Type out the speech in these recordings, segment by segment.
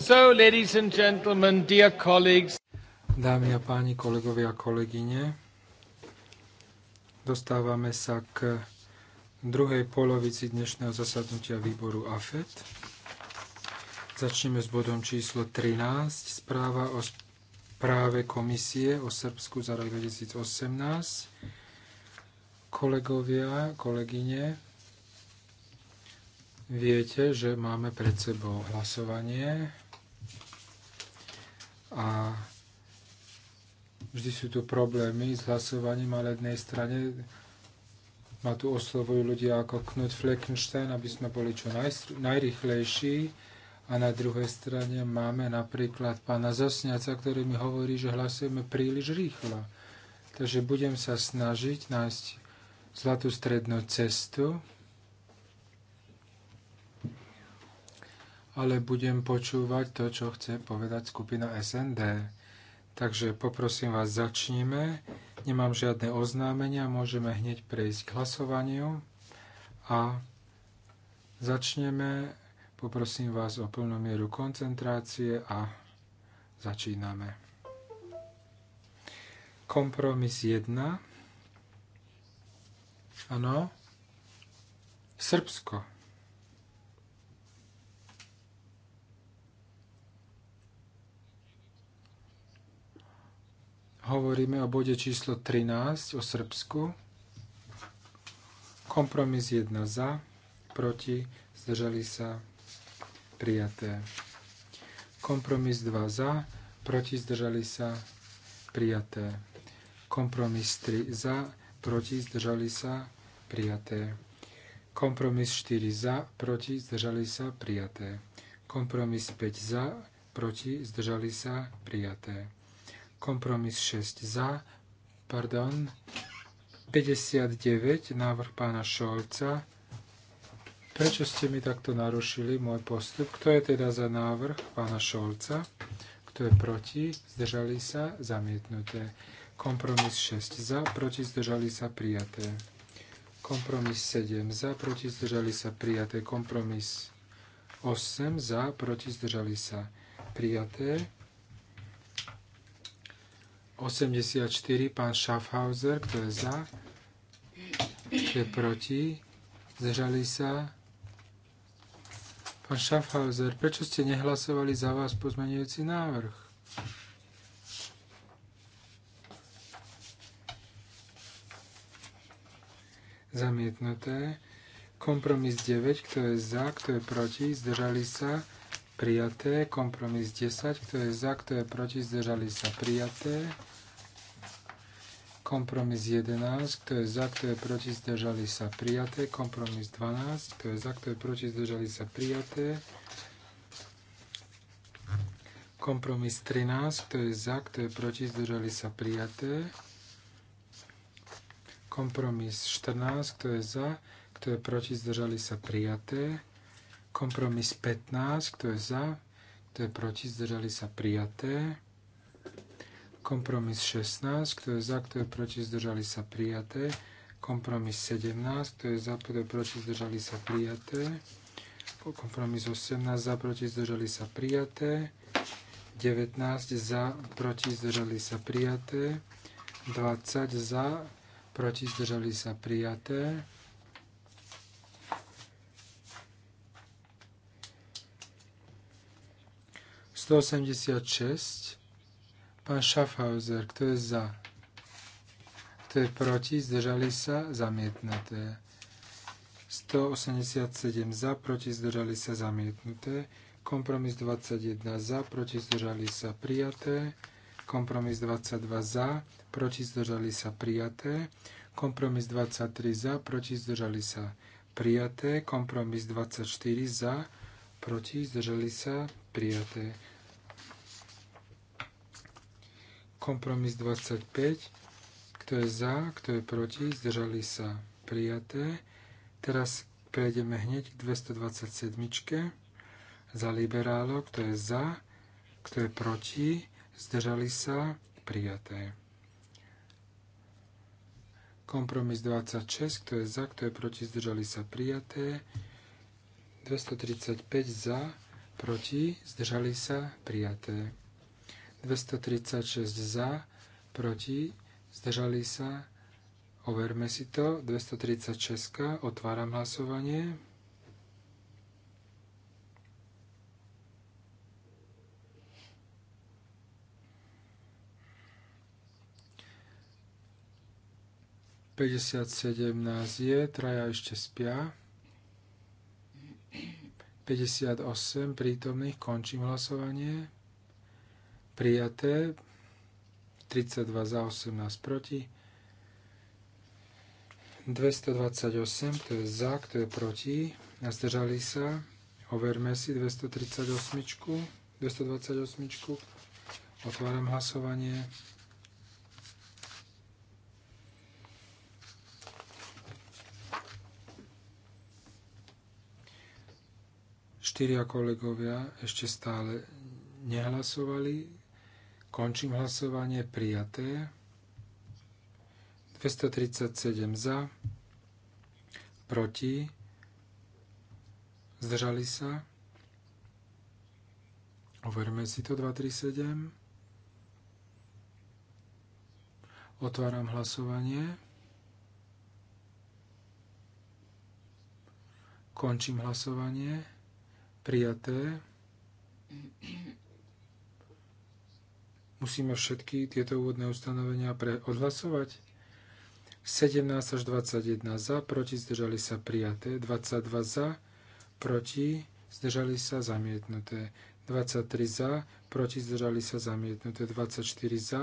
So, ladies and gentlemen, dear colleagues. Dámy a páni, kolegovia a kolegyne, dostávame sa k druhej polovici dnešného zasadnutia výboru AFET. Začneme s bodom číslo 13, správa o práve komisie o Srbsku za rok 2018. Kolegovia, kolegyne, viete, že máme pred sebou hlasovanie a vždy sú tu problémy s hlasovaním, ale jednej strane ma tu oslovujú ľudia ako Knut Fleckenstein, aby sme boli čo najrychlejší. A na druhej strane máme napríklad pána Zosňaca, ktorý mi hovorí, že hlasujeme príliš rýchlo. Takže budem sa snažiť nájsť zlatú strednú cestu ale budem počúvať to, čo chce povedať skupina SND. Takže poprosím vás, začníme. Nemám žiadne oznámenia, môžeme hneď prejsť k hlasovaniu. A začneme. Poprosím vás o plnú mieru koncentrácie a začíname. Kompromis 1. Áno. Srbsko. hovoríme o bode číslo 13 o Srbsku. Kompromis 1 za, proti, zdržali sa, prijaté. Kompromis 2 za, proti, zdržali sa, prijaté. Kompromis 3 za, proti, zdržali sa, prijaté. Kompromis 4 za, proti, zdržali sa, prijaté. Kompromis 5 za, proti, zdržali sa, prijaté kompromis 6 za, pardon, 59, návrh pána Šolca. Prečo ste mi takto narušili môj postup? Kto je teda za návrh pána Šolca? Kto je proti? Zdržali sa? Zamietnuté. Kompromis 6 za, proti zdržali sa prijaté. Kompromis 7 za, proti zdržali sa prijaté. Kompromis 8 za, proti zdržali sa prijaté 84, pán Schaffhauser, kto je za, kto je proti, zdržali sa. Pán Schaffhauser, prečo ste nehlasovali za vás pozmenujúci návrh? Zamietnuté. Kompromis 9, kto je za, kto je proti, zdržali sa. Prijaté. Kompromis 10, kto je za, kto je proti, zdržali sa. Prijaté. Kompromis 11, kto je za, kto je proti, zdržali sa prijaté. Kompromis 12, kto je za, kto je proti, zdržali sa prijaté. Kompromis 13, kto je za, kto je proti, zdržali sa prijaté. Kompromis 14, kto je za, kto je proti, zdržali sa prijaté. Kompromis 15, kto je za, kto je proti, zdržali sa prijaté. Kompromis 16, kto je za, kto je proti, zdržali sa prijaté. Kompromis 17, kto je za, kto je proti, zdržali sa prijaté. Kompromis 18, za, proti, zdržali sa prijaté. 19 za, proti, zdržali sa prijaté. 20 za, proti, zdržali sa prijaté. 186. Pán Schaffhauser, kto je za? Kto je proti? Zdržali sa? Zamietnuté. 187 za, proti zdržali sa zamietnuté. Kompromis 21 za, proti zdržali sa prijaté. Kompromis 22 za, proti zdržali sa prijaté. Kompromis 23 za, proti zdržali sa prijaté. Kompromis 24 za, proti zdržali sa prijaté. Kompromis 25. Kto je za, kto je proti, zdržali sa prijaté. Teraz prejdeme hneď k 227. Za liberálov, kto je za, kto je proti, zdržali sa prijaté. Kompromis 26, kto je za, kto je proti, zdržali sa prijaté. 235 za, proti, zdržali sa prijaté. 236 za, proti, zdržali sa, overme si to, 236, otváram hlasovanie. Päťdesiat sedemnáct je, traja ešte spia. 58 prítomných, končím hlasovanie. Prijaté. 32 za 18 proti. 228, to je za, to je proti. Zdržali sa. Overme si 238. 228. Otváram hlasovanie. Štyria kolegovia ešte stále nehlasovali. Končím hlasovanie. Prijaté. 237 za. Proti. Zdržali sa. Overme si to 237. Otváram hlasovanie. Končím hlasovanie. Prijaté. Musíme všetky tieto úvodné ustanovenia pre odhlasovať? 17 až 21 za, proti zdržali sa prijaté, 22 za, proti zdržali sa zamietnuté, 23 za, proti zdržali sa zamietnuté, 24 za,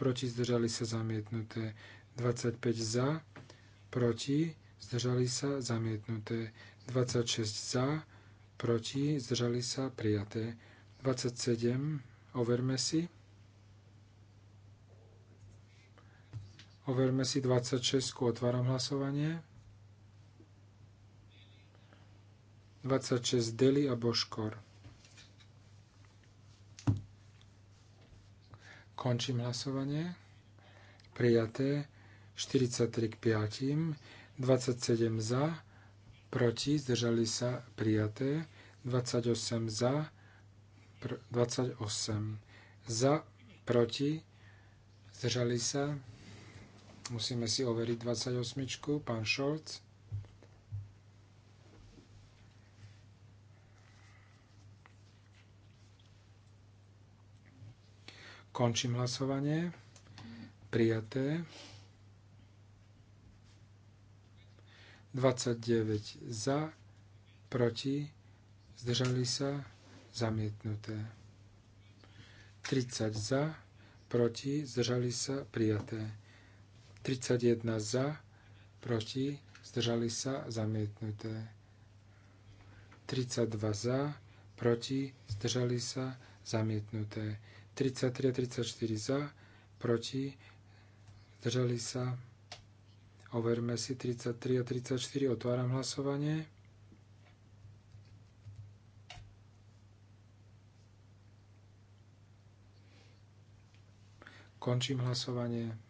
proti zdržali sa zamietnuté, 25 za, proti zdržali sa zamietnuté, 26 za, proti zdržali sa prijaté, 27 overme si, Overme si 26. Otváram hlasovanie. 26 Deli a Boškor. Končím hlasovanie. Prijaté 43 k 5. 27 za, proti, zdržali sa prijaté. 28 za, 28 za, proti, zdržali sa Musíme si overiť 28. Pán Šolc. Končím hlasovanie. Prijaté. 29 za, proti, zdržali sa, zamietnuté. 30 za, proti, zdržali sa, prijaté. 31 za, proti, zdržali sa, zamietnuté. 32 za, proti, zdržali sa, zamietnuté. 33 a 34 za, proti, zdržali sa. Overme si 33 a 34, otváram hlasovanie. Končím hlasovanie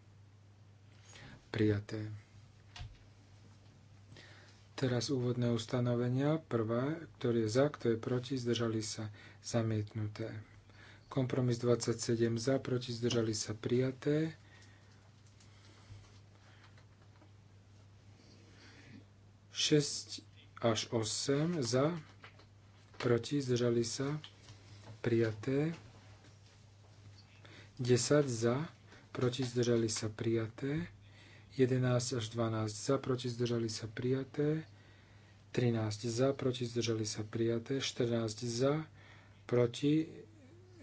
prijaté. Teraz úvodné ustanovenia. Prvé, ktorý je za, kto je proti, zdržali sa zamietnuté. Kompromis 27 za, proti, zdržali sa prijaté. Šesť až 8 za, proti, zdržali sa prijaté. 10 za, proti, zdržali sa prijaté. 11 až 12 za, proti zdržali sa prijaté, 13 za, proti zdržali sa prijaté, 14 za, proti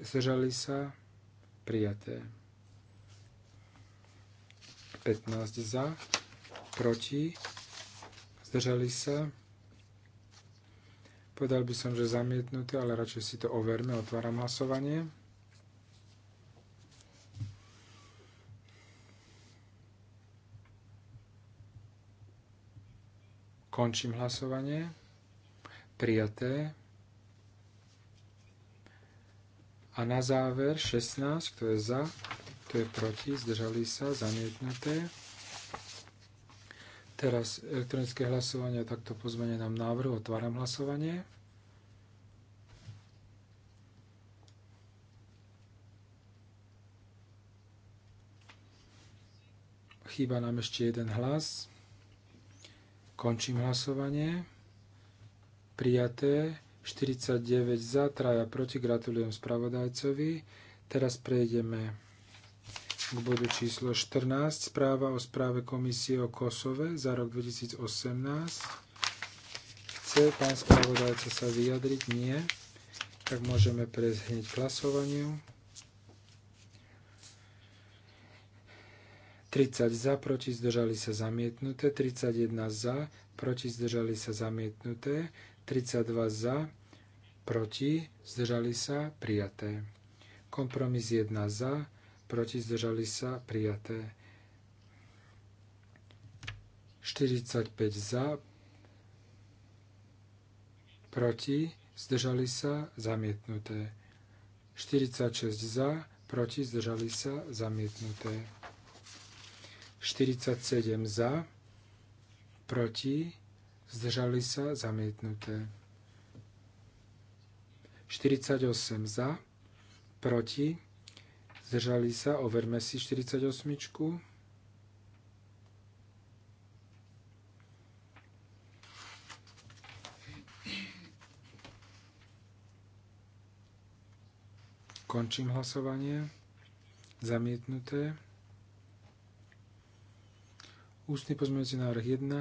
zdržali sa prijaté. 15 za, proti, zdržali sa. Podal by som, že zamietnuté, ale radšej si to overme. Otváram hlasovanie. Končím hlasovanie. Prijaté. A na záver 16, kto je za, kto je proti, zdržali sa, zamietnuté. Teraz elektronické hlasovanie takto takto nám návrhu. Otváram hlasovanie. Chýba nám ešte jeden hlas. Končím hlasovanie. Prijaté. 49 za, traja proti. Gratulujem spravodajcovi. Teraz prejdeme k bodu číslo 14. Správa o správe komisie o Kosove za rok 2018. Chce pán spravodajca sa vyjadriť? Nie. Tak môžeme prejsť hneď k hlasovaniu. 30 za, proti zdržali sa zamietnuté, 31 za, proti zdržali sa zamietnuté, 32 za, proti zdržali sa prijaté. Kompromis 1 za, proti zdržali sa prijaté. 45 za, proti zdržali sa zamietnuté. 46 za, proti zdržali sa zamietnuté. 47 za, proti, zdržali sa, zamietnuté. 48 za, proti, zdržali sa, overme si 48. 48. Končím hlasovanie. Zamietnuté. Ústny pozmeňujúci návrh 1.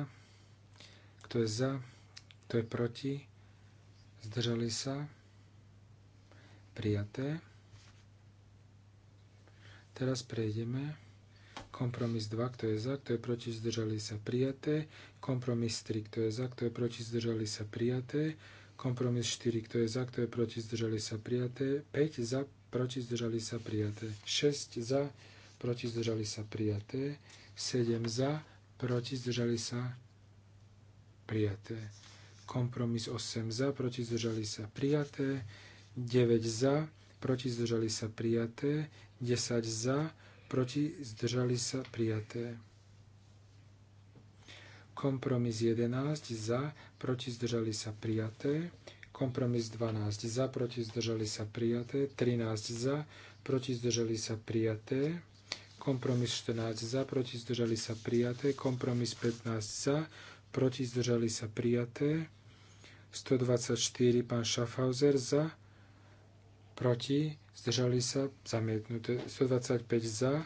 Kto je za? Kto je proti? Zdržali sa? Prijaté. Teraz prejdeme. Kompromis 2, kto je za, kto je proti, zdržali sa prijaté. Kompromis 3, kto je za, kto je proti, zdržali sa prijaté. Kompromis 4, kto je za, kto je proti, zdržali sa prijaté. 5 za, proti, zdržali sa prijaté. 6 za, proti, zdržali sa prijaté. 7 za, proti, zdržali sa, prijaté. Kompromis 8 za, proti, zdržali sa, prijaté. 9 za, proti, zdržali sa, prijaté. 10 za, proti, zdržali sa, prijaté. Kompromis 11 za, proti, zdržali sa, prijaté. Kompromis 12 za, proti, zdržali sa, prijaté. 13 za, proti, zdržali sa, prijaté kompromis 14 za, proti zdržali sa prijaté, kompromis 15 za, proti zdržali sa prijaté, 124 pán Schaffhauser za, proti zdržali sa zamietnuté, 125 za,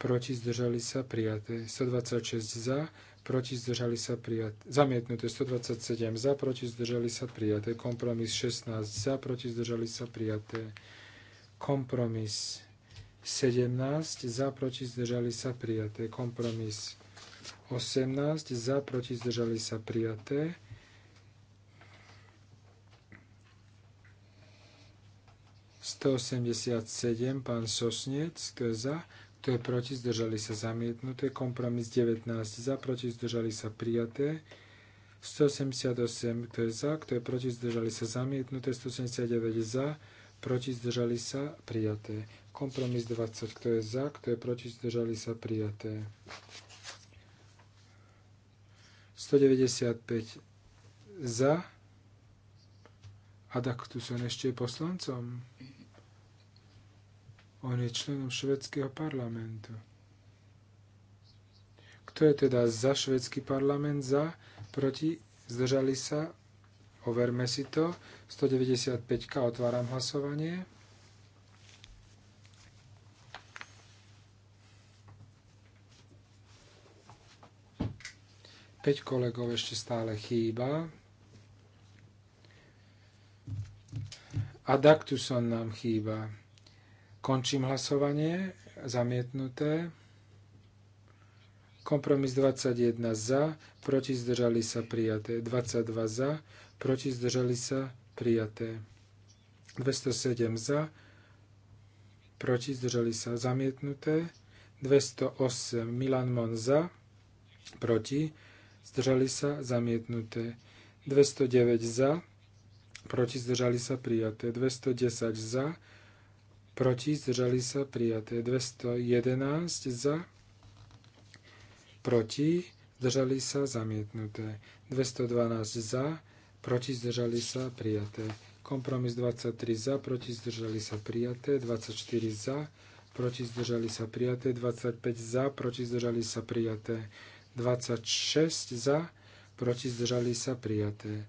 proti zdržali sa prijaté, 126 za, proti zdržali sa prijaté, zamietnuté 127 za, proti zdržali sa prijaté, kompromis 16 za, proti zdržali sa prijaté, kompromis 17 za, proti zdržali sa prijaté. Kompromis 18 za, proti zdržali sa prijaté. Sto osemdesiat sedem, pán Sosniec, kto je za, kto je proti, zdržali sa zamietnuté. Kompromis 19 za, proti, zdržali sa prijaté. 178, kto je za, kto je proti, zdržali sa zamietnuté. 179 za, proti, zdržali sa prijaté. Kompromis 20. Kto je za, kto je proti, zdržali sa prijaté. 195 za. A tak tu som ešte poslancom. On je členom švedského parlamentu. Kto je teda za švedský parlament? Za, proti, zdržali sa. Overme si to. 195K, otváram hlasovanie. 5 kolegov ešte stále chýba. A Daktuson nám chýba. Končím hlasovanie. Zamietnuté. Kompromis 21 za, proti zdržali sa prijaté. 22 za, proti zdržali sa prijaté. 207 za, proti, zdržali sa zamietnuté, 208 Milan Mon za, proti, zdržali sa, zamietnuté. 209 za, proti zdržali sa, prijaté. 210 za, proti zdržali sa, prijaté. 211 za, proti zdržali sa, zamietnuté. 212 za, proti zdržali sa, prijaté. Kompromis 23 za, proti zdržali sa, prijaté. 24 za, proti zdržali sa, prijaté. 25 za, proti zdržali sa, prijaté. 26 za, proti zdržali sa prijaté.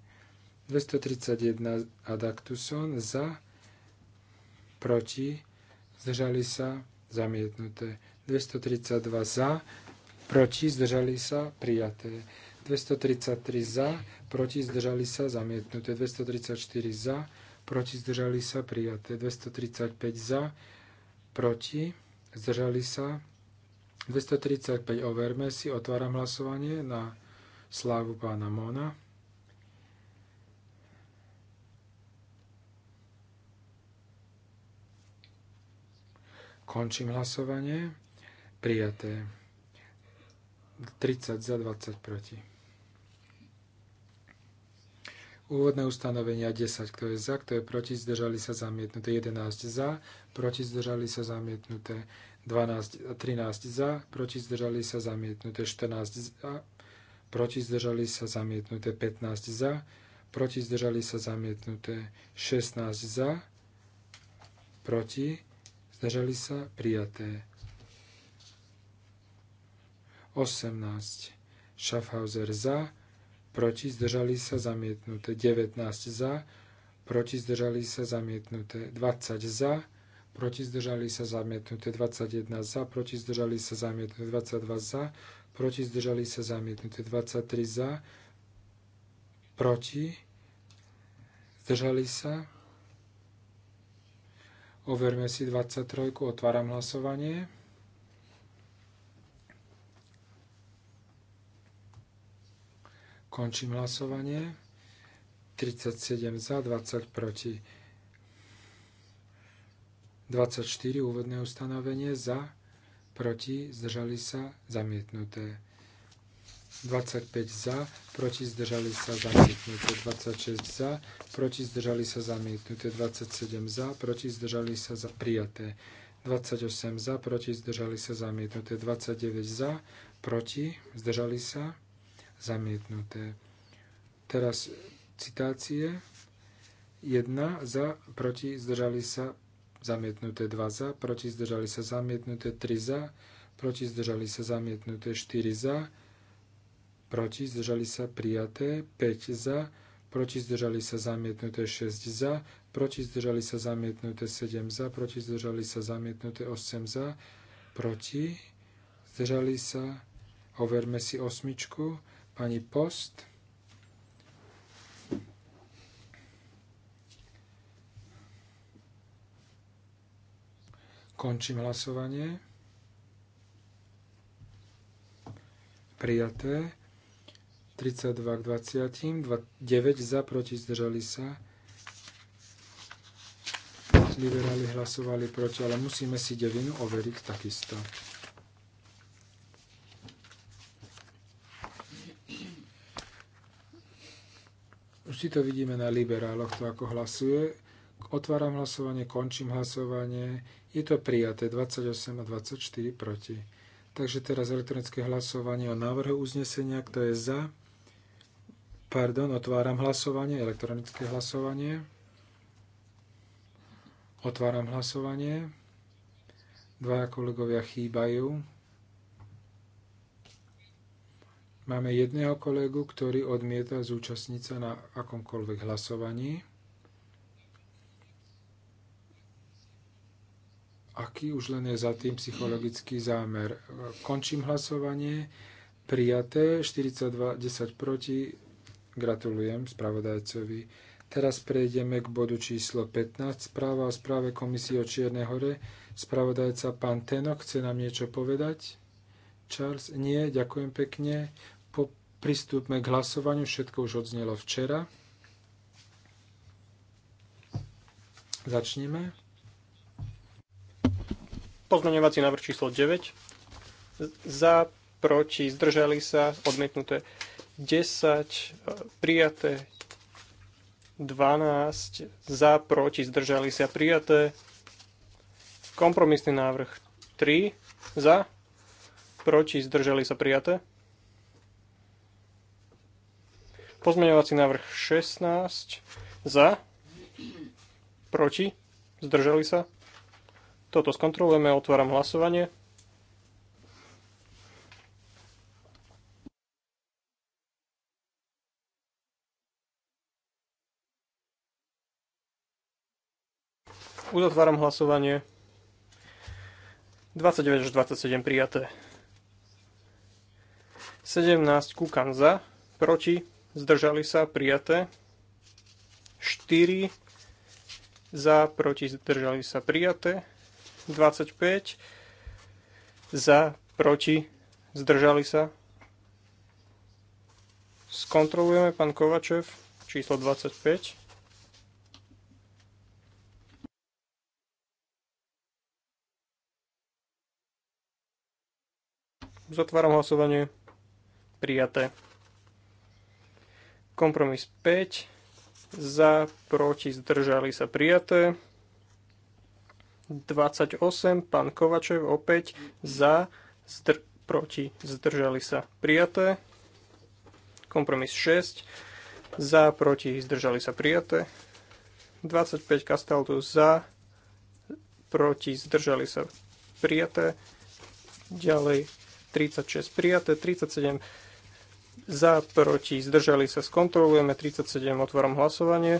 231 Adaktuson za, proti zdržali sa zamietnuté. 232 za, proti zdržali sa prijaté. 233 za, proti zdržali sa zamietnuté. 234 za, proti zdržali sa prijaté. 235 za, proti zdržali sa 235 overme si, otváram hlasovanie na slávu pána Mona. Končím hlasovanie. Prijaté. 30 za 20 proti. Úvodné ustanovenia 10, kto je za, kto je proti, zdržali sa zamietnuté. 11 za, proti, zdržali sa zamietnuté. 12 a 13 za, proti zdržali sa zamietnuté 14 za, proti zdržali sa zamietnuté 15 za, proti zdržali sa zamietnuté 16 za, proti zdržali sa prijaté 18 Schaffhauser za, proti zdržali sa zamietnuté 19 za, proti zdržali sa zamietnuté 20 za, proti zdržali sa zamietnuté 21 za, proti zdržali sa zamietnuté 22 za, proti zdržali sa zamietnuté 23 za, proti zdržali sa. Overme si 23, otváram hlasovanie. Končím hlasovanie. 37 za, 20 proti. 24 úvodné ustanovenie za, proti, zdržali sa, zamietnuté. 25 za, proti zdržali sa zamietnuté, 26 za, proti zdržali sa zamietnuté, 27 za, proti zdržali sa za, prijaté, 28 za, proti zdržali sa zamietnuté, 29 za, proti zdržali sa zamietnuté. Teraz citácie. 1 za, proti zdržali sa zamietnuté 2 za, proti zdržali sa zamietnuté 3 za, proti zdržali sa zamietnuté 4 za, proti zdržali sa prijaté 5 za, proti zdržali sa zamietnuté 6 za, proti zdržali sa zamietnuté 7 za, proti zdržali sa zamietnuté 8 za, proti zdržali sa, overme si osmičku, pani Post, Končím hlasovanie. Prijaté. 32 k 20. 9 za, proti, zdržali sa. Liberáli hlasovali proti, ale musíme si devinu overiť takisto. Už si to vidíme na liberáloch, to ako hlasuje. Otváram hlasovanie, končím hlasovanie. Je to prijaté 28 a 24 proti. Takže teraz elektronické hlasovanie o návrhu uznesenia, kto je za. Pardon, otváram hlasovanie, elektronické hlasovanie. Otváram hlasovanie. Dvaja kolegovia chýbajú. Máme jedného kolegu, ktorý odmieta zúčastniť sa na akomkoľvek hlasovaní. aký už len je za tým psychologický zámer. Končím hlasovanie. Prijaté 42, 10 proti. Gratulujem spravodajcovi. Teraz prejdeme k bodu číslo 15. Správa o správe Komisie o Čiernej hore. Spravodajca pán Tenok chce nám niečo povedať? Charles? Nie, ďakujem pekne. Po, pristúpme k hlasovaniu. Všetko už odznelo včera. Začneme. Pozmeňovací návrh číslo 9. Za, proti, zdržali sa, odmietnuté 10, prijaté 12, za, proti, zdržali sa, prijaté. Kompromisný návrh 3, za, proti, zdržali sa, prijaté. Pozmeňovací návrh 16, za, proti, zdržali sa, toto skontrolujeme, otváram hlasovanie. Uzatváram hlasovanie. 29 až 27 prijaté. 17 kúkan za, proti, zdržali sa, prijaté. 4 za, proti, zdržali sa, prijaté. 25 za, proti, zdržali sa. Skontrolujeme pán Kovačev, číslo 25. Zatváram hlasovanie. Prijaté. Kompromis 5. Za, proti, zdržali sa prijaté. 28, pán Kovačev opäť za, zdr- proti, zdržali sa prijaté. Kompromis 6, za, proti, zdržali sa prijaté. 25 Kastaldu za, proti, zdržali sa prijaté. Ďalej 36 prijaté, 37 za, proti, zdržali sa, skontrolujeme, 37 otváram hlasovanie.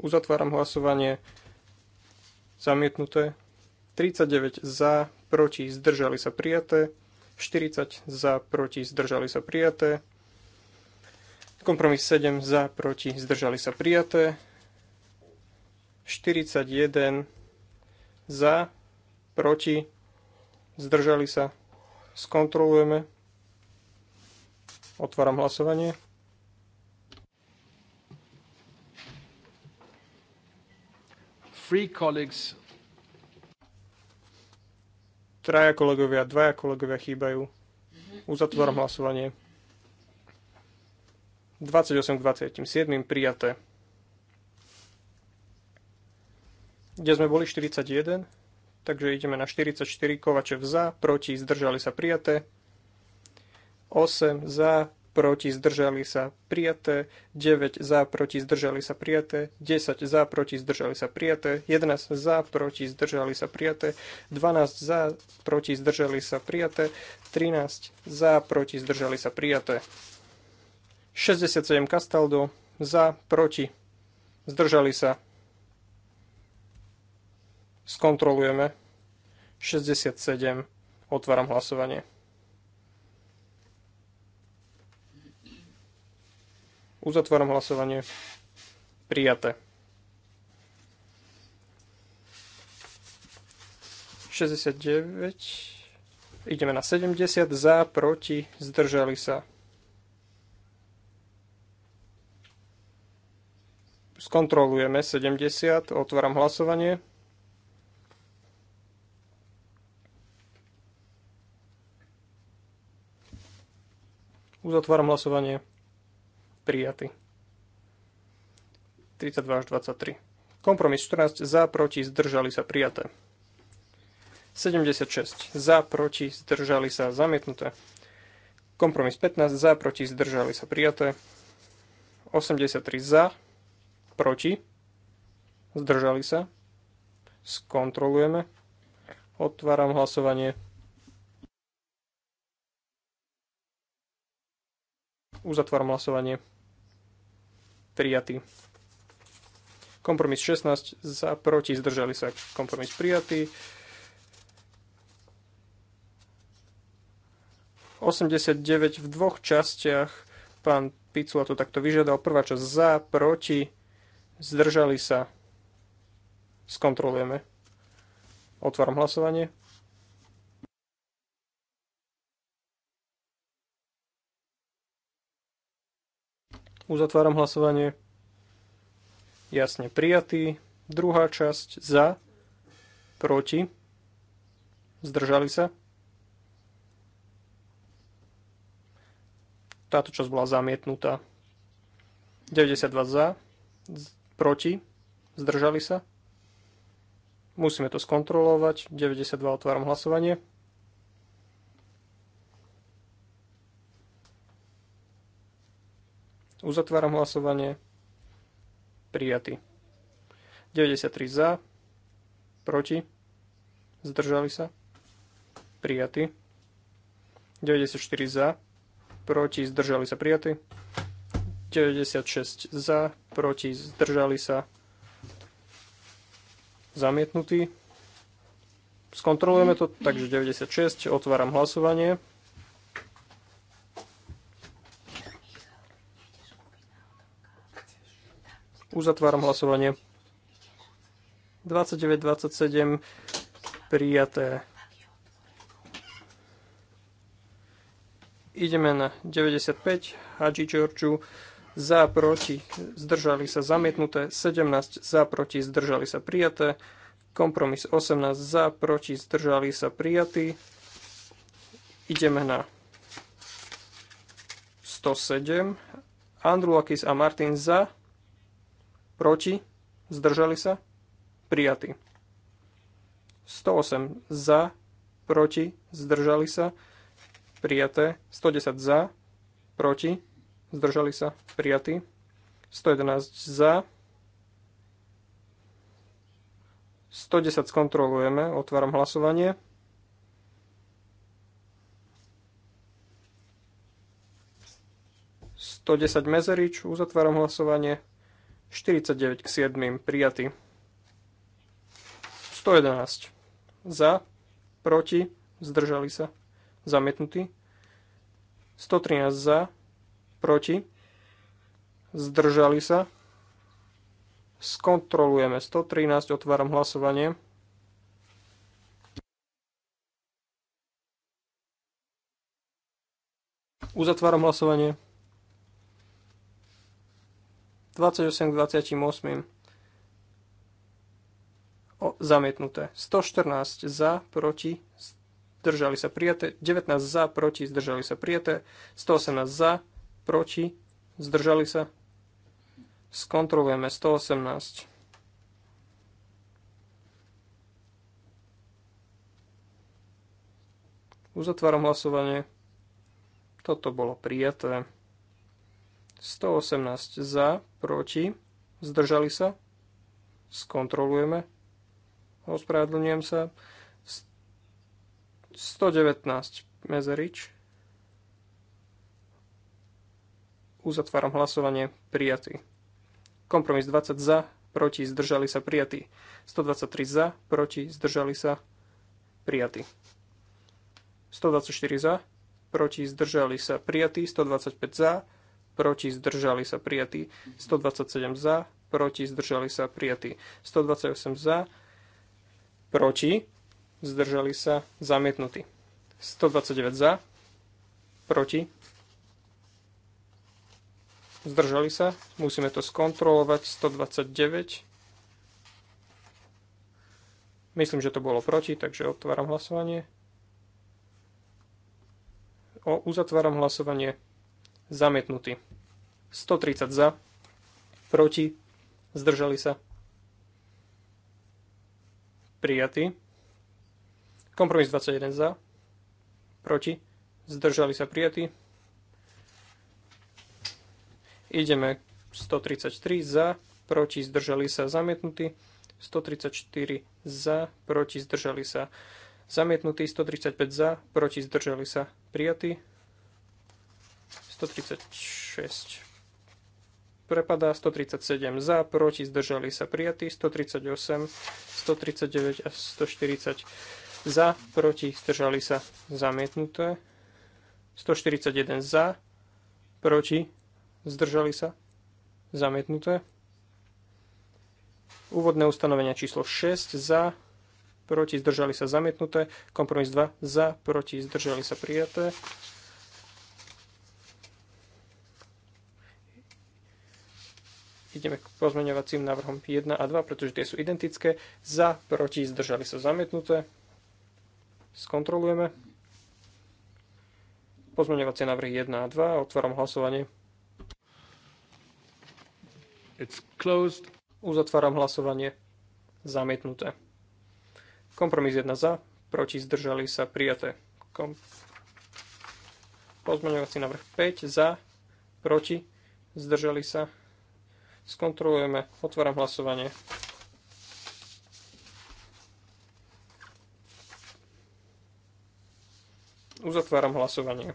Uzatváram hlasovanie. Zamietnuté. 39 za, proti, zdržali sa prijaté. 40 za, proti, zdržali sa prijaté. Kompromis 7 za, proti, zdržali sa prijaté. 41 za, proti, zdržali sa. Skontrolujeme. Otváram hlasovanie. Three colleagues. Traja kolegovia, dvaja kolegovia chýbajú. Uzatvorom hlasovanie. 28 k 27. Prijaté. Kde sme boli 41, takže ideme na 44. Kovačev za, proti, zdržali sa prijaté. 8 za, proti zdržali sa prijaté, 9 za proti zdržali sa prijaté, 10 za proti zdržali sa prijaté, 11 za proti zdržali sa prijaté, 12 za proti zdržali sa prijaté, 13 za proti zdržali sa prijaté. 67 Castaldo za proti zdržali sa. Skontrolujeme. 67. Otváram hlasovanie. Uzatváram hlasovanie. Prijaté. 69. Ideme na 70. Za, proti, zdržali sa. Skontrolujeme 70. Otváram hlasovanie. Uzatváram hlasovanie prijatý. 32 až 23. Kompromis 14 za, proti, zdržali sa prijaté. 76 za, proti, zdržali sa zamietnuté. Kompromis 15 za, proti, zdržali sa prijaté. 83 za, proti, zdržali sa. Skontrolujeme. Otváram hlasovanie. Uzatváram hlasovanie prijatý. Kompromis 16 za, proti, zdržali sa, kompromis prijatý. 89 v dvoch častiach. Pán Picula to takto vyžiadal. Prvá časť za, proti, zdržali sa. Skontrolujeme. Otváram hlasovanie. Uzatváram hlasovanie. Jasne prijatý. Druhá časť za, proti, zdržali sa. Táto časť bola zamietnutá. 92 za, proti, zdržali sa. Musíme to skontrolovať. 92 otváram hlasovanie. Uzatváram hlasovanie. Prijatý. 93 za, proti, zdržali sa, prijatý. 94 za, proti, zdržali sa, prijatý. 96 za, proti, zdržali sa, zamietnutý. Skontrolujeme to, takže 96, otváram hlasovanie. Uzatváram hlasovanie. 29-27 prijaté. Ideme na 95. Hadži Čorču za, proti, zdržali sa zamietnuté. 17 za, proti, zdržali sa prijaté. Kompromis 18 za, proti, zdržali sa prijatí. Ideme na 107. Andrulakis a Martin za, proti, zdržali sa, prijatý. 108 za, proti, zdržali sa, prijaté. 110 za, proti, zdržali sa, prijatý. 111 za, 110 skontrolujeme, otváram hlasovanie. Do 110 Mezerič, uzatváram hlasovanie. 49 k 7 prijatý. 111 za, proti, zdržali sa, zamietnutý. 113 za, proti, zdržali sa. Skontrolujeme 113, otváram hlasovanie. Uzatváram hlasovanie. 28 k 28. O, zamietnuté. 114 za, proti, zdržali sa prijaté. 19 za, proti, zdržali sa prijaté. 118 za, proti, zdržali sa. Skontrolujeme 118. Uzatváram hlasovanie. Toto bolo prijaté. 118 za, proti, zdržali sa, skontrolujeme, ospravedlňujem sa, 119 Mezerič, uzatváram hlasovanie, prijatý. Kompromis 20 za, proti, zdržali sa, prijatý. 123 za, proti, zdržali sa, prijatý. 124 za, proti, zdržali sa, prijatý. 125 za, proti zdržali sa prijatí, 127 za, proti zdržali sa prijatí, 128 za, proti zdržali sa zamietnutí, 129 za, proti zdržali sa, musíme to skontrolovať, 129 Myslím, že to bolo proti, takže otváram hlasovanie. O, uzatváram hlasovanie zamietnutý. 130 za, proti, zdržali sa, prijatý. Kompromis 21 za, proti, zdržali sa, prijatý. Ideme 133 za, proti, zdržali sa, zamietnutý. 134 za, proti, zdržali sa, zamietnutý. 135 za, proti, zdržali sa, prijatý. 136 prepadá, 137 za, proti, zdržali sa prijatí, 138, 139 a 140 za, proti, zdržali sa zamietnuté, 141 za, proti, zdržali sa zamietnuté. Úvodné ustanovenia číslo 6 za, proti, zdržali sa zamietnuté, kompromis 2 za, proti, zdržali sa prijaté, ideme k pozmeňovacím návrhom 1 a 2, pretože tie sú identické. Za, proti, zdržali sa zamietnuté. Skontrolujeme. Pozmeňovacie návrhy 1 a 2, otváram hlasovanie. It's closed. Uzatváram hlasovanie. Zamietnuté. Kompromis 1 za, proti, zdržali sa, prijaté. Kom... Pozmeňovací návrh 5 za, proti, zdržali sa, Skontrolujeme. Otváram hlasovanie. Uzatváram hlasovanie.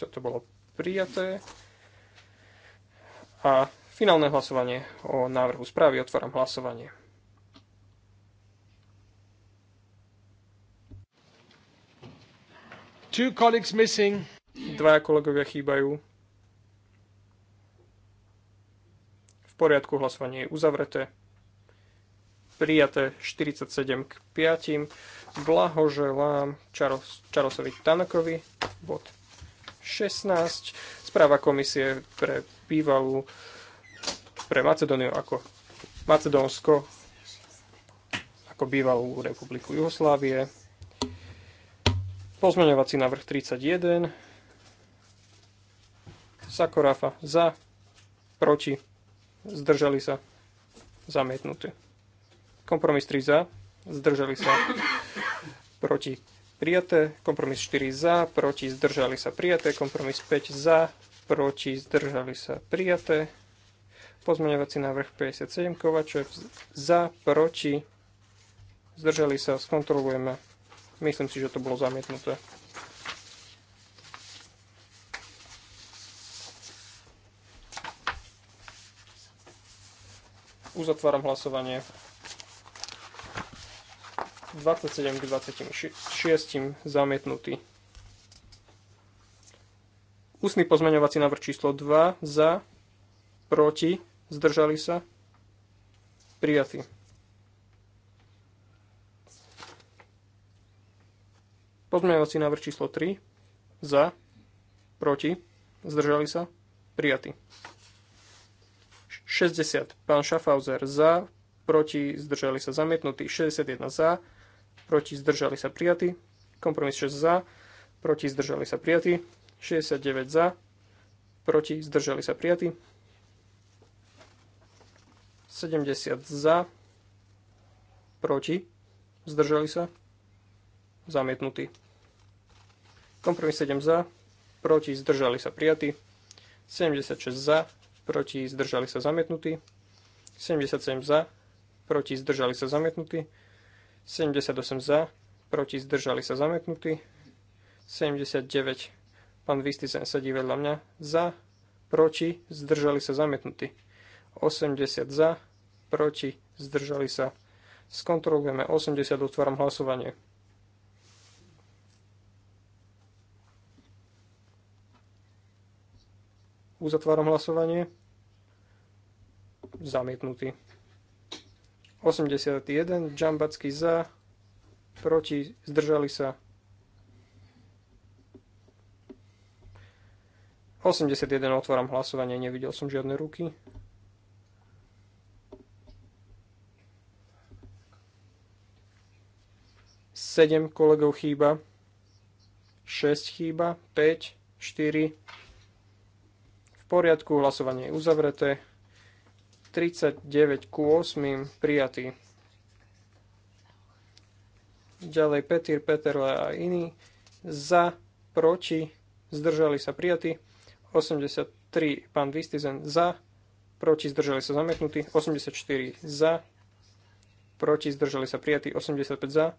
Toto bolo prijaté. A finálne hlasovanie o návrhu správy. Otváram hlasovanie. Two colleagues missing. Dvaja kolegovia chýbajú. poriadku, hlasovanie je uzavreté. Prijaté 47 k 5. Blahoželám Čarosovi Tanakovi. Bod 16. Správa komisie pre bývalú pre Macedóniu ako Macedónsko ako bývalú republiku Jugoslávie. Pozmeňovací návrh 31. Sakorafa za, proti zdržali sa, zamietnuté. Kompromis 3 za, zdržali sa, proti, prijaté. Kompromis 4 za, proti, zdržali sa, prijaté. Kompromis 5 za, proti, zdržali sa, prijaté. Pozmeňovací návrh 57 Kovačev za, proti, zdržali sa, skontrolujeme. Myslím si, že to bolo zamietnuté. Uzatváram hlasovanie. 27 k 26 zamietnutý. Ústny pozmeňovací návrh číslo 2 za, proti, zdržali sa, prijatý. Pozmeňovací návrh číslo 3 za, proti, zdržali sa, prijatý. 60. Pán Schaffhauser za, proti, zdržali sa zamietnutí. 61 za, proti, zdržali sa prijatí. Kompromis 6 za, proti, zdržali sa prijatí. 69 za, proti, zdržali sa prijatí. 70 za, proti, zdržali sa, zamietnutí. Kompromis 7 za, proti, zdržali sa prijatí. 76 za, proti zdržali sa zamietnutí, 77 za, proti zdržali sa zamietnutí, 78 za, proti zdržali sa zamietnutí, 79, pán Vistisen sedí vedľa mňa, za, proti zdržali sa zamietnutí, 80 za, proti zdržali sa. Skontrolujeme 80, otváram hlasovanie. Uzatváram hlasovanie. Zamietnutý. 81, Džambacký za, proti, zdržali sa. 81, otváram hlasovanie, nevidel som žiadne ruky. Sedem kolegov chýba, 6 chýba, 5, 4, poriadku, hlasovanie je uzavreté. 39 ku 8 prijatý. Ďalej Petir, Peterle a iní. Za, proti, zdržali sa prijatí. 83 pán Vistizen za, proti, zdržali sa zamietnutí. 84 za, proti, zdržali sa prijatí. 85 za,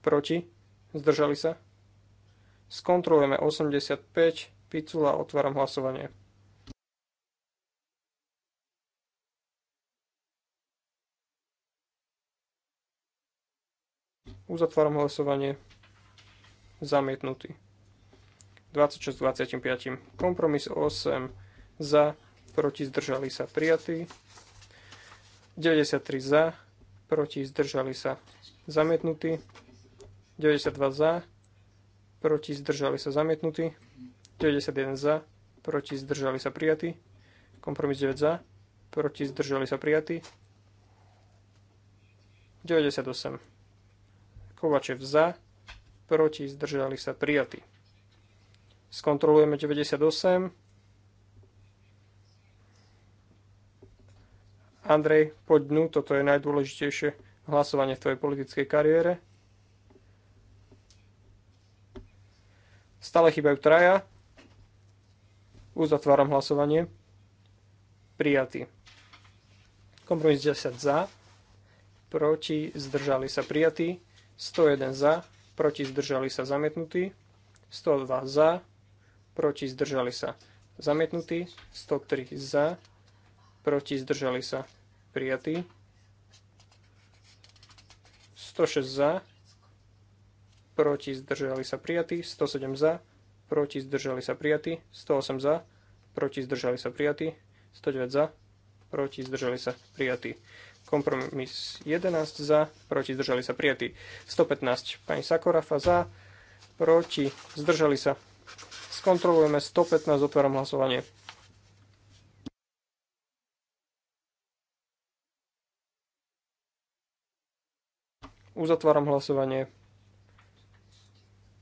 proti, zdržali sa. Skontrolujeme 85, Picula, otváram hlasovanie. Uzatváram hlasovanie. Zamietnutý. 26 25. Kompromis 8 za, proti zdržali sa prijatý. 93 za, proti zdržali sa zamietnutý. 92 za, proti zdržali sa zamietnutý. 91 za, proti zdržali sa prijatý. Kompromis 9 za, proti zdržali sa prijatý. 98 Kovačev za, proti, zdržali sa prijatí. Skontrolujeme 98. Andrej, poď dnu, toto je najdôležitejšie hlasovanie v tvojej politickej kariére. Stále chýbajú traja. Uzatváram hlasovanie. Prijatý. Kompromis 10 za. Proti. Zdržali sa prijatí. 101 za, proti zdržali sa zamietnutí, 102 za, proti zdržali sa zamietnutí, 103 za, proti zdržali sa prijatí, 106 za, proti zdržali sa prijatí, 107 za, proti zdržali sa prijatí, 108 za, proti zdržali sa prijatí, 109 za, proti zdržali sa prijatí. Kompromis 11 za, proti zdržali sa prijatí. 115 pani Sakorafa za, proti zdržali sa. Skontrolujeme 115, otváram hlasovanie. Uzatváram hlasovanie.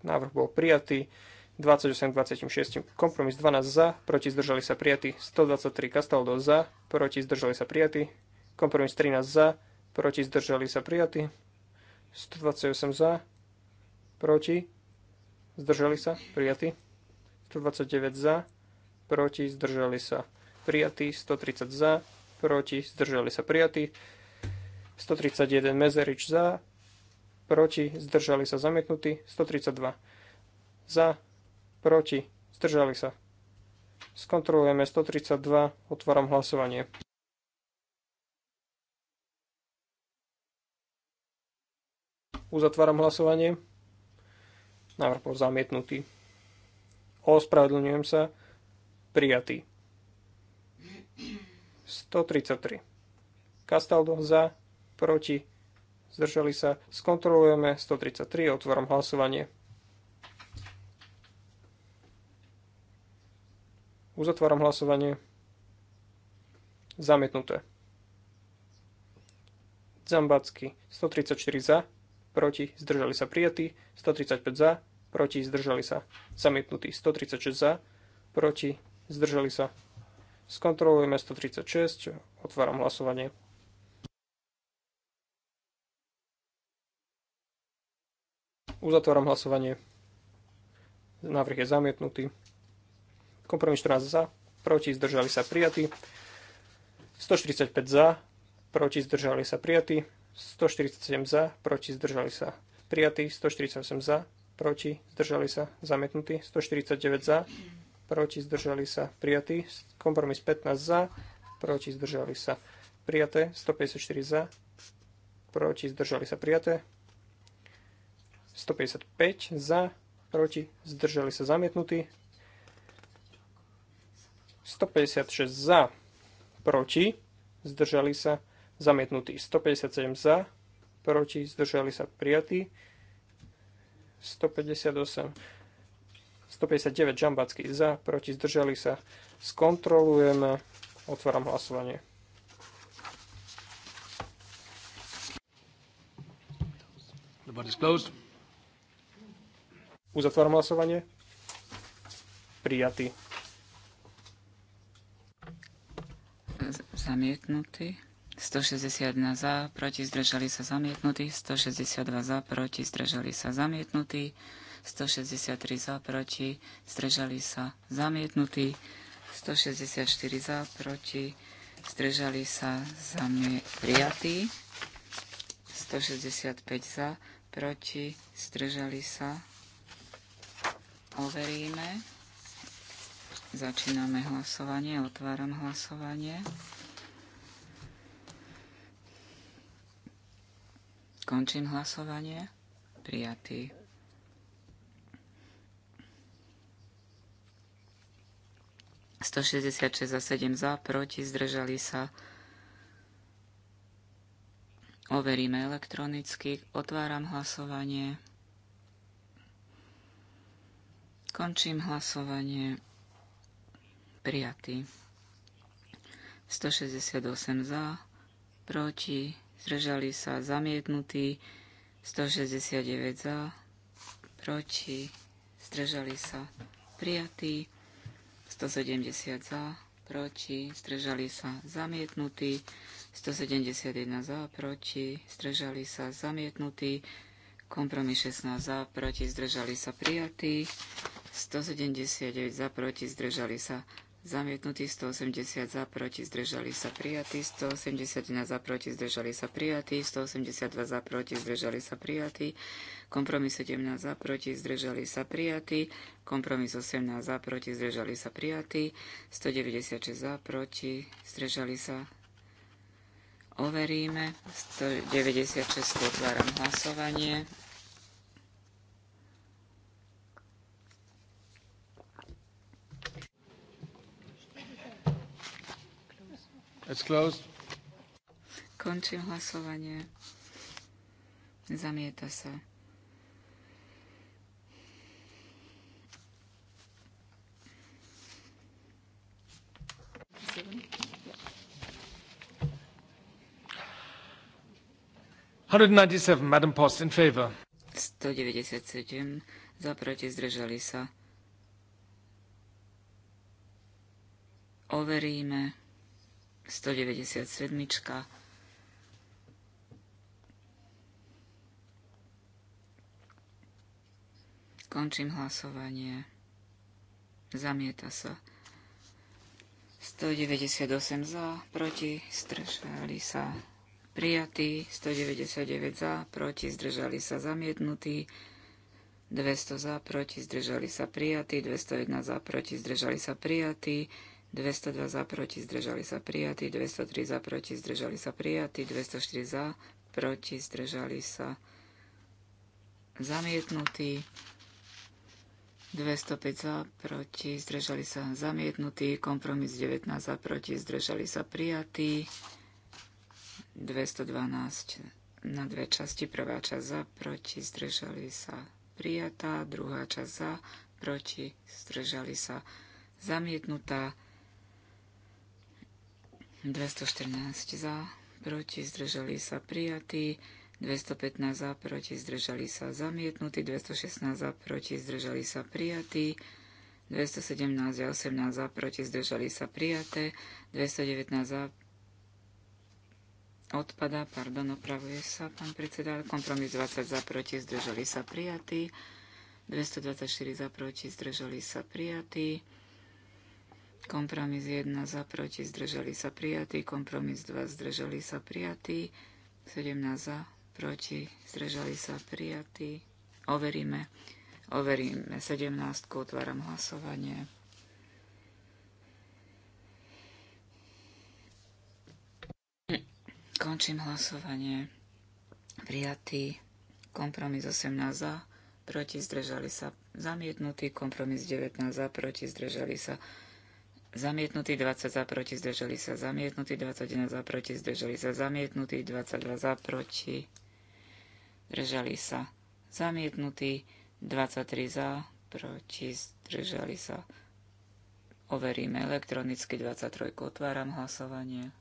Návrh bol prijatý. 28 26. Kompromis 12 za, proti zdržali sa prijatí. 123 Kastaldo za, proti zdržali sa prijatí. Kompromis 13 za, proti zdržali sa prijatí. 128 za, proti zdržali sa prijatí. 129 za, proti zdržali sa prijatí. 130 za, proti zdržali sa prijatí. 131 Mezerič za, proti zdržali sa zamietnutí. 132 za, proti zdržali sa Skontrolujeme 132, otváram hlasovanie. Uzatváram hlasovanie. Návrh bol zamietnutý. Ospravedlňujem sa. Prijatý. 133. Kastaldo za, proti, zdržali sa. Skontrolujeme 133, otváram hlasovanie. Uzatváram hlasovanie. Zamietnuté. Zambacky 134 za, proti, zdržali sa prijatí, 135 za, proti, zdržali sa zamietnutí, 136 za, proti, zdržali sa. Skontrolujeme 136, otváram hlasovanie. Uzatváram hlasovanie. Návrh je zamietnutý. Kompromis 14 za, proti, zdržali sa prijatí. 145 za, proti, zdržali sa prijatí. 147 za, proti, zdržali sa. Prijatý 148 za, proti, zdržali sa. Zamietnutý 149 za, proti, zdržali sa. Prijatý kompromis 15 za, proti, zdržali sa. Prijaté 154 za, proti, zdržali sa. Prijaté 155 za, proti, zdržali sa. Zamietnutý 156 za, proti, zdržali sa zamietnutý. 157 za, proti, zdržali sa prijatí. 158, 159 žambacký za, proti, zdržali sa. Skontrolujeme, otváram hlasovanie. Uzatváram hlasovanie. Prijatý. Z zamietnutý. 161 za, proti zdržali sa zamietnutí, 162 za, proti zdržali sa zamietnutí, 163 za, proti zdržali sa zamietnutí, 164 za, proti zdržali sa zamietnutí, prijatí, 165 za, proti zdržali sa overíme. Začíname hlasovanie, otváram hlasovanie. Končím hlasovanie. Prijatý. za 7 za, proti, zdržali sa. Overíme elektronicky. Otváram hlasovanie. Končím hlasovanie. Prijatý. 168 za, proti, zdržali sa zamietnutí, 169 za, proti, zdržali sa prijatí, 170 za, proti, zdržali sa zamietnutí, 171 za, proti, zdržali sa zamietnutí, kompromis 16 za, proti, zdržali sa prijatí, 179 za, proti, zdržali sa prijatí, zamietnutý 180 za, proti, zdržali sa prijatí, 181 za, proti, zdržali sa prijatí, 182 za, proti, zdržali sa prijatí, kompromis 17 za, proti, zdržali sa prijatí, kompromis 18 za, proti, zdržali sa prijatí, 196 za, proti, zdržali sa overíme, 196 otváram hlasovanie. It's closed. Končím hlasovanie. Zamieta sa. Madam Post, in favor. 197 za proti zdržali sa. Overíme. 197. Končím hlasovanie. Zamieta sa. 198 za, proti, zdržali sa prijatí, 199 za, proti, zdržali sa zamietnutí, 200 za, proti, zdržali sa prijatí, 201 za, proti, zdržali sa prijatí, 202 za, proti, zdržali sa prijatí, 203 za, proti, zdržali sa prijatí, 204 za, proti, zdržali sa zamietnutí, 205 za, proti, zdržali sa zamietnutí, kompromis 19 za, proti, zdržali sa prijatí, 212 na dve časti, prvá časť za, proti, zdržali sa prijatá, druhá časť za, proti, zdržali sa zamietnutá, 214 za, proti, zdržali sa prijatí, 215 za, proti, zdržali sa zamietnutí, 216 za, proti, zdržali sa prijatí, 217 a 18 za, proti, zdržali sa prijaté, 219 za, odpada, pardon, opravuje sa pán predseda, kompromis 20 za, proti, zdržali sa prijatí, 224 za, proti, zdržali sa prijatí, Kompromis 1 za, proti, zdržali sa prijatí. Kompromis 2 zdržali sa prijatí. 17 za, proti, zdržali sa prijatí. Overíme. Overíme 17. Otváram hlasovanie. Končím hlasovanie. Prijatý. Kompromis 18 za, proti, zdržali sa. Zamietnutý. Kompromis 19 za, proti, zdržali sa zamietnutý, 20 za, proti, zdržali sa, zamietnutý, 21 za, proti, zdržali sa, zamietnutý, 22 za, proti, zdržali sa, zamietnutý, 23 za, proti, zdržali sa. Overíme elektronicky 23. Otváram hlasovanie.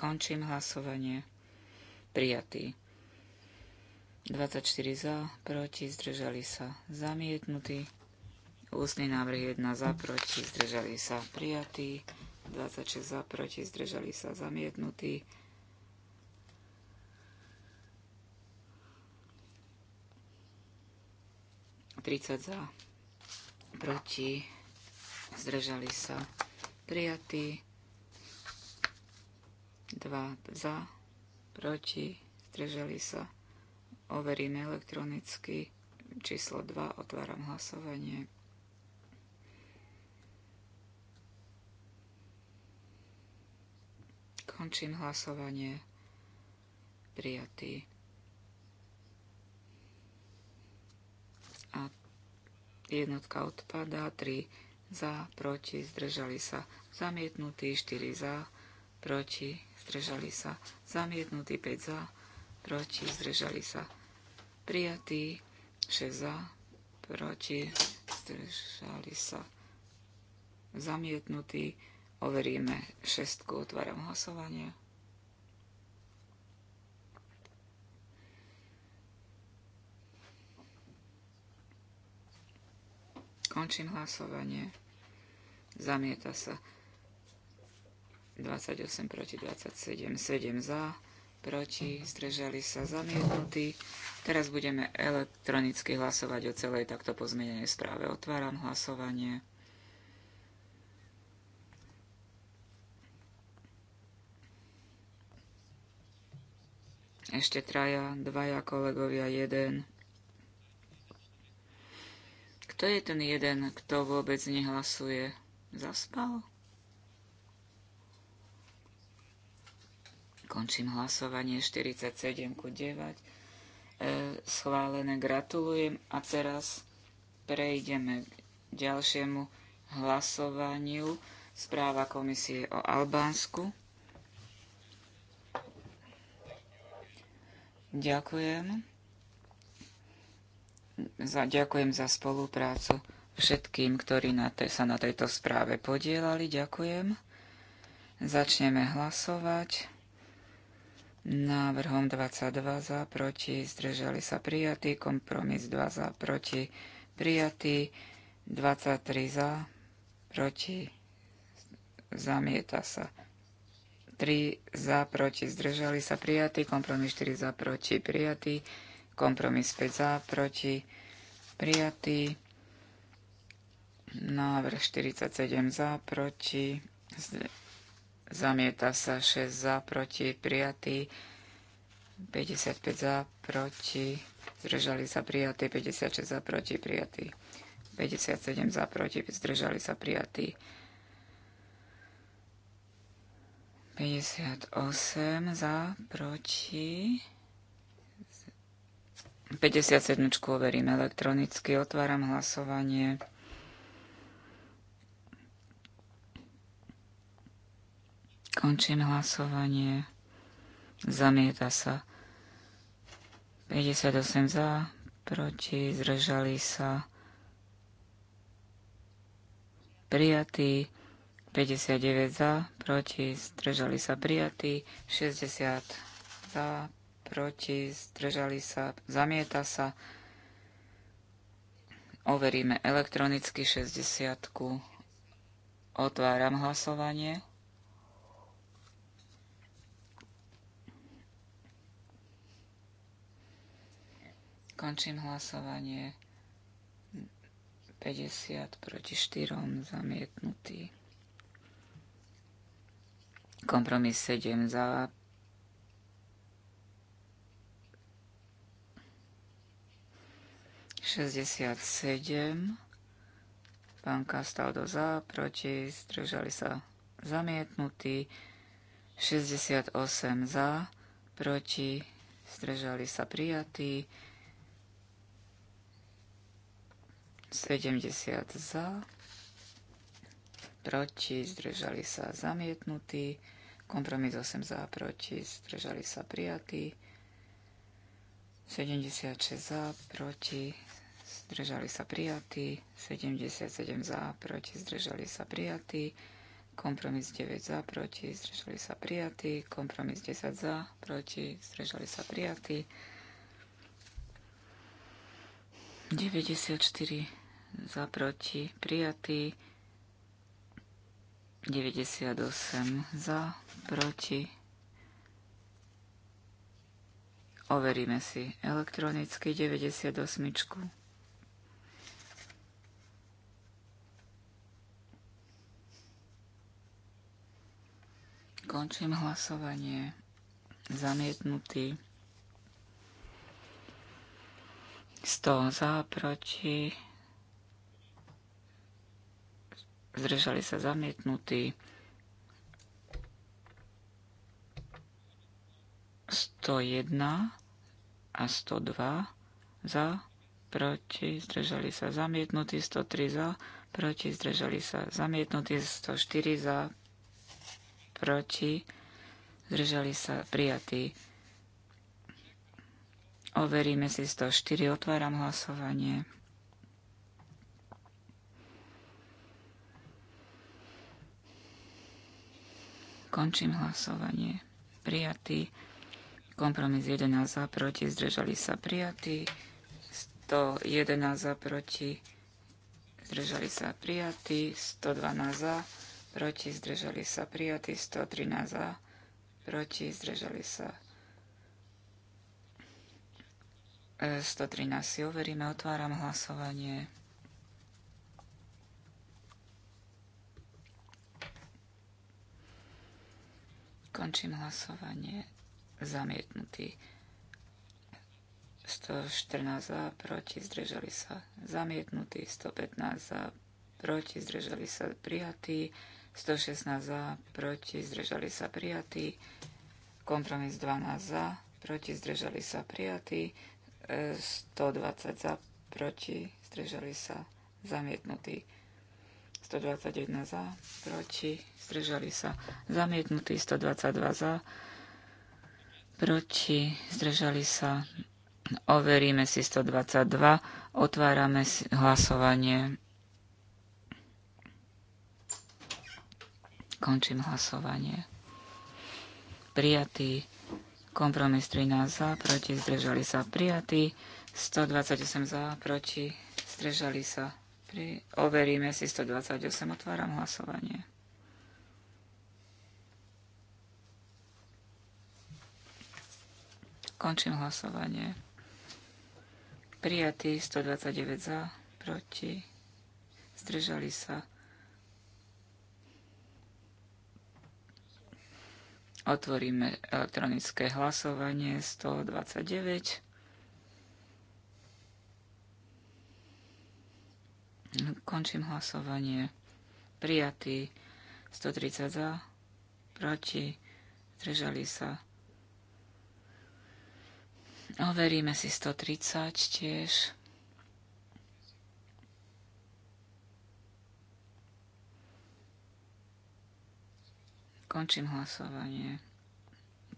Končím hlasovanie. Prijatý. 24 za, proti, zdržali sa zamietnutí. Ústny návrh 1 za, proti, zdržali sa prijatí. 26 za, proti, zdržali sa zamietnutí. Tridsať za, proti, zdržali sa prijatí. 2 za, proti, zdržali sa Overíme elektronicky. Číslo 2. Otváram hlasovanie. Končím hlasovanie. Prijatý. A jednotka odpadá. 3 za, proti, zdržali sa. Zamietnutý. 4 za, proti, zdržali sa. Zamietnutý. 5 za, proti, zdržali sa prijatí, 6 za, proti, zdržali sa zamietnutí. Overíme šestku, otváram hlasovanie. Končím hlasovanie. Zamieta sa 28 proti 27, 7 za proti, zdržali sa zamietnutí. Teraz budeme elektronicky hlasovať o celej takto pozmenenej správe. Otváram hlasovanie. Ešte traja, dvaja kolegovia, jeden. Kto je ten jeden, kto vôbec nehlasuje? Zaspal? Končím hlasovanie 47 ku 9. E, schválené gratulujem a teraz prejdeme k ďalšiemu hlasovaniu. Správa komisie o Albánsku. Ďakujem. Za, ďakujem za spoluprácu všetkým, ktorí na te, sa na tejto správe podielali. Ďakujem. Začneme hlasovať návrhom 22 za, proti, zdržali sa prijatí, kompromis 2 za, proti, prijatý, 23 za, proti, zamieta sa. 3 za, proti, zdržali sa prijatí, kompromis 4 za, proti, prijatý, kompromis 5 za, proti, prijatý, návrh 47 za, proti, zdržali Zamieta sa 6 za, proti, prijatý. 55 za, proti, zdržali sa prijatí. 56 za, proti, prijatý. 57 za, proti, zdržali sa prijatí. 58 za, proti. 57 overím elektronicky, otváram hlasovanie. Končím hlasovanie. Zamieta sa. 58 za, proti, zdržali sa. Prijatý. 59 za, proti, zdržali sa. Prijatý. 60 za, proti, zdržali sa. Zamieta sa. Overíme elektronicky 60. -ku. Otváram hlasovanie. Končím hlasovanie. 50 proti 4 zamietnutý. Kompromis 7 za. Šesťdesiat sedem. Pán Kastaldo za, proti, zdržali sa zamietnutí. 68 za, proti, zdržali sa prijatí. 70 za, proti, zdržali sa zamietnutí, kompromis 8 za, proti, zdržali sa prijatí, 76 za, proti, zdržali sa prijatí, 77 za, proti, zdržali sa prijatí, kompromis 9 za, proti, zdržali sa prijatí, kompromis 10 za, proti, zdržali sa prijatí, 94 za proti prijatý. 98 za proti. Overíme si elektronicky 98. Končím hlasovanie. Zamietnutý. 100 za, proti, zdržali sa zamietnutí, 101 a 102 za, proti, zdržali sa zamietnutí, 103 za, proti, zdržali sa zamietnutí, 104 za, proti, zdržali sa prijatí. Overíme si 104. Otváram hlasovanie. Končím hlasovanie. Prijatý. Kompromis 11 za proti. Zdržali sa prijatí. 111 za proti. Zdržali sa prijatí. 112 za proti. Zdržali sa prijatí. 113 za proti. Zdržali sa prijatí 113 e, si overíme, otváram hlasovanie. Končím hlasovanie. Zamietnutý. 114 za, proti, zdržali sa. Zamietnutý. 115 za, proti, zdržali sa. Prijatý. 116 za, proti, zdržali sa. Prijatý. Kompromis 12 za, proti, zdržali sa. Prijatý. 120 za, proti, zdržali sa, zamietnutí. 121 za, proti, zdržali sa, zamietnutí, 122 za, proti, zdržali sa, overíme si 122, otvárame hlasovanie. Končím hlasovanie. Prijatý Kompromis 13 za, proti, zdržali sa prijatí. 128 za, proti, zdržali sa pri... Overíme si 128, otváram hlasovanie. Končím hlasovanie. Prijatí 129 za, proti, zdržali sa Otvoríme elektronické hlasovanie 129. Končím hlasovanie. Prijatý 130 za, proti, zdržali sa. Overíme si 130 tiež. Končím hlasovanie.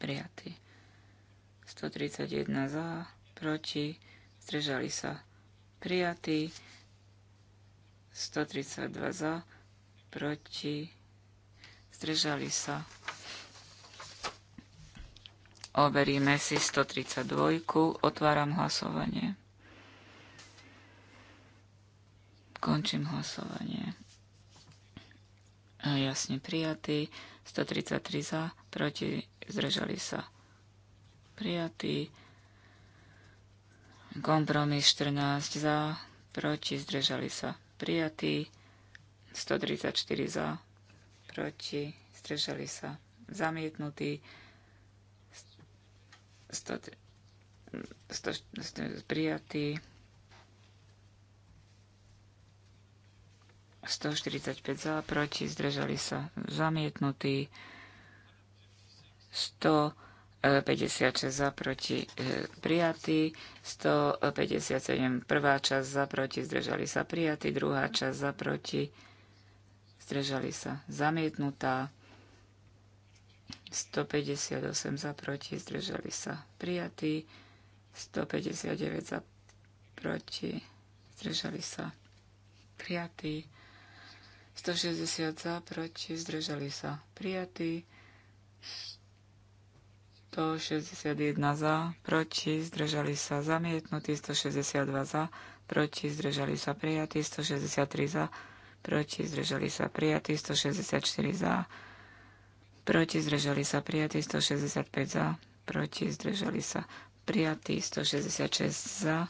Prijatý. 131 za, proti, zdržali sa. Prijatý. 132 za, proti, zdržali sa. Overíme si 132. Otváram hlasovanie. Končím hlasovanie. Jasne prijatý. 133 za, proti, zdržali sa prijatí. Kompromis 14 za, proti, zdržali sa prijatí. 134 za, proti, zdržali sa zamietnutí. 100, 100, 100, 100, 145 za, proti, zdržali sa zamietnutí, 156 e, za, proti, e, prijatí, 157 e, prvá časť za, proti, zdržali sa prijatí, druhá časť za, proti, zdržali sa zamietnutá, 158 za, proti, zdržali sa prijatí, 159 za, proti, zdržali sa prijatí. 160 za, proti, zdržali sa prijatí. 161 za, proti, zdržali sa zamietnutí, 162 za, proti, zdržali sa prijatí, 163 za, proti, zdržali sa prijatí, 164 za, proti, zdržali sa prijatí, 165 za, proti, zdržali sa prijatí, 166 za,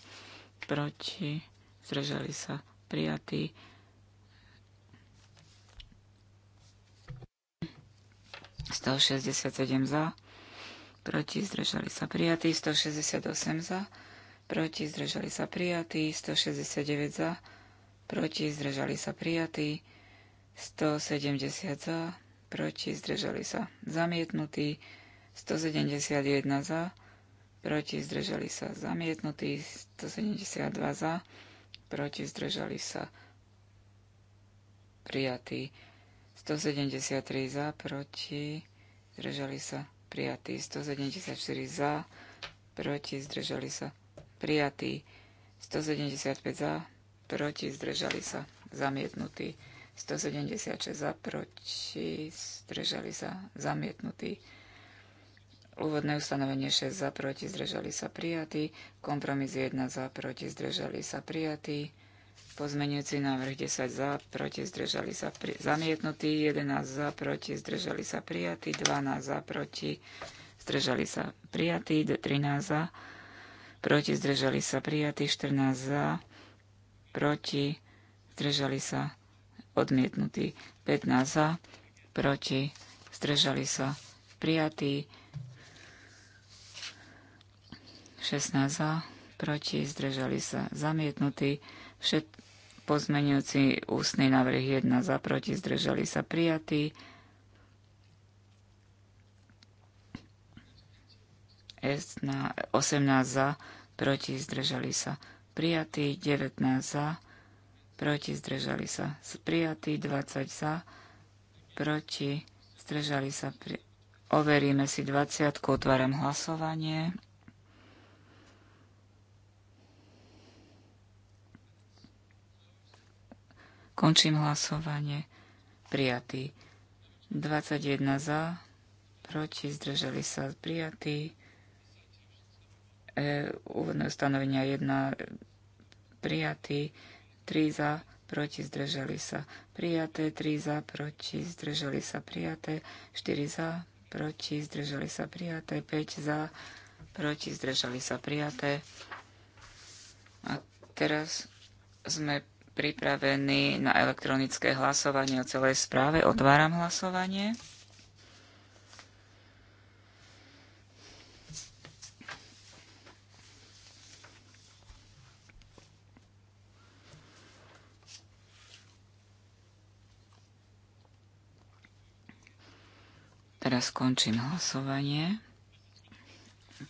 proti, zdržali sa prijatí, 167 za, proti zdržali sa prijatí, 168 za, proti zdržali sa prijatí, 169 za, proti zdržali sa prijatí, 170 za, proti zdržali sa zamietnutí, 171 za, proti zdržali sa zamietnutí, 172 za, proti zdržali sa prijatí, 173 za, proti, zdržali sa prijatí. 174 za, proti, zdržali sa prijatí. 175 za, proti, zdržali sa zamietnutí. 176 za, proti, zdržali sa zamietnutí. Úvodné ustanovenie 6 za, proti, zdržali sa prijatí. Kompromis 1 za, proti, zdržali sa prijatí. Pozmenujúci návrh 10 za, proti, zdržali sa pri... zamietnutý, 11 za, proti, zdržali sa prijatí, 12 za, proti, zdržali sa prijatí, 13 za, proti, zdržali sa prijatí, 14 za, proti, zdržali sa odmietnutí, 15 za, proti, zdržali sa prijatí, 16 za, proti, zdržali sa zamietnutí, Všet pozmenujúci ústny návrh 1 za proti, zdržali sa prijatí. S na 18 za, proti, zdržali sa prijatí. 19 za, proti, zdržali sa prijatí. 20 za, proti, zdržali sa prijatí. Overíme si 20, otváram hlasovanie. Končím hlasovanie. Prijatý. 21 za, proti, zdržali sa prijatí. E, úvodné ustanovenia 1 prijatý, 3 za, proti, zdržali sa prijaté, 3 za, proti, zdržali sa prijaté, 4 za, proti, zdržali sa prijaté, 5 za, proti, zdržali sa prijaté. A teraz sme pripravení na elektronické hlasovanie o celej správe. Otváram hlasovanie. Teraz skončím hlasovanie.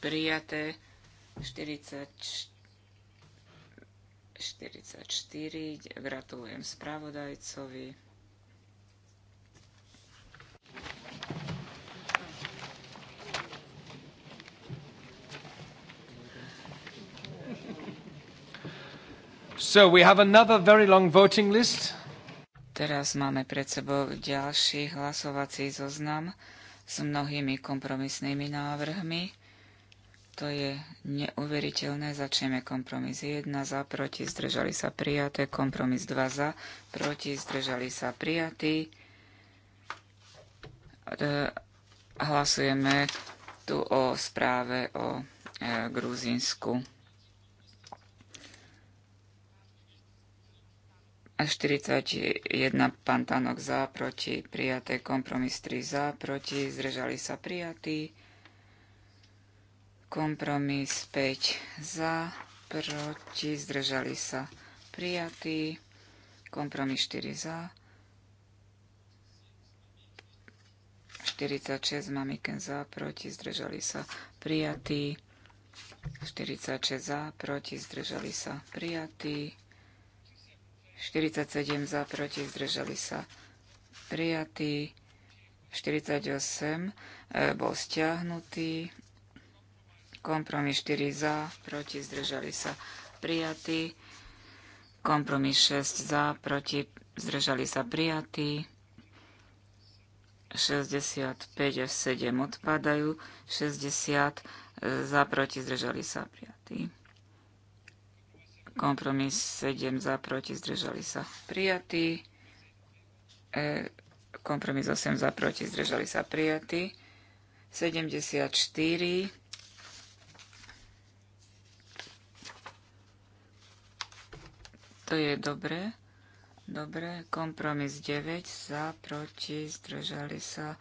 Prijaté 44 44. Gratulujem spravodajcovi. So we have another very long voting list. Teraz máme pred sebou ďalší hlasovací zoznam s mnohými kompromisnými návrhmi to je neuveriteľné. Začneme kompromis 1 za, proti, zdržali sa prijaté. Kompromis 2 za, proti, zdržali sa prijatí. E, hlasujeme tu o správe o e, Gruzínsku. 41 pantanok za, proti prijaté, kompromis 3 za, proti, zdržali sa prijatí. Kompromis 5 za, proti, zdržali sa prijatí. Kompromis 4 za. 46 mamiken za, proti, zdržali sa prijatí. 46 za, proti, zdržali sa prijatí. 47 za, proti, zdržali sa prijatí. 48 e, bol stiahnutý Kompromis 4 za, proti, zdržali sa prijatí. Kompromis 6 za, proti, zdržali sa prijatí. 65 až 7 odpadajú. 60 e, za, proti, zdržali sa prijatí. Kompromis 7 za, proti, zdržali sa prijatí. E, kompromis 8 za, proti, zdržali sa prijatí. 74 To je dobré. Dobre, kompromis 9, za, proti, zdržali sa,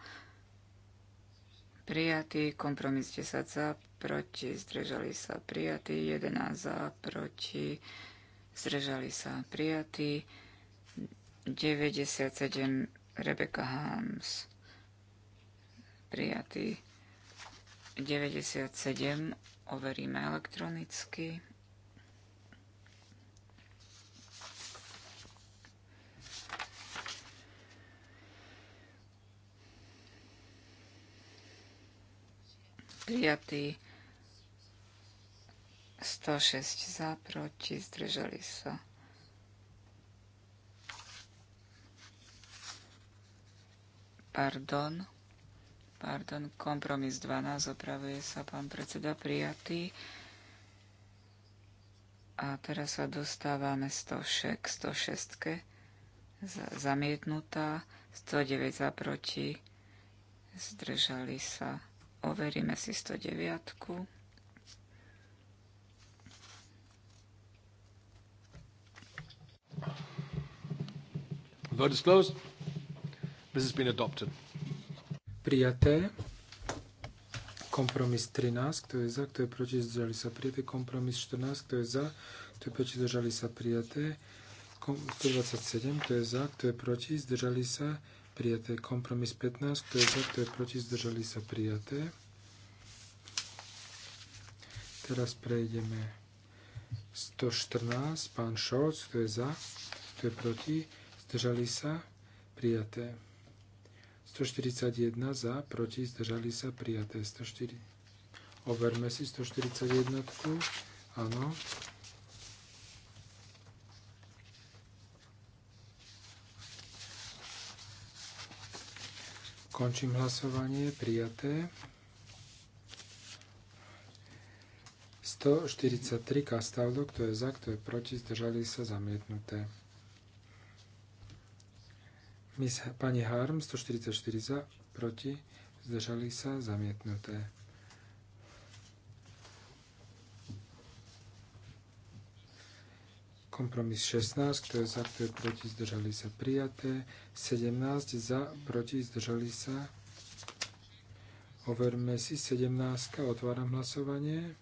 prijatý, kompromis 10 za, proti, zdržali sa, prijatý, 11 za, proti, zdržali sa, prijatý, 97 Rebecca Hams, prijatý, 97 overíme elektronicky. prijatý. 106 za, proti, zdržali sa. Pardon. Pardon, kompromis 12, opravuje sa pán predseda prijatý. A teraz sa dostávame 106, 106 zamietnutá, 109 za proti, zdržali sa Overíme si 109. Vote is closed. This has been adopted. Prijaté. Kompromis 13, kto je za, kto je proti, zdržali sa prijaté. Kompromis 14, kto je za, kto je proti, zdržali sa prijaté. 127, kto je za, kto je proti, zdržali sa prijaté prijaté. Kompromis 15, kto je za, kto je proti, zdržali sa prijaté. Teraz prejdeme 114, pán Šolc, kto je za, kto je proti, zdržali sa prijaté. 141 za, proti, zdržali sa prijaté. 104. Overme si 141. Áno. Končím hlasovanie. Prijaté. 143 Castaldo, kto je za, kto je proti, zdržali sa zamietnuté. Miss, pani Harm, 144 za, proti, zdržali sa zamietnuté. Kompromis 16, kto je za, kto je proti, zdržali sa prijaté. 17 za, proti, zdržali sa. Overme si 17, otváram hlasovanie.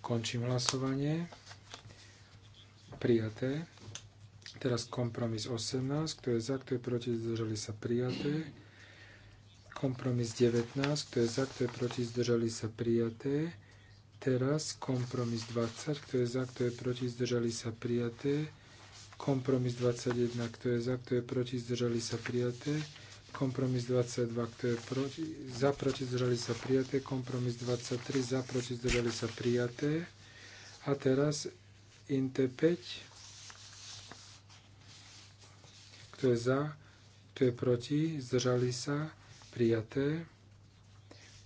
Končím hlasovanie. Prijaté. Teraz kompromis 18, kto je za, kto je proti, zdržali sa prijaté. Kompromis 19, kto je za, kto je proti, zdržali sa prijaté. Teraz kompromis 20, kto je za, kto je proti, zdržali sa prijaté. Kompromis 21, kto je za, kto je proti, zdržali sa prijaté. Kompromis 22, kto je proti, za, proti, zdržali sa prijaté. Kompromis 23, za, proti, zdržali sa prijaté. A teraz int 5, kto je za, kto je proti, zdržali sa prijaté prijaté.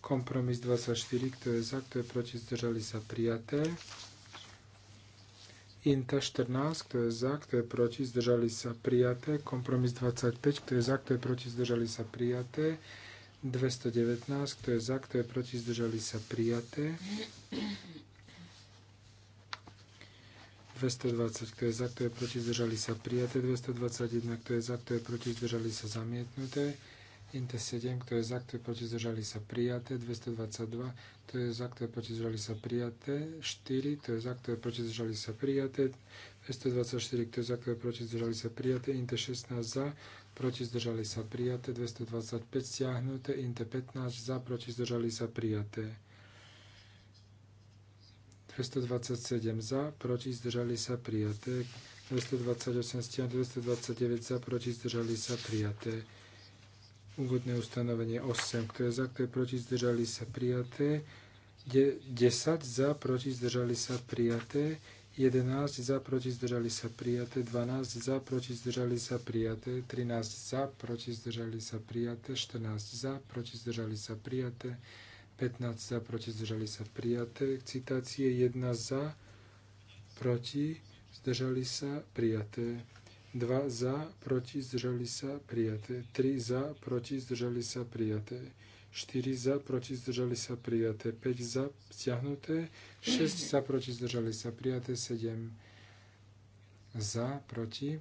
Kompromis 24, kto je za, kto je proti, zdržali sa prijaté. INTA 14, kto je za, kto je proti, zdržali sa prijaté. Kompromis 25, kto je za, kto je proti, zdržali sa prijaté. 219, kto je za, kto je proti, zdržali sa prijaté. 220, kto je za, kto je proti, zdržali sa prijaté. 221, kto je za, kto je proti, zdržali sa zamietnuté. Inte 7, kto je za, kto je proti, zdržali sa prijaté. 222, kto je za, kto je proti, zdržali sa prijaté. 4, kto je za, kto je proti, zdržali sa prijaté. 224, kto je za, kto je proti, zdržali sa prijaté. Inte 16, za, proti, zdržali sa prijaté. 225, stiahnuté. Inte 15, za, proti, zdržali sa prijaté. 227 za, proti, zdržali sa prijaté. 228 stiahnuté, 229 za, proti, zdržali sa prijaté úvodné ustanovenie 8, kto je za, kto je proti, zdržali sa prijaté, 10 za, proti, zdržali sa prijaté, 11 za, proti, zdržali sa prijaté, 12 za, proti, zdržali sa prijaté, 13 za, proti, zdržali sa prijaté, 14 za, proti, zdržali sa prijaté, 15 za, proti, zdržali sa prijaté, citácie 1 za, proti, zdržali sa prijaté. 2 za, proti, zdržali sa, prijaté. 3 za, proti, zdržali sa, prijaté. 4 za, proti, zdržali sa, prijaté. 5 za, stiahnuté. 6 za, proti, zdržali sa, prijaté. 7 za, proti.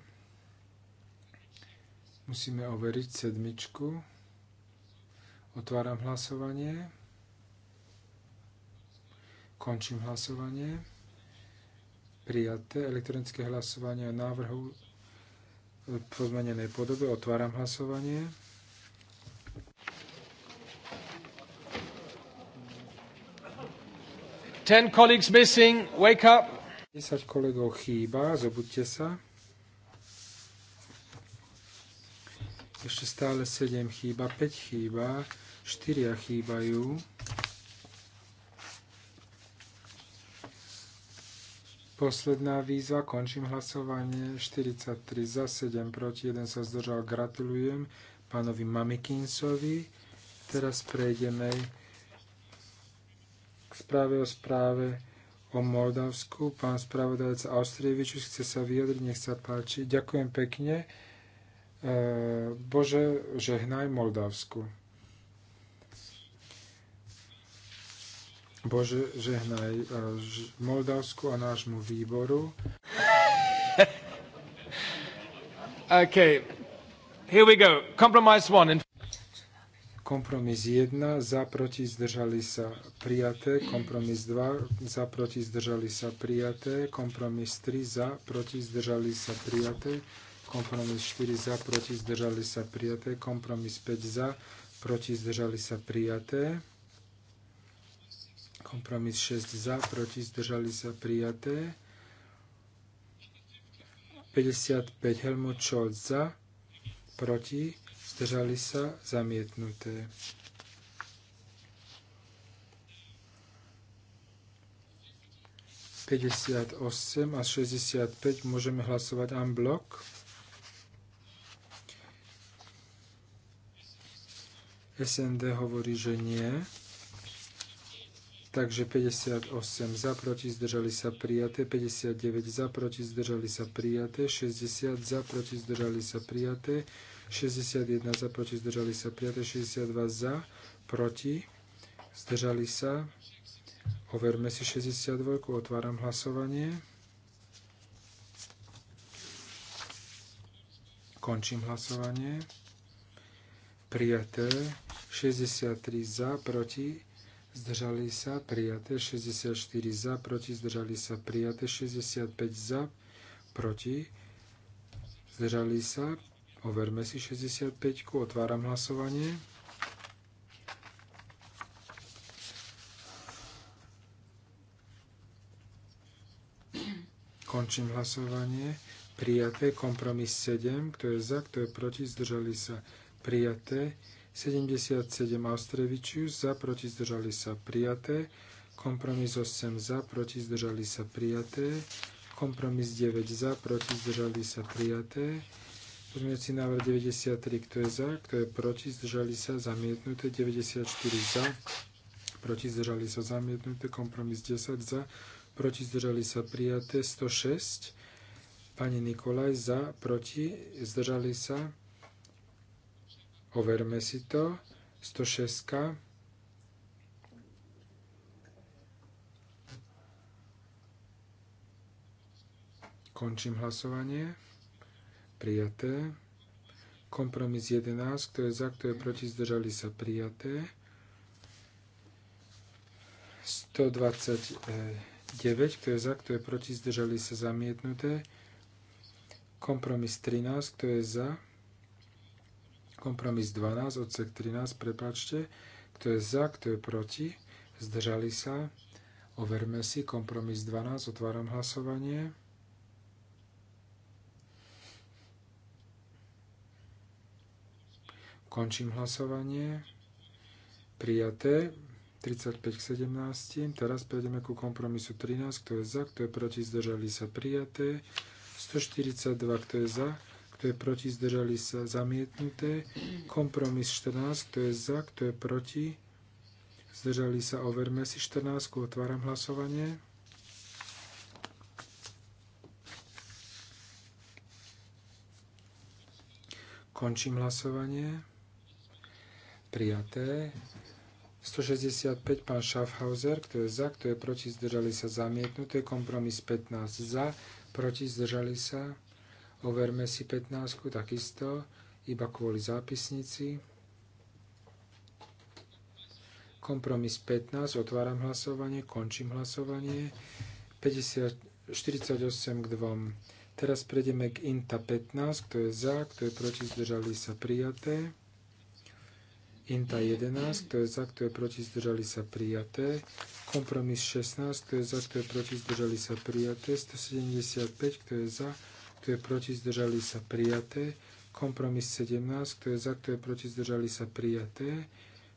Musíme overiť sedmičku. Otváram hlasovanie. Končím hlasovanie. Prijaté elektronické hlasovanie o návrhu v pozmenenej podobe. Otváram hlasovanie. Ten colleagues missing. Wake up. 10 kolegov chýba. Zobudte sa. Ešte stále 7 chýba, 5 chýba, 4 chýbajú. Posledná výzva, končím hlasovanie, 43 za, 7 proti, 1 sa zdržal, gratulujem pánovi Mamikinsovi. Teraz prejdeme k správe o správe o Moldavsku. Pán spravodajca Austrievičus chce sa vyjadriť, nech sa páči. Ďakujem pekne. E, Bože, žehnaj Moldavsku. Bože, žehnaj e, Moldavsku a nášmu výboru. OK. Here we go. Compromise one. In... Kompromis 1, za, proti, zdržali sa prijaté. Kompromis 2, za, proti, zdržali sa prijaté. Kompromis 3, za, proti, zdržali sa prijaté. Kompromis 4, za, proti, zdržali sa prijaté. Kompromis 5, za, proti, zdržali sa prijaté. Kompromis 6 za, proti, zdržali sa prijaté. 55 Helmut Scholz za, proti, zdržali sa zamietnuté. a 65 môžeme hlasovať en blok. SND hovorí, že nie. Takže 58 za, proti, zdržali sa prijaté. 59 za, proti, zdržali sa prijaté. 60 za, proti, zdržali sa prijaté. 61 za, proti, zdržali sa prijaté. 62 za, proti, zdržali sa. Overme si 62, otváram hlasovanie. Končím hlasovanie. Prijaté. 63 za, proti, zdržali sa, prijaté 64 za, proti, zdržali sa, prijaté 65 za, proti, zdržali sa, overme si 65, otváram hlasovanie. Končím hlasovanie. Prijaté kompromis 7, kto je za, kto je proti, zdržali sa, prijaté 77 Austrevičius za, proti zdržali sa prijaté. Kompromis 8 za, proti zdržali sa prijaté. Kompromis 9 za, proti zdržali sa prijaté. Pozmeňujúci návrh 93, kto je za, kto je proti, zdržali sa, zamietnuté. 94 za, proti, zdržali sa, zamietnuté. Kompromis 10 za, proti, zdržali sa, prijaté. 106, pani Nikolaj za, proti, zdržali sa, Overme si to. 106. Končím hlasovanie. Prijaté. Kompromis 11. Kto je za, kto je proti, zdržali sa prijaté. 129. Kto je za, kto je proti, zdržali sa zamietnuté. Kompromis 13. Kto je za, Kompromis 12, odsek 13, prepačte. Kto je za, kto je proti? Zdržali sa. Overme si kompromis 12, otváram hlasovanie. Končím hlasovanie. Prijaté. 35 k 17. Teraz prejdeme ku kompromisu 13. Kto je za, kto je proti, zdržali sa prijaté. 142, kto je za, kto je proti, zdržali sa zamietnuté. Kompromis 14, kto je za, kto je proti, zdržali sa, overme si 14, otváram hlasovanie. Končím hlasovanie. Prijaté. 165 pán Schaffhauser, kto je za, kto je proti, zdržali sa zamietnuté, kompromis 15 za, proti, zdržali sa Overme si 15 takisto, iba kvôli zápisnici. Kompromis 15, otváram hlasovanie, končím hlasovanie. 50, 48 k 2. Teraz prejdeme k INTA 15, kto je za, kto je proti, zdržali sa prijaté. INTA 11, kto je za, kto je proti, zdržali sa prijaté. Kompromis 16, kto je za, kto je proti, zdržali sa prijaté. 175, kto je za, kto je proti, zdržali sa prijaté. Kompromis 17, kto je za, kto je proti, zdržali sa prijaté.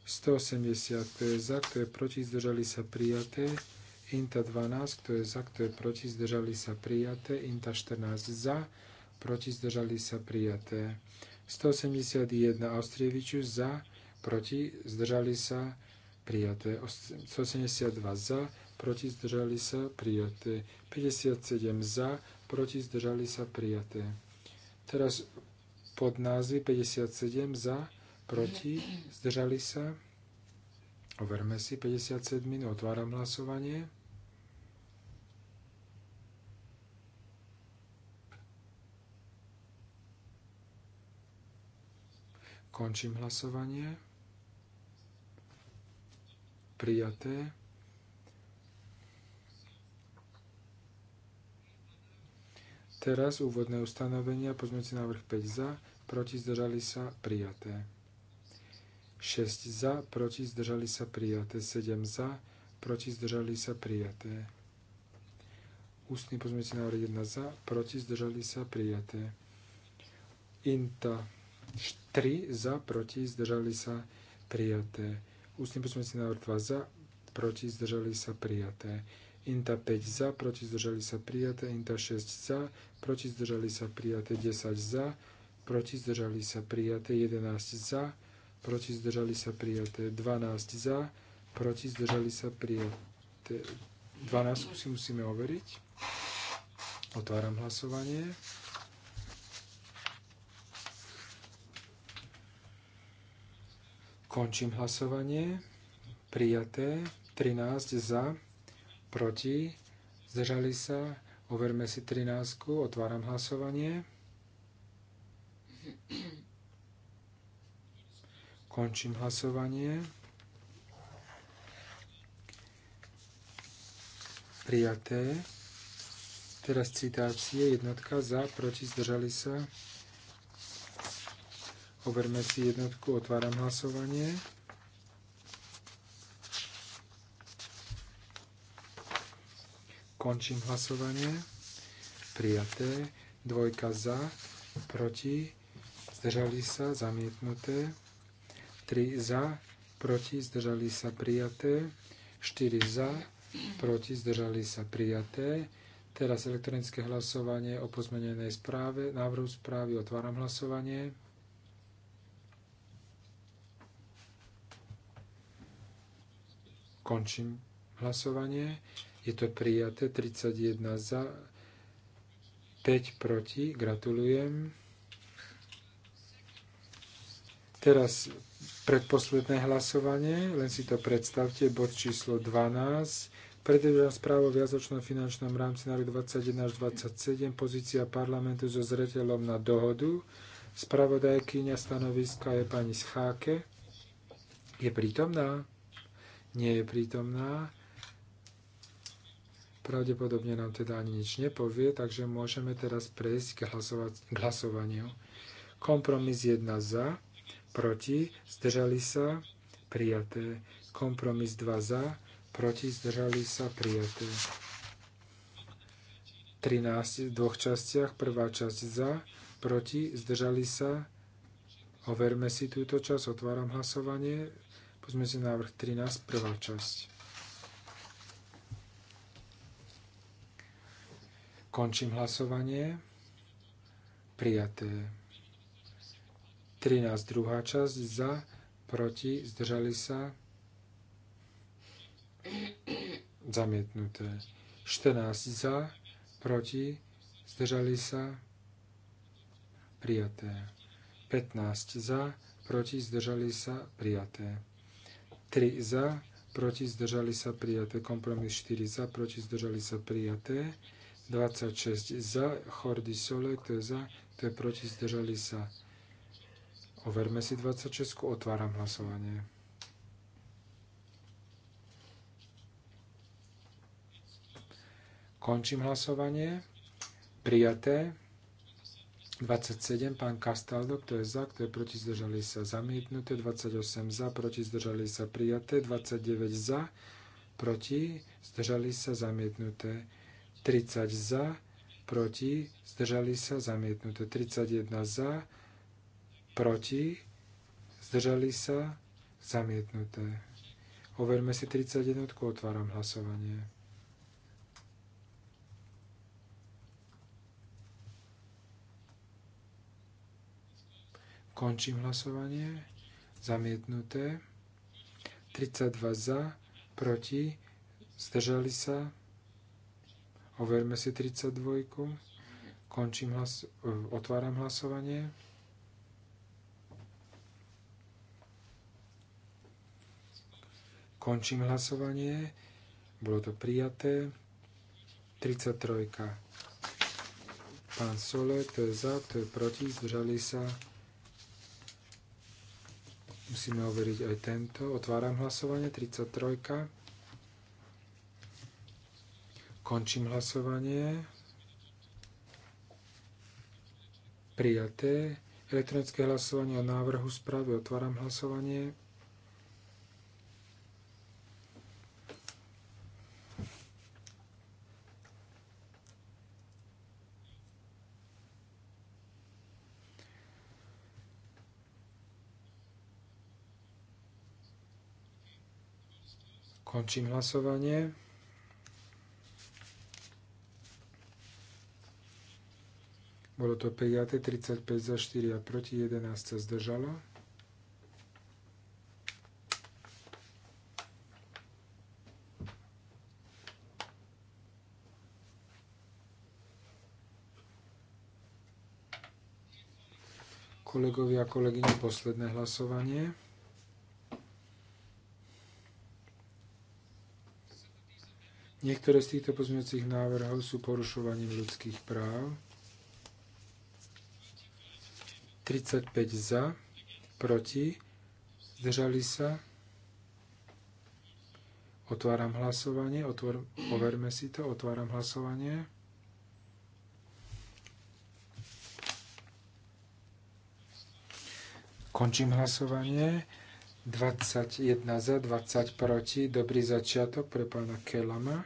180, kto je za, kto je proti, zdržali sa prijaté. Inta 12, kto je za, kto je proti, zdržali sa prijaté. Inta 14 za, proti, zdržali sa prijaté. 181 Austrieviču za, proti, zdržali sa prijaté. 172 za, proti zdržali sa prijaté. 57 za, proti zdržali sa prijaté. Teraz pod názvy 57 za, proti zdržali sa. Overme si 57, otváram hlasovanie. Končím hlasovanie. Prijaté. Teraz úvodné ustanovenia, pozmeňujúci návrh 5 za, proti zdržali sa prijaté. 6 za, proti zdržali sa prijaté. 7 za, proti zdržali sa prijaté. Ústny pozmeňujúci návrh 1 za, proti zdržali sa prijaté. Inta 3 za, proti zdržali sa prijaté. Ústny pozmeňujúci návrh 2 za, proti zdržali sa prijaté. Inta 5 za, proti zdržali sa prijaté. Inta 6 za, proti zdržali sa prijaté. 10 za, proti zdržali sa prijaté. 11 za, proti zdržali sa prijaté. 12 za, proti zdržali sa prijaté. 12 si musíme overiť. Otváram hlasovanie. Končím hlasovanie. Prijaté. 13 za proti, zdržali sa, overme si 13, otváram hlasovanie. Končím hlasovanie. Prijaté. Teraz citácie. Jednotka za, proti, zdržali sa. Overme si jednotku, otváram hlasovanie. Končím hlasovanie. Prijaté. Dvojka za, proti, zdržali sa, zamietnuté. 3 za, proti, zdržali sa, prijaté. 4 za, proti, zdržali sa, prijaté. Teraz elektronické hlasovanie o pozmenenej správe, návrhu správy, otváram hlasovanie. Končím hlasovanie je to prijaté 31 za, 5 proti. Gratulujem. Teraz predposledné hlasovanie, len si to predstavte, bod číslo 12. Predvedená správa o viazočnom finančnom rámci na rok 21 až 27, pozícia parlamentu so zreteľom na dohodu. Spravodajkyňa stanoviska je pani Scháke. Je prítomná? Nie je prítomná. Pravdepodobne nám teda ani nič nepovie, takže môžeme teraz prejsť k, k hlasovaniu. Kompromis 1 za, proti, zdržali sa, prijaté. Kompromis 2 za, proti, zdržali sa, prijaté. 13 v dvoch častiach, prvá časť za, proti, zdržali sa. Overme si túto časť, otváram hlasovanie. Pozme si návrh 13, prvá časť. Končím hlasovanie. Prijaté. 13. druhá časť za, proti, zdržali sa. Zamietnuté. 14 za, proti, zdržali sa. Prijaté. 15 za, proti, zdržali sa. Prijaté. 3 za, proti, zdržali sa. Prijaté. Kompromis 4 za, proti, zdržali sa. Prijaté. 26 za, Chordy Sole, kto je za, kto je proti, zdržali sa. Overme si 26, otváram hlasovanie. Končím hlasovanie. Prijaté. 27, pán Castaldo, kto je za, kto je proti, zdržali sa. Zamietnuté. 28 za, proti, zdržali sa. Prijaté. 29 za, proti, zdržali sa. Zamietnuté. 30 za, proti, zdržali sa, zamietnuté. 31 za, proti, zdržali sa, zamietnuté. Overme si 31, otváram hlasovanie. Končím hlasovanie. Zamietnuté. 32 za, proti, zdržali sa, Overme si 32. Končím hlas... E, otváram hlasovanie. Končím hlasovanie. Bolo to prijaté. 33. Pán Sole, to je za, to je proti, zdržali sa. Musíme overiť aj tento. Otváram hlasovanie. 33. Končím hlasovanie. Prijaté. Elektronické hlasovanie o návrhu správy. Otváram hlasovanie. Končím hlasovanie. Bolo to prijaté 35 za 4 a proti 11 sa zdržalo. kolegovia a kolegyne, posledné hlasovanie. Niektoré z týchto pozmeňujúcich návrhov sú porušovaním ľudských práv. 35 za, proti, zdržali sa. Otváram hlasovanie, otvor, overme si to, otváram hlasovanie. Končím hlasovanie. 21 za, 20 proti. Dobrý začiatok pre pána Kelama.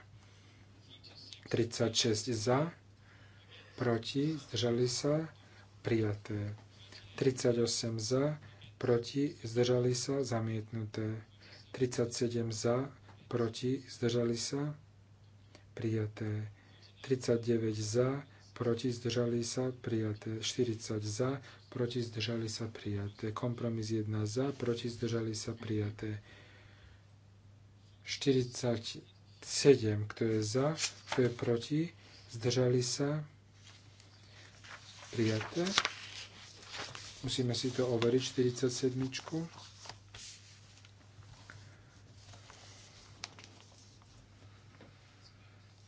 36 za, proti, zdržali sa, prijaté. 38 za, proti, zdržali sa, zamietnuté. 37 za, proti, zdržali sa, prijaté. 39 za, proti, zdržali sa, prijaté. 40 za, proti, zdržali sa, prijaté. Kompromis 1 za, proti, zdržali sa, prijaté. 47, kto je za, kto je proti, zdržali sa, prijaté. Musíme si to overiť, 47.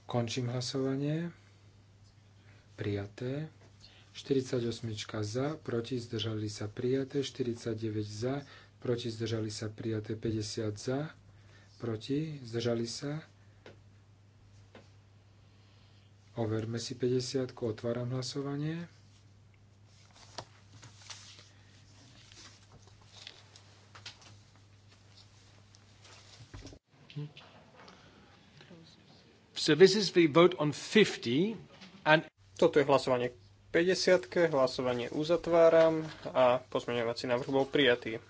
Končím hlasovanie. Prijaté. 48 za, proti zdržali sa prijaté, 49 za, proti zdržali sa prijaté, 50 za, proti zdržali sa. Overme si 50, otváram hlasovanie. Toto je hlasovanie k 50. Hlasovanie uzatváram a pozmeňovací návrh bol prijatý.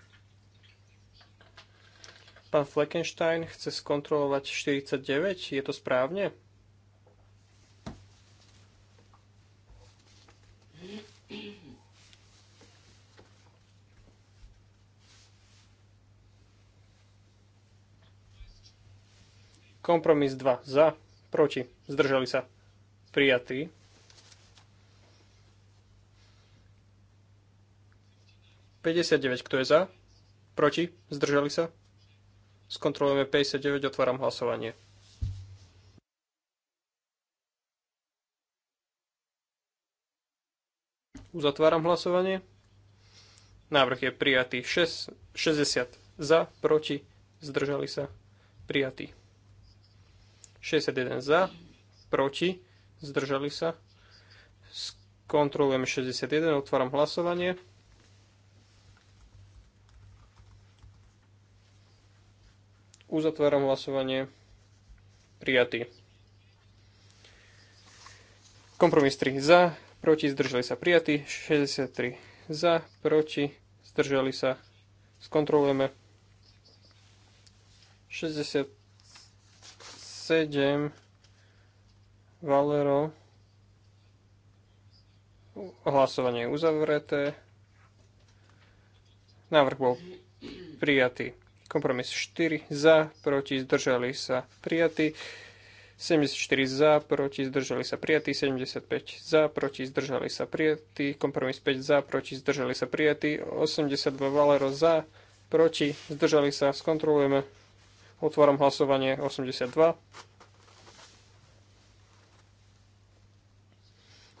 Pán Fleckenstein chce skontrolovať 49. Je to správne? Kompromis 2 za, proti, zdržali sa, prijatý. 59, kto je za, proti, zdržali sa. Skontrolujeme 59, otváram hlasovanie. Uzatváram hlasovanie. Návrh je prijatý 60 za, proti, zdržali sa, prijatý. 61 za, proti, zdržali sa. Kontrolujem 61, otváram hlasovanie. Uzatváram hlasovanie. Prijatý. Kompromis 3 za, proti, zdržali sa prijatí, 63 za, proti, zdržali sa, skontrolujeme, 63 7 Valero hlasovanie je uzavreté návrh bol prijatý kompromis 4 za proti zdržali sa prijatý 74 za, proti zdržali sa prijatí, 75 za, proti zdržali sa prijatí, kompromis 5 za, proti zdržali sa prijatí, 82 Valero za, proti zdržali sa, skontrolujeme. Otváram hlasovanie 82.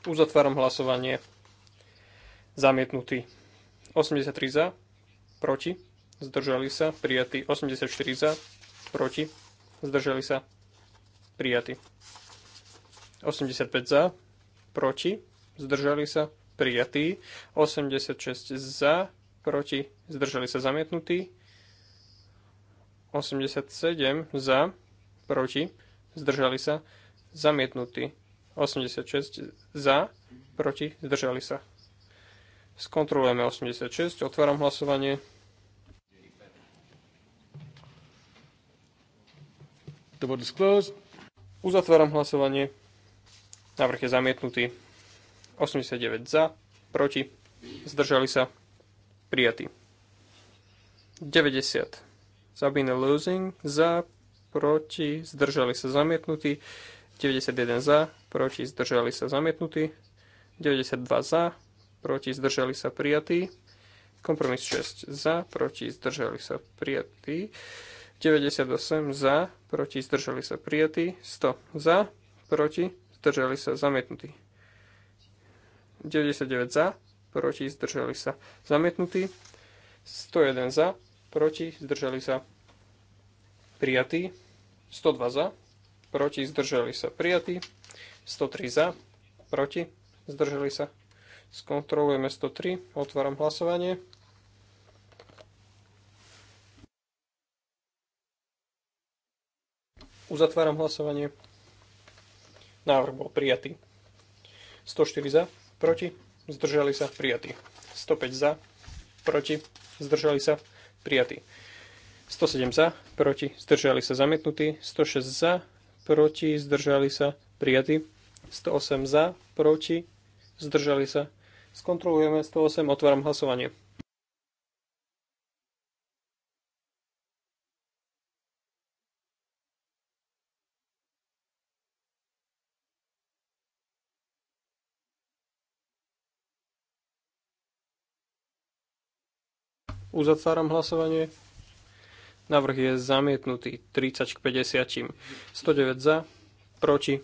Uzatváram hlasovanie. Zamietnutý. 83 za. Proti. Zdržali sa. Prijatý. 84 za. Proti. Zdržali sa. Prijatý. 85 za. Proti. Zdržali sa. Prijatý. 86 za. Proti. Zdržali sa. Zamietnutý. 87 za, proti, zdržali sa, zamietnutý. 86 za, proti, zdržali sa. Skontrolujeme 86, otváram hlasovanie. The is closed. Uzatváram hlasovanie. Návrh je zamietnutý. 89 za, proti, zdržali sa, prijatý. 90 Sabine Losing za, proti, zdržali sa zamietnutí, 91 za, proti, zdržali sa zamietnutí, 92 za, proti, zdržali sa prijatí, kompromis 6 za, proti, zdržali sa prijatí, 98 za, proti, zdržali sa prijatí, 100 za, proti, zdržali sa zamietnutí, 99 za, proti, zdržali sa zamietnutí, 101 za, proti, zdržali sa prijatí, 102 za, proti, zdržali sa prijatí, 103 za, proti, zdržali sa. Skontrolujeme 103, otváram hlasovanie. Uzatváram hlasovanie. Návrh bol prijatý. 104 za, proti, zdržali sa, prijatý. 105 za, proti, zdržali sa, prijatý prijatý. 107 za, proti, zdržali sa zamietnutí, 106 za, proti, zdržali sa prijatí, 108 za, proti, zdržali sa. Skontrolujeme 108, otváram hlasovanie. Uzatváram hlasovanie. Navrh je zamietnutý 30 k 50. 109 za, proti,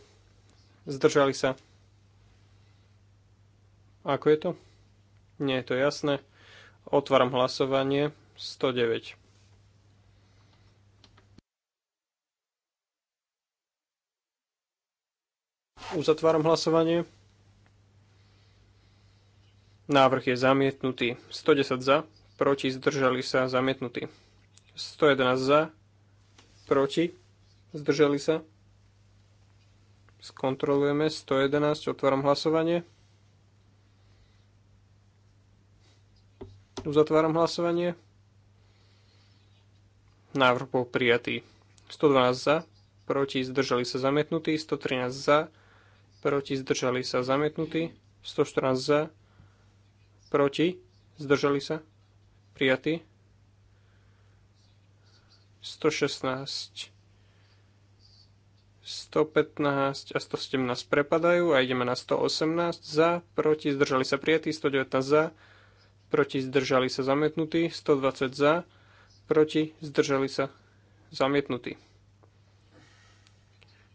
zdržali sa. Ako je to? Nie je to jasné. Otváram hlasovanie 109. Uzatváram hlasovanie. Návrh je zamietnutý. 110 za, proti, zdržali sa, zamietnutý. 111 za, proti, zdržali sa. Skontrolujeme 111, otváram hlasovanie. Uzatváram hlasovanie. Návrh bol prijatý. 112 za, proti, zdržali sa zamietnutý. 113 za, proti, zdržali sa zamietnutý. 114 za, proti, zdržali sa prijatý. 116, 115 a 117 prepadajú a ideme na 118 za, proti, zdržali sa prijatí, 119 za, proti, zdržali sa zamietnutí, 120 za, proti, zdržali sa zamietnutí.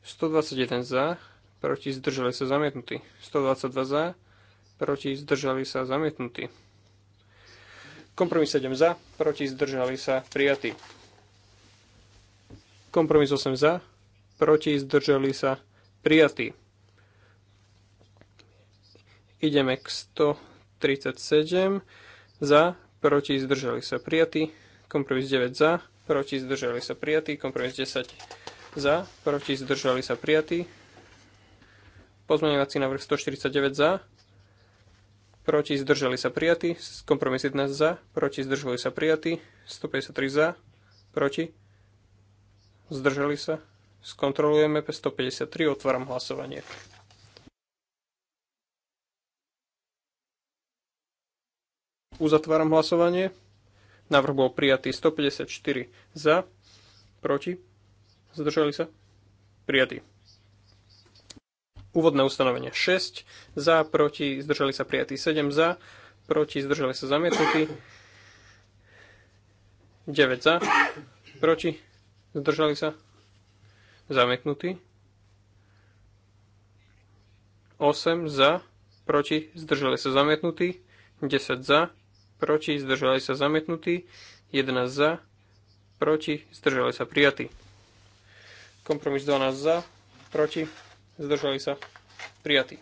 121 za, proti, zdržali sa zamietnutí, 122 za, proti, zdržali sa zamietnutí. Kompromis 7 za, proti zdržali sa prijatý. Kompromis 8 za, proti zdržali sa prijatí. Ideme k 137 za, proti zdržali sa prijatí. Kompromis 9 za, proti zdržali sa prijatí. Kompromis 10 za, proti zdržali sa prijatí. Pozmeňovací návrh 149 za, proti zdržali sa prijatí, kompromis 11 za, proti zdržali sa prijatí, 153 za, proti zdržali sa. Skontrolujeme 153, otváram hlasovanie. Uzatváram hlasovanie. Návrh bol prijatý 154 za, proti, zdržali sa, prijatý. Úvodné ustanovenie 6 za, proti, zdržali sa prijatí 7 za, proti, zdržali sa zamietnutí 9 za, proti, zdržali sa zamietnutí 8 za, proti, zdržali sa zamietnutí 10 za, proti, zdržali sa zamietnutí 11 za, proti, zdržali sa prijatí. Kompromis 12 za, proti, zdržali sa, prijatí.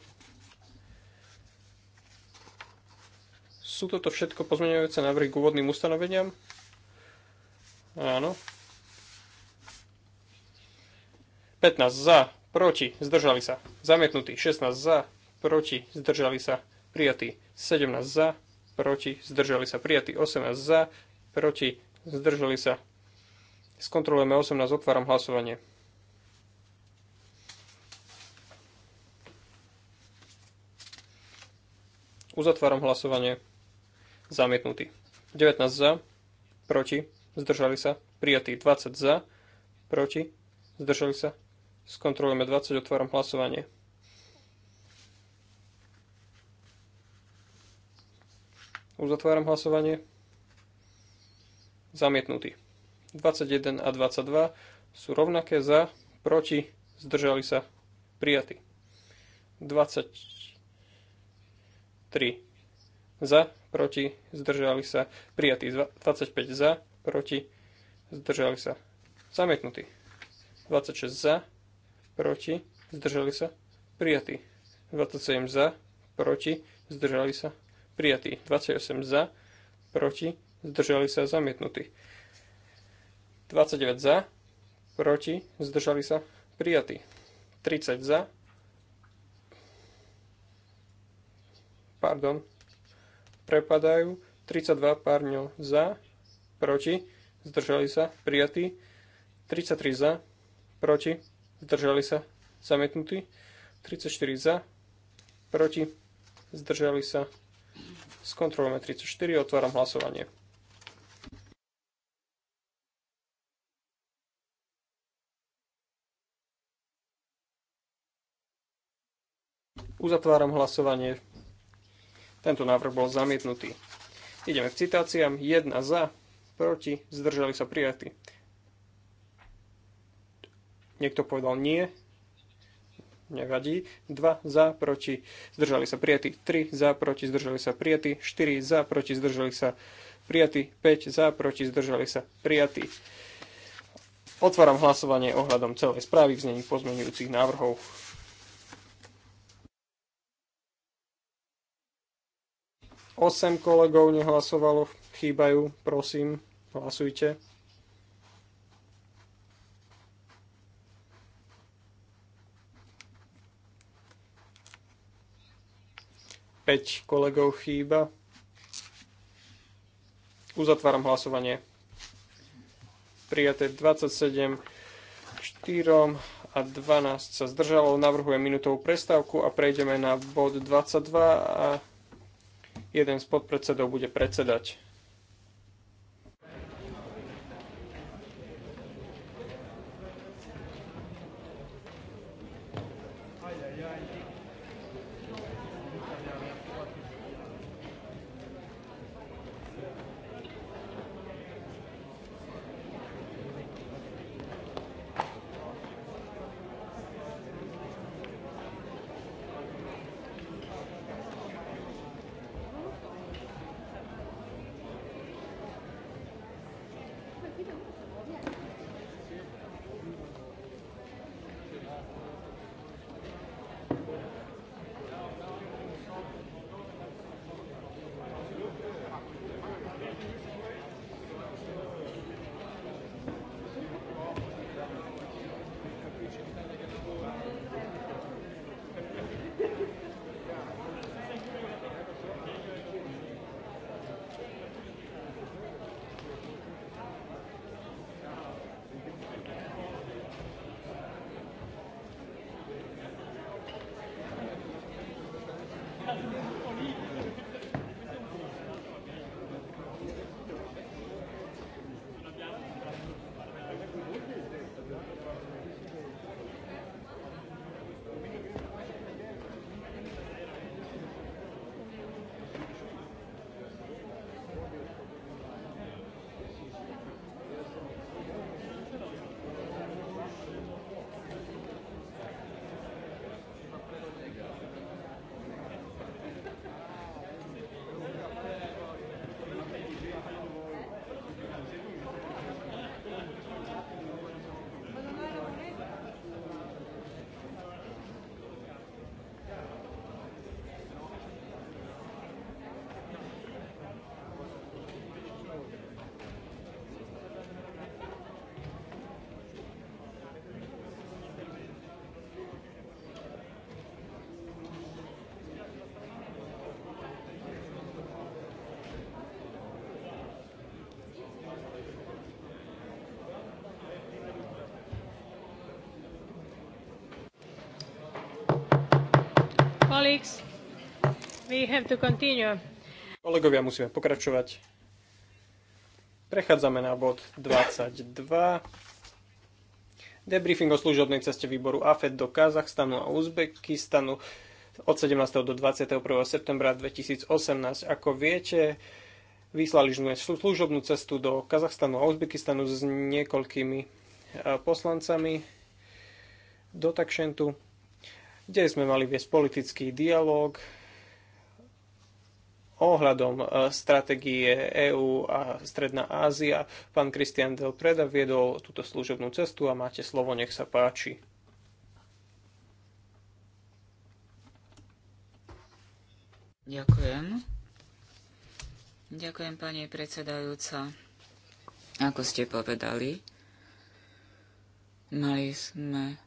Sú toto všetko pozmeňujúce návrhy k úvodným ustanoveniam? Áno. 15 za, proti, zdržali sa, zamietnutí. 16 za, proti, zdržali sa, prijatí. 17 za, proti, zdržali sa, prijatí. 18 za, proti, zdržali sa. Skontrolujeme 18, otváram hlasovanie. Uzatváram hlasovanie. Zamietnutý. 19 za, proti, zdržali sa, prijatý. 20 za, proti, zdržali sa. Skontrolujeme 20, otváram hlasovanie. Uzatváram hlasovanie. Zamietnutý. 21 a 22 sú rovnaké za, proti, zdržali sa, prijatý. 20 3 za, proti, zdržali sa, prijatý 25 za, proti, zdržali sa, zamietnutý 26 za, proti, zdržali sa, prijatý 27 za, proti, zdržali sa, prijatý 28 za, proti, zdržali sa, zamietnutý 29 za, proti, zdržali sa, prijatý 30 za, pardon, prepadajú. 32 párňo za, proti, zdržali sa, prijatí. 33 za, proti, zdržali sa, zamietnutí. 34 za, proti, zdržali sa. Skontrolujeme 34, otváram hlasovanie. Uzatváram hlasovanie. Tento návrh bol zamietnutý. Ideme k citáciám. 1 za, proti, zdržali sa prijatí. Niekto povedal nie, nevadí. 2 za, proti, zdržali sa prijatí. 3 za, proti, zdržali sa prijatí. 4 za, proti, zdržali sa prijatí. 5 za, proti, zdržali sa prijatí. Otváram hlasovanie ohľadom celej správy v znení pozmenujúcich návrhov. 8 kolegov nehlasovalo, chýbajú, prosím, hlasujte. Päť kolegov chýba. Uzatváram hlasovanie. Prijaté 27 4 a 12 sa zdržalo. Navrhujem minútovú prestávku a prejdeme na bod 22 a Jeden z podpredsedov bude predsedať. Kolegovia, musíme pokračovať. Prechádzame na bod 22. Debriefing o služobnej ceste výboru AFED do Kazachstanu a Uzbekistanu od 17. do 21. septembra 2018. Ako viete, vyslali sme služobnú cestu do Kazachstanu a Uzbekistanu s niekoľkými eh, poslancami do Takšentu kde sme mali viesť politický dialog ohľadom e, stratégie EÚ a Stredná Ázia. Pán Kristian Del Preda viedol túto služobnú cestu a máte slovo, nech sa páči. Ďakujem. Ďakujem, pani predsedajúca. Ako ste povedali, mali sme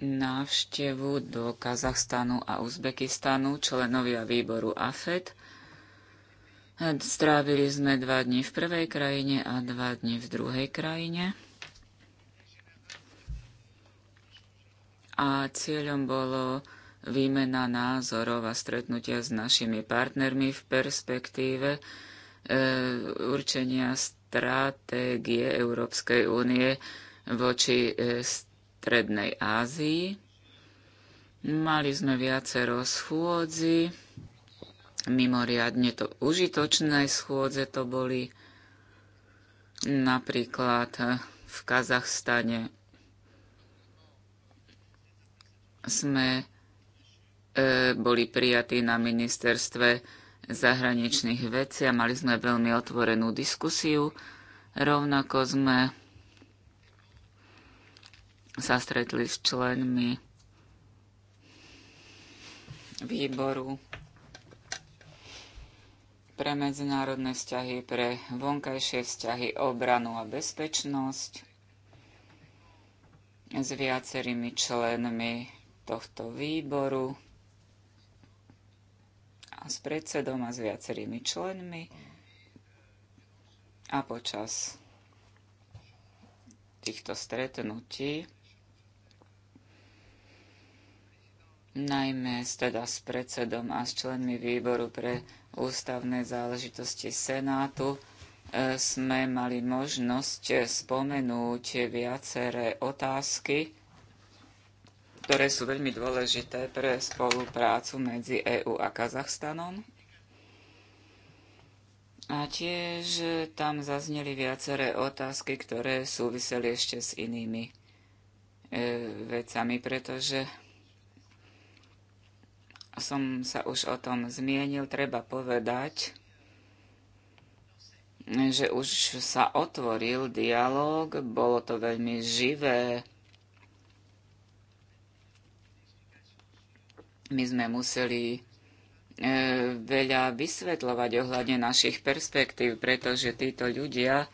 návštevu do Kazachstanu a Uzbekistanu členovia výboru AFED. Strávili sme dva dni v prvej krajine a dva dni v druhej krajine. A cieľom bolo výmena názorov a stretnutia s našimi partnermi v perspektíve e, určenia stratégie Európskej únie voči e, Strednej Ázii. Mali sme viacero schôdzi, mimoriadne to užitočné schôdze to boli napríklad v Kazachstane sme e, boli prijatí na ministerstve zahraničných vecí a mali sme veľmi otvorenú diskusiu. Rovnako sme sa stretli s členmi výboru pre medzinárodné vzťahy, pre vonkajšie vzťahy, obranu a bezpečnosť s viacerými členmi tohto výboru a s predsedom a s viacerými členmi a počas týchto stretnutí najmä teda s predsedom a s členmi výboru pre ústavné záležitosti Senátu, e, sme mali možnosť spomenúť viaceré otázky, ktoré sú veľmi dôležité pre spoluprácu medzi EÚ a Kazachstanom. A tiež tam zazneli viaceré otázky, ktoré súviseli ešte s inými e, vecami, pretože som sa už o tom zmienil, treba povedať, že už sa otvoril dialog, bolo to veľmi živé. My sme museli e, veľa vysvetľovať ohľadne našich perspektív, pretože títo ľudia e,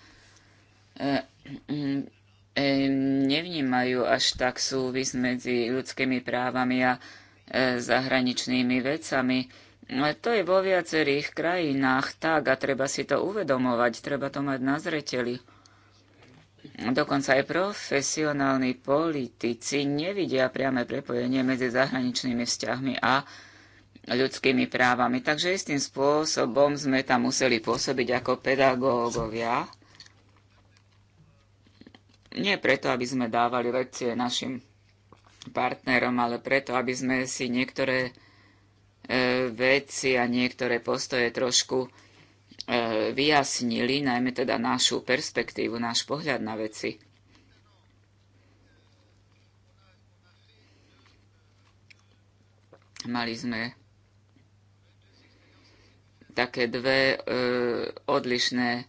e, nevnímajú až tak súvis medzi ľudskými právami a E, zahraničnými vecami. No, to je vo viacerých krajinách tak a treba si to uvedomovať, treba to mať na zreteli. Dokonca aj profesionálni politici nevidia priame prepojenie medzi zahraničnými vzťahmi a ľudskými právami. Takže istým spôsobom sme tam museli pôsobiť ako pedagógovia. Nie preto, aby sme dávali lekcie našim partnerom, ale preto, aby sme si niektoré e, veci a niektoré postoje trošku e, vyjasnili, najmä teda našu perspektívu, náš pohľad na veci. Mali sme také dve e, odlišné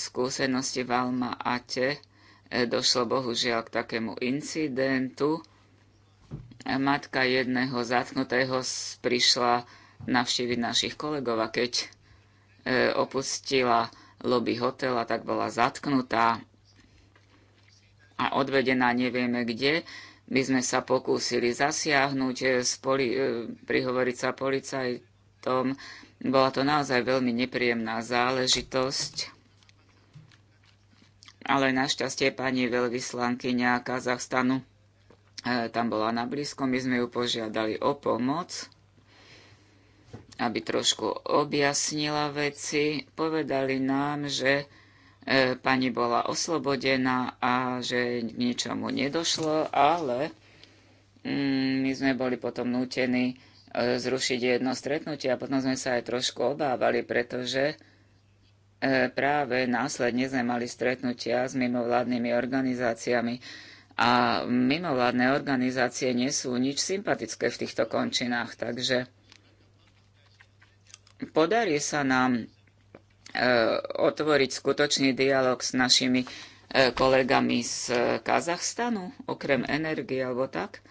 skúsenosti v Alma Ate E, došlo bohužiaľ k takému incidentu. E, matka jedného zatknutého prišla navštíviť našich kolegov a keď e, opustila lobby hotela, tak bola zatknutá a odvedená nevieme kde. My sme sa pokúsili zasiahnuť, spoli, prihovoriť sa policajtom. Bola to naozaj veľmi nepríjemná záležitosť ale našťastie pani veľvyslankyňa Kazachstanu e, tam bola na blízko, my sme ju požiadali o pomoc, aby trošku objasnila veci. Povedali nám, že e, pani bola oslobodená a že k ničomu nedošlo, ale mm, my sme boli potom nútení e, zrušiť jedno stretnutie a potom sme sa aj trošku obávali, pretože E, práve následne sme mali stretnutia s mimovládnymi organizáciami. A mimovládne organizácie nie sú nič sympatické v týchto končinách, takže podarí sa nám e, otvoriť skutočný dialog s našimi e, kolegami z e, Kazachstanu, okrem energie alebo tak.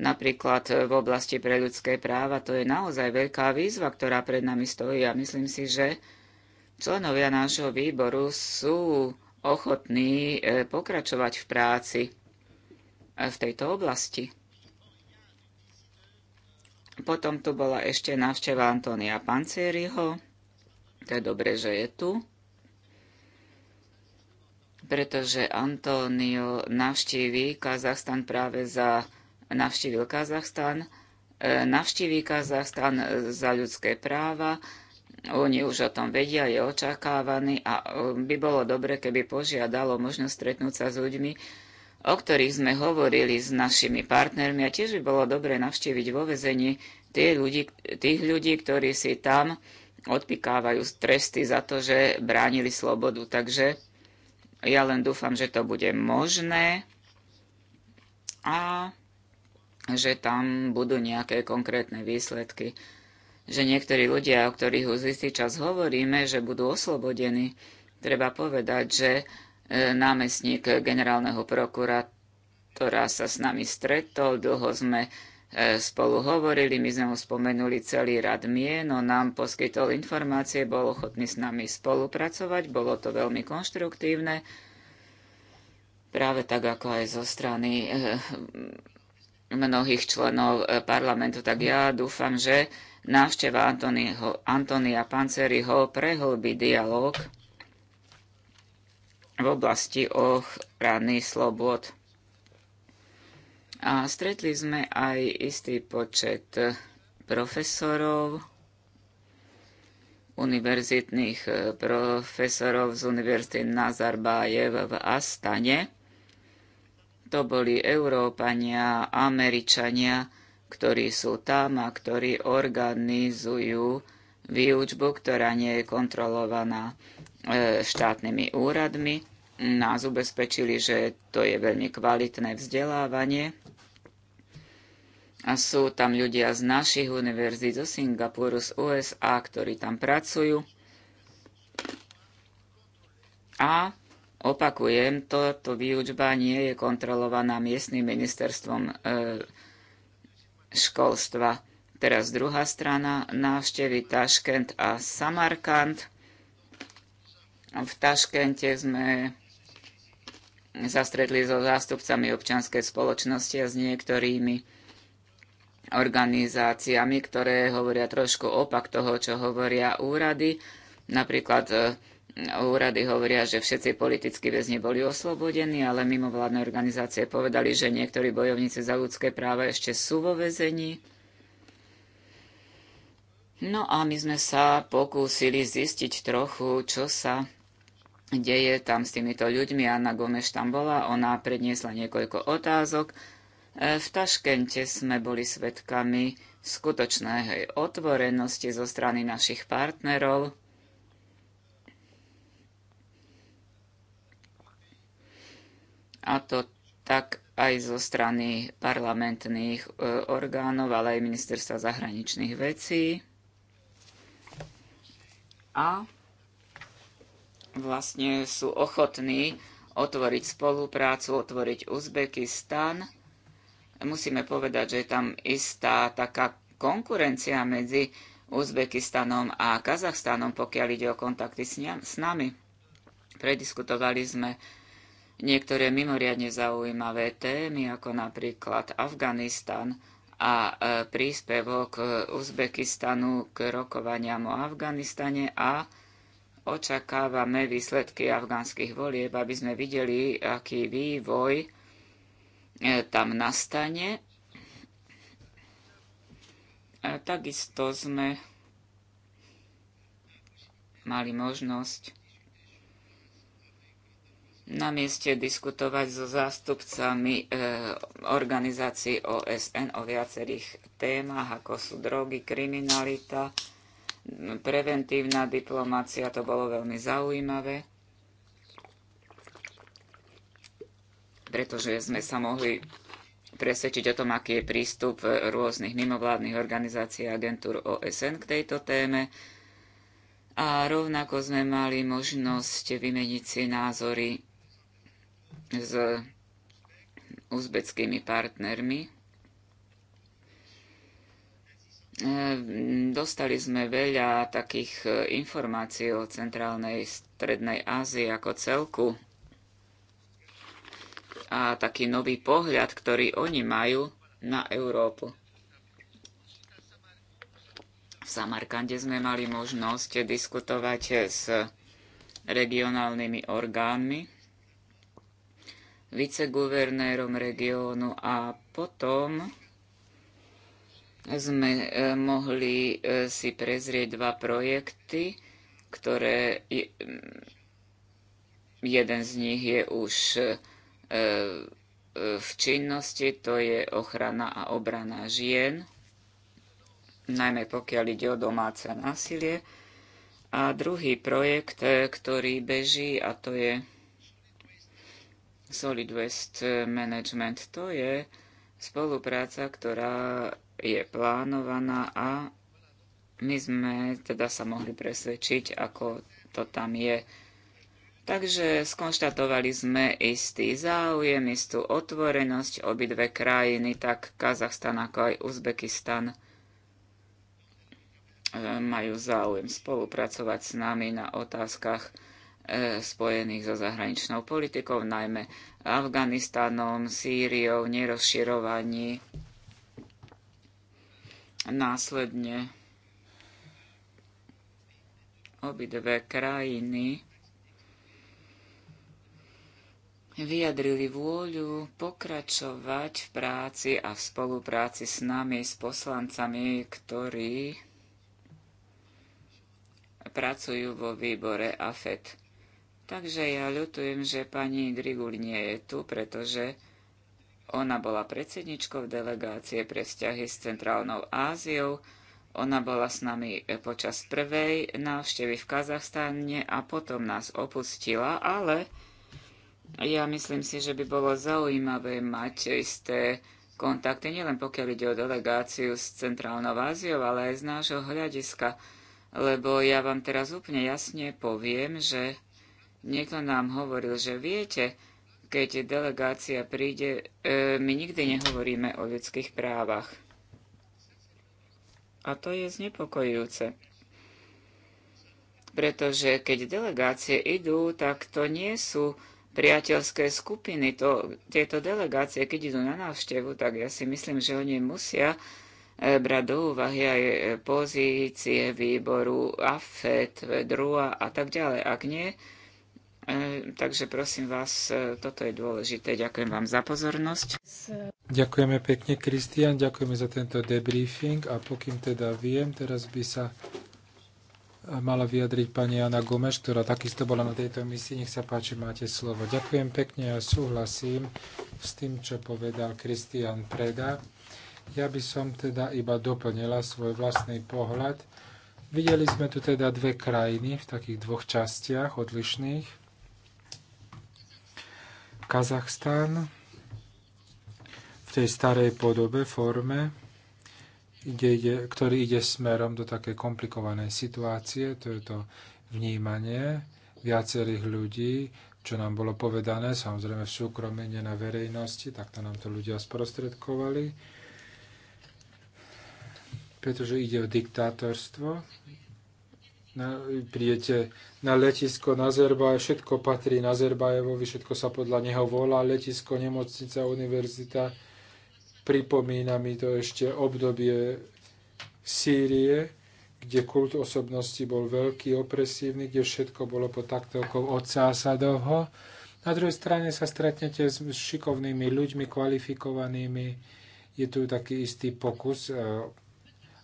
Napríklad e, v oblasti pre ľudské práva to je naozaj veľká výzva, ktorá pred nami stojí a myslím si, že členovia nášho výboru sú ochotní e, pokračovať v práci e, v tejto oblasti. Potom tu bola ešte návšteva Antonia Pancieriho. To je dobre, že je tu, pretože Antonio navštíví Kazachstan práve za navštívil Kazachstan, e, navštíví Kazachstan za ľudské práva oni už o tom vedia, je očakávaný a e, by bolo dobre, keby požiadalo možnosť stretnúť sa s ľuďmi, o ktorých sme hovorili s našimi partnermi a tiež by bolo dobre navštíviť vo vezení tých ľudí, tých ľudí, ktorí si tam odpikávajú tresty za to, že bránili slobodu. Takže ja len dúfam, že to bude možné a že tam budú nejaké konkrétne výsledky že niektorí ľudia, o ktorých už istý čas hovoríme, že budú oslobodení. Treba povedať, že e, námestník generálneho prokurátora sa s nami stretol, dlho sme e, spolu hovorili, my sme mu spomenuli celý rad mien, no nám poskytol informácie, bol ochotný s nami spolupracovať, bolo to veľmi konštruktívne, práve tak ako aj zo strany e, mnohých členov e, parlamentu, tak ja dúfam, že návšteva Antonyho, Antonia Panceriho prehlbí dialog v oblasti ochrany slobod. A stretli sme aj istý počet profesorov, univerzitných e, profesorov z Univerzity Nazarbájev v Astane to boli Európania, Američania, ktorí sú tam a ktorí organizujú výučbu, ktorá nie je kontrolovaná e, štátnymi úradmi. Nás ubezpečili, že to je veľmi kvalitné vzdelávanie. A sú tam ľudia z našich univerzít, zo Singapuru, z USA, ktorí tam pracujú. A Opakujem, toto výučba nie je kontrolovaná miestnym ministerstvom e, školstva. Teraz druhá strana, návštevy Taškent a Samarkand. V Taškente sme zastretli so zástupcami občianskej spoločnosti a s niektorými organizáciami, ktoré hovoria trošku opak toho, čo hovoria úrady. Napríklad e, úrady hovoria, že všetci politickí väzni boli oslobodení, ale mimovládne organizácie povedali, že niektorí bojovníci za ľudské práva ešte sú vo väzení. No a my sme sa pokúsili zistiť trochu, čo sa deje tam s týmito ľuďmi. Anna Gomeš tam bola, ona predniesla niekoľko otázok. E, v Taškente sme boli svedkami skutočnej otvorenosti zo strany našich partnerov a to tak aj zo strany parlamentných e, orgánov, ale aj ministerstva zahraničných vecí. A vlastne sú ochotní otvoriť spoluprácu, otvoriť Uzbekistan. Musíme povedať, že je tam istá taká konkurencia medzi Uzbekistanom a Kazachstanom, pokiaľ ide o kontakty s nami. Prediskutovali sme niektoré mimoriadne zaujímavé témy, ako napríklad Afganistan a e, príspevok e, Uzbekistanu k rokovaniam o Afganistane a očakávame výsledky afgánskych volieb, aby sme videli, aký vývoj e, tam nastane. takisto sme mali možnosť na mieste diskutovať so zástupcami e, organizácií OSN o viacerých témach, ako sú drogy, kriminalita, preventívna diplomácia, to bolo veľmi zaujímavé, pretože sme sa mohli presvedčiť o tom, aký je prístup rôznych mimovládnych organizácií a agentúr OSN k tejto téme. A rovnako sme mali možnosť vymeniť si názory s uzbeckými partnermi. E, dostali sme veľa takých e, informácií o centrálnej strednej Ázii ako celku a taký nový pohľad, ktorý oni majú na Európu. V Samarkande sme mali možnosť diskutovať s regionálnymi orgánmi viceguvernérom regiónu a potom sme e, mohli e, si prezrieť dva projekty, ktoré mm, jeden z nich je už e, v činnosti, to je ochrana a obrana žien, najmä pokiaľ ide o domáce násilie. A druhý projekt, ktorý beží, a to je Solid West Management. To je spolupráca, ktorá je plánovaná a my sme teda sa mohli presvedčiť, ako to tam je. Takže skonštatovali sme istý záujem, istú otvorenosť obidve krajiny, tak Kazachstan ako aj Uzbekistan e, majú záujem spolupracovať s nami na otázkach E, spojených so zahraničnou politikou, najmä Afganistanom, Sýriou, nerozširovaní. Následne obidve krajiny vyjadrili vôľu pokračovať v práci a v spolupráci s nami, s poslancami, ktorí pracujú vo výbore AFET. Takže ja ľutujem, že pani Grigul nie je tu, pretože ona bola predsedničkou delegácie pre vzťahy s Centrálnou Áziou. Ona bola s nami e, počas prvej návštevy v Kazachstane a potom nás opustila, ale ja myslím si, že by bolo zaujímavé mať isté kontakty, nielen pokiaľ ide o delegáciu s Centrálnou Áziou, ale aj z nášho hľadiska, lebo ja vám teraz úplne jasne poviem, že Niekto nám hovoril, že viete, keď delegácia príde, e, my nikdy nehovoríme o ľudských právach. A to je znepokojujúce. Pretože keď delegácie idú, tak to nie sú priateľské skupiny. To, tieto delegácie, keď idú na návštevu, tak ja si myslím, že oni musia e, brať do úvahy aj e, pozície výboru AFET, DRUA a tak ďalej. Ak nie, E, takže prosím vás, e, toto je dôležité. Ďakujem vám za pozornosť. Ďakujeme pekne, Kristian, ďakujeme za tento debriefing a pokým teda viem, teraz by sa mala vyjadriť pani Jana Gomeš, ktorá takisto bola na tejto misii. Nech sa páči, máte slovo. Ďakujem pekne a súhlasím s tým, čo povedal Kristian Preda. Ja by som teda iba doplnila svoj vlastný pohľad. Videli sme tu teda dve krajiny v takých dvoch častiach odlišných Kazachstan v tej starej podobe, forme, ide, ide, ktorý ide smerom do také komplikovanej situácie, to je to vnímanie viacerých ľudí, čo nám bolo povedané, samozrejme v súkromí, nie na verejnosti, tak to nám to ľudia sprostredkovali, pretože ide o diktátorstvo, na, prídete na letisko Nazerbaje, všetko patrí Nazerbajevovi, všetko sa podľa neho volá, letisko, nemocnica, univerzita. Pripomína mi to ešte obdobie Sýrie, kde kult osobnosti bol veľký, opresívny, kde všetko bolo pod taktovkou otca Asadovho. Na druhej strane sa stretnete s šikovnými ľuďmi, kvalifikovanými. Je tu taký istý pokus, eh,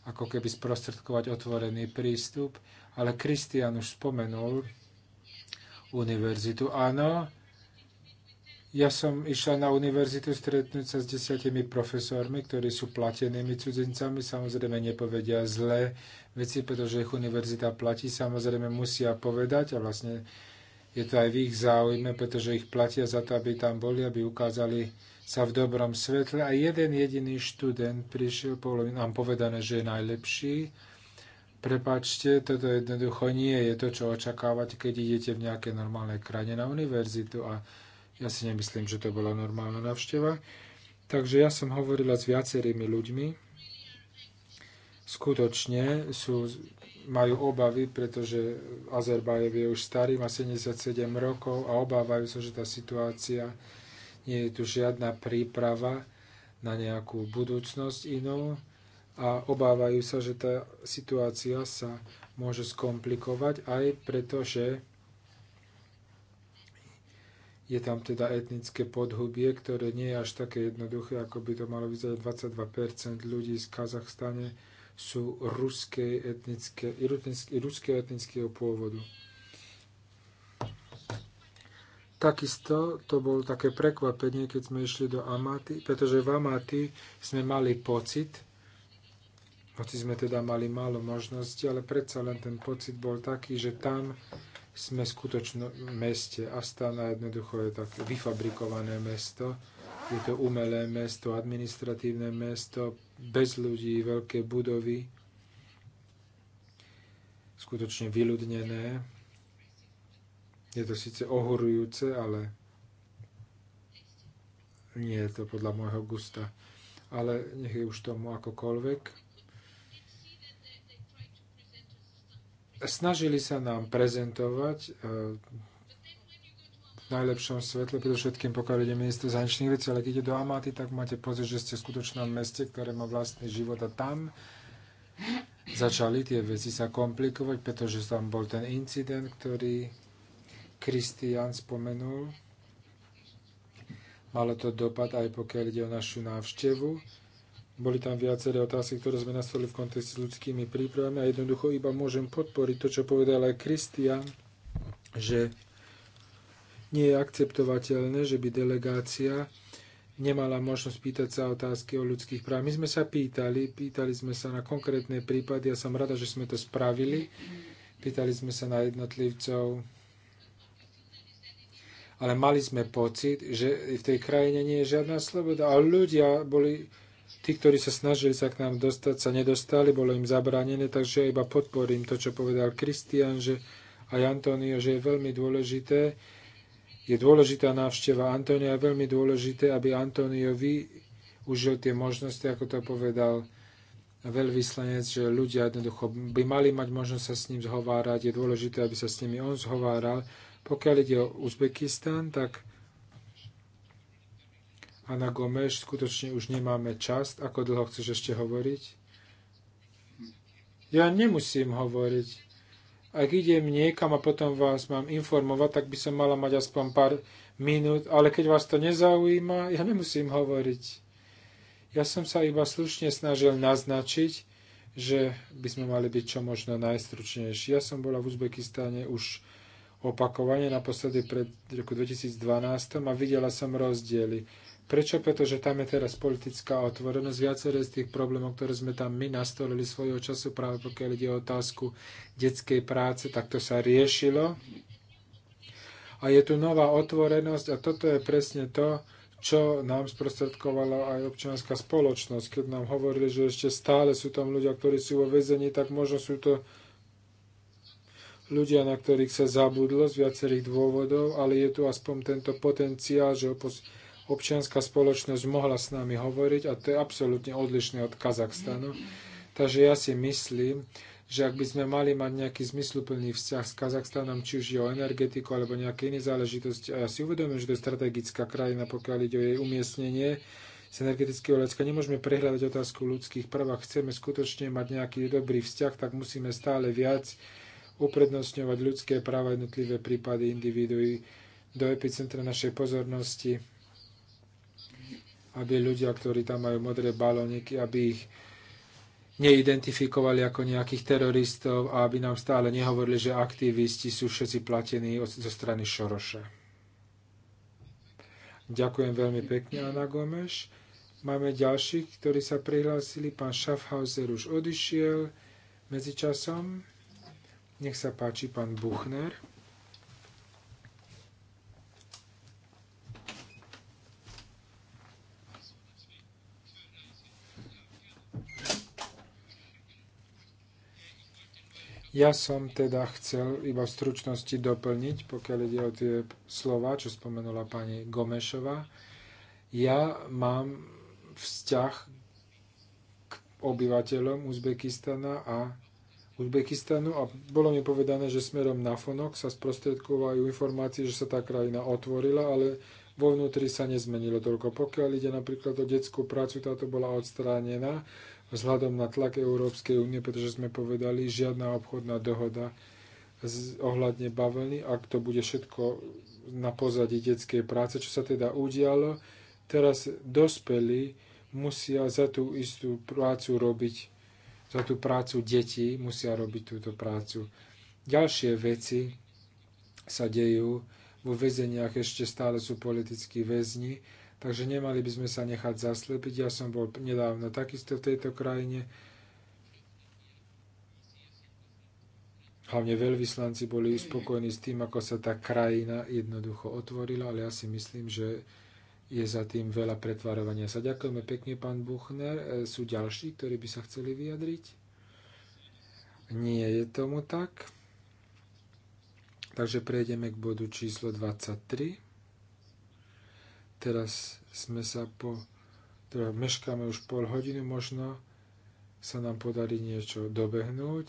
ako keby sprostredkovať otvorený prístup ale Kristian už spomenul univerzitu. Áno, ja som išla na univerzitu stretnúť sa s desiatimi profesormi, ktorí sú platenými cudzincami. Samozrejme nepovedia zlé veci, pretože ich univerzita platí. Samozrejme musia povedať a vlastne je to aj v ich záujme, pretože ich platia za to, aby tam boli, aby ukázali sa v dobrom svetle. A jeden jediný študent prišiel, nám povedané, že je najlepší Prepačte, toto jednoducho nie je to, čo očakávate, keď idete v nejaké normálnej krajine na univerzitu a ja si nemyslím, že to bola normálna návšteva. Takže ja som hovorila s viacerými ľuďmi. Skutočne sú, majú obavy, pretože Azerbajev je už starý, má 77 rokov a obávajú sa, že tá situácia nie je tu žiadna príprava na nejakú budúcnosť inú a obávajú sa, že tá situácia sa môže skomplikovať aj preto, že je tam teda etnické podhubie, ktoré nie je až také jednoduché, ako by to malo vyzerať. 22% ľudí z Kazachstane sú ruské etnické, ruského etnického pôvodu. Takisto to bolo také prekvapenie, keď sme išli do Amaty, pretože v Amaty sme mali pocit, hoci sme teda mali málo možností, ale predsa len ten pocit bol taký, že tam sme skutočno v meste. Astana jednoducho je tak vyfabrikované mesto. Je to umelé mesto, administratívne mesto, bez ľudí, veľké budovy, skutočne vyľudnené. Je to síce ohorujúce, ale nie je to podľa môjho gusta. Ale nech je už tomu akokoľvek. snažili sa nám prezentovať e, v najlepšom svetle, predovšetkým pokiaľ ide minister zahraničných vecí, ale keď ide do Amaty, tak máte pocit, že ste v skutočnom meste, ktoré má vlastný život a tam začali tie veci sa komplikovať, pretože tam bol ten incident, ktorý Kristian spomenul. Malo to dopad aj pokiaľ ide o našu návštevu boli tam viaceré otázky, ktoré sme nastali v kontexte s ľudskými prípravami a jednoducho iba môžem podporiť to, čo povedal aj Kristian, že nie je akceptovateľné, že by delegácia nemala možnosť pýtať sa otázky o ľudských práv. My sme sa pýtali, pýtali sme sa na konkrétne prípady, ja som rada, že sme to spravili. Pýtali sme sa na jednotlivcov, ale mali sme pocit, že v tej krajine nie je žiadna sloboda a ľudia boli tí, ktorí sa snažili sa k nám dostať, sa nedostali, bolo im zabránené, takže ja iba podporím to, čo povedal Kristian že, aj Antonio, že je veľmi dôležité, je dôležitá návšteva Antonia, je veľmi dôležité, aby Antonio využil tie možnosti, ako to povedal veľvyslanec, že ľudia jednoducho by mali mať možnosť sa s ním zhovárať, je dôležité, aby sa s nimi on zhováral. Pokiaľ ide o Uzbekistan, tak Ana Gomeš, skutočne už nemáme čas. Ako dlho chceš ešte hovoriť? Ja nemusím hovoriť. Ak idem niekam a potom vás mám informovať, tak by som mala mať aspoň pár minút, ale keď vás to nezaujíma, ja nemusím hovoriť. Ja som sa iba slušne snažil naznačiť, že by sme mali byť čo možno najstručnejší. Ja som bola v Uzbekistáne už opakovane, naposledy pred roku 2012 a videla som rozdiely Prečo? Pretože tam je teraz politická otvorenosť. Viaceré z tých problémov, ktoré sme tam my nastolili svojho času, práve pokiaľ ide o otázku detskej práce, tak to sa riešilo. A je tu nová otvorenosť a toto je presne to, čo nám sprostredkovala aj občianská spoločnosť. Keď nám hovorili, že ešte stále sú tam ľudia, ktorí sú vo vezení, tak možno sú to ľudia, na ktorých sa zabudlo z viacerých dôvodov, ale je tu aspoň tento potenciál, že opos- občianská spoločnosť mohla s nami hovoriť a to je absolútne odlišné od Kazachstanu. Takže ja si myslím, že ak by sme mali mať nejaký zmysluplný vzťah s Kazachstanom, či už je o energetiku alebo nejaké iné záležitosti, a ja si uvedomím, že to je strategická krajina, pokiaľ ide o jej umiestnenie z energetického hľadiska, nemôžeme prehľadať otázku ľudských práv. Ak chceme skutočne mať nejaký dobrý vzťah, tak musíme stále viac uprednostňovať ľudské práva jednotlivé prípady individuí do epicentra našej pozornosti aby ľudia, ktorí tam majú modré balóniky, aby ich neidentifikovali ako nejakých teroristov a aby nám stále nehovorili, že aktivisti sú všetci platení zo strany Šoroša. Ďakujem veľmi pekne, Ana Gomeš. Máme ďalších, ktorí sa prihlásili. Pán Schaffhauser už odišiel medzičasom. Nech sa páči, pán Buchner. Ja som teda chcel iba v stručnosti doplniť, pokiaľ ide o tie slova, čo spomenula pani Gomešová. Ja mám vzťah k obyvateľom Uzbekistana a Uzbekistanu a bolo mi povedané, že smerom na Fonok sa sprostredkovajú informácie, že sa tá krajina otvorila, ale vo vnútri sa nezmenilo toľko. Pokiaľ ide napríklad o detskú prácu, táto bola odstránená vzhľadom na tlak Európskej únie, pretože sme povedali, žiadna obchodná dohoda ohľadne bavlny, ak to bude všetko na pozadí detskej práce, čo sa teda udialo, teraz dospelí musia za tú istú prácu robiť, za tú prácu detí musia robiť túto prácu. Ďalšie veci sa dejú, vo väzeniach ešte stále sú politickí väzni, Takže nemali by sme sa nechať zaslepiť. Ja som bol nedávno takisto v tejto krajine. Hlavne veľvyslanci boli spokojní s tým, ako sa tá krajina jednoducho otvorila, ale ja si myslím, že je za tým veľa pretvarovania sa. Ďakujeme pekne, pán Buchner. E, sú ďalší, ktorí by sa chceli vyjadriť? Nie je tomu tak. Takže prejdeme k bodu číslo 23. Teraz sme sa po... Teda meškáme už pol hodiny možno, sa nám podarí niečo dobehnúť.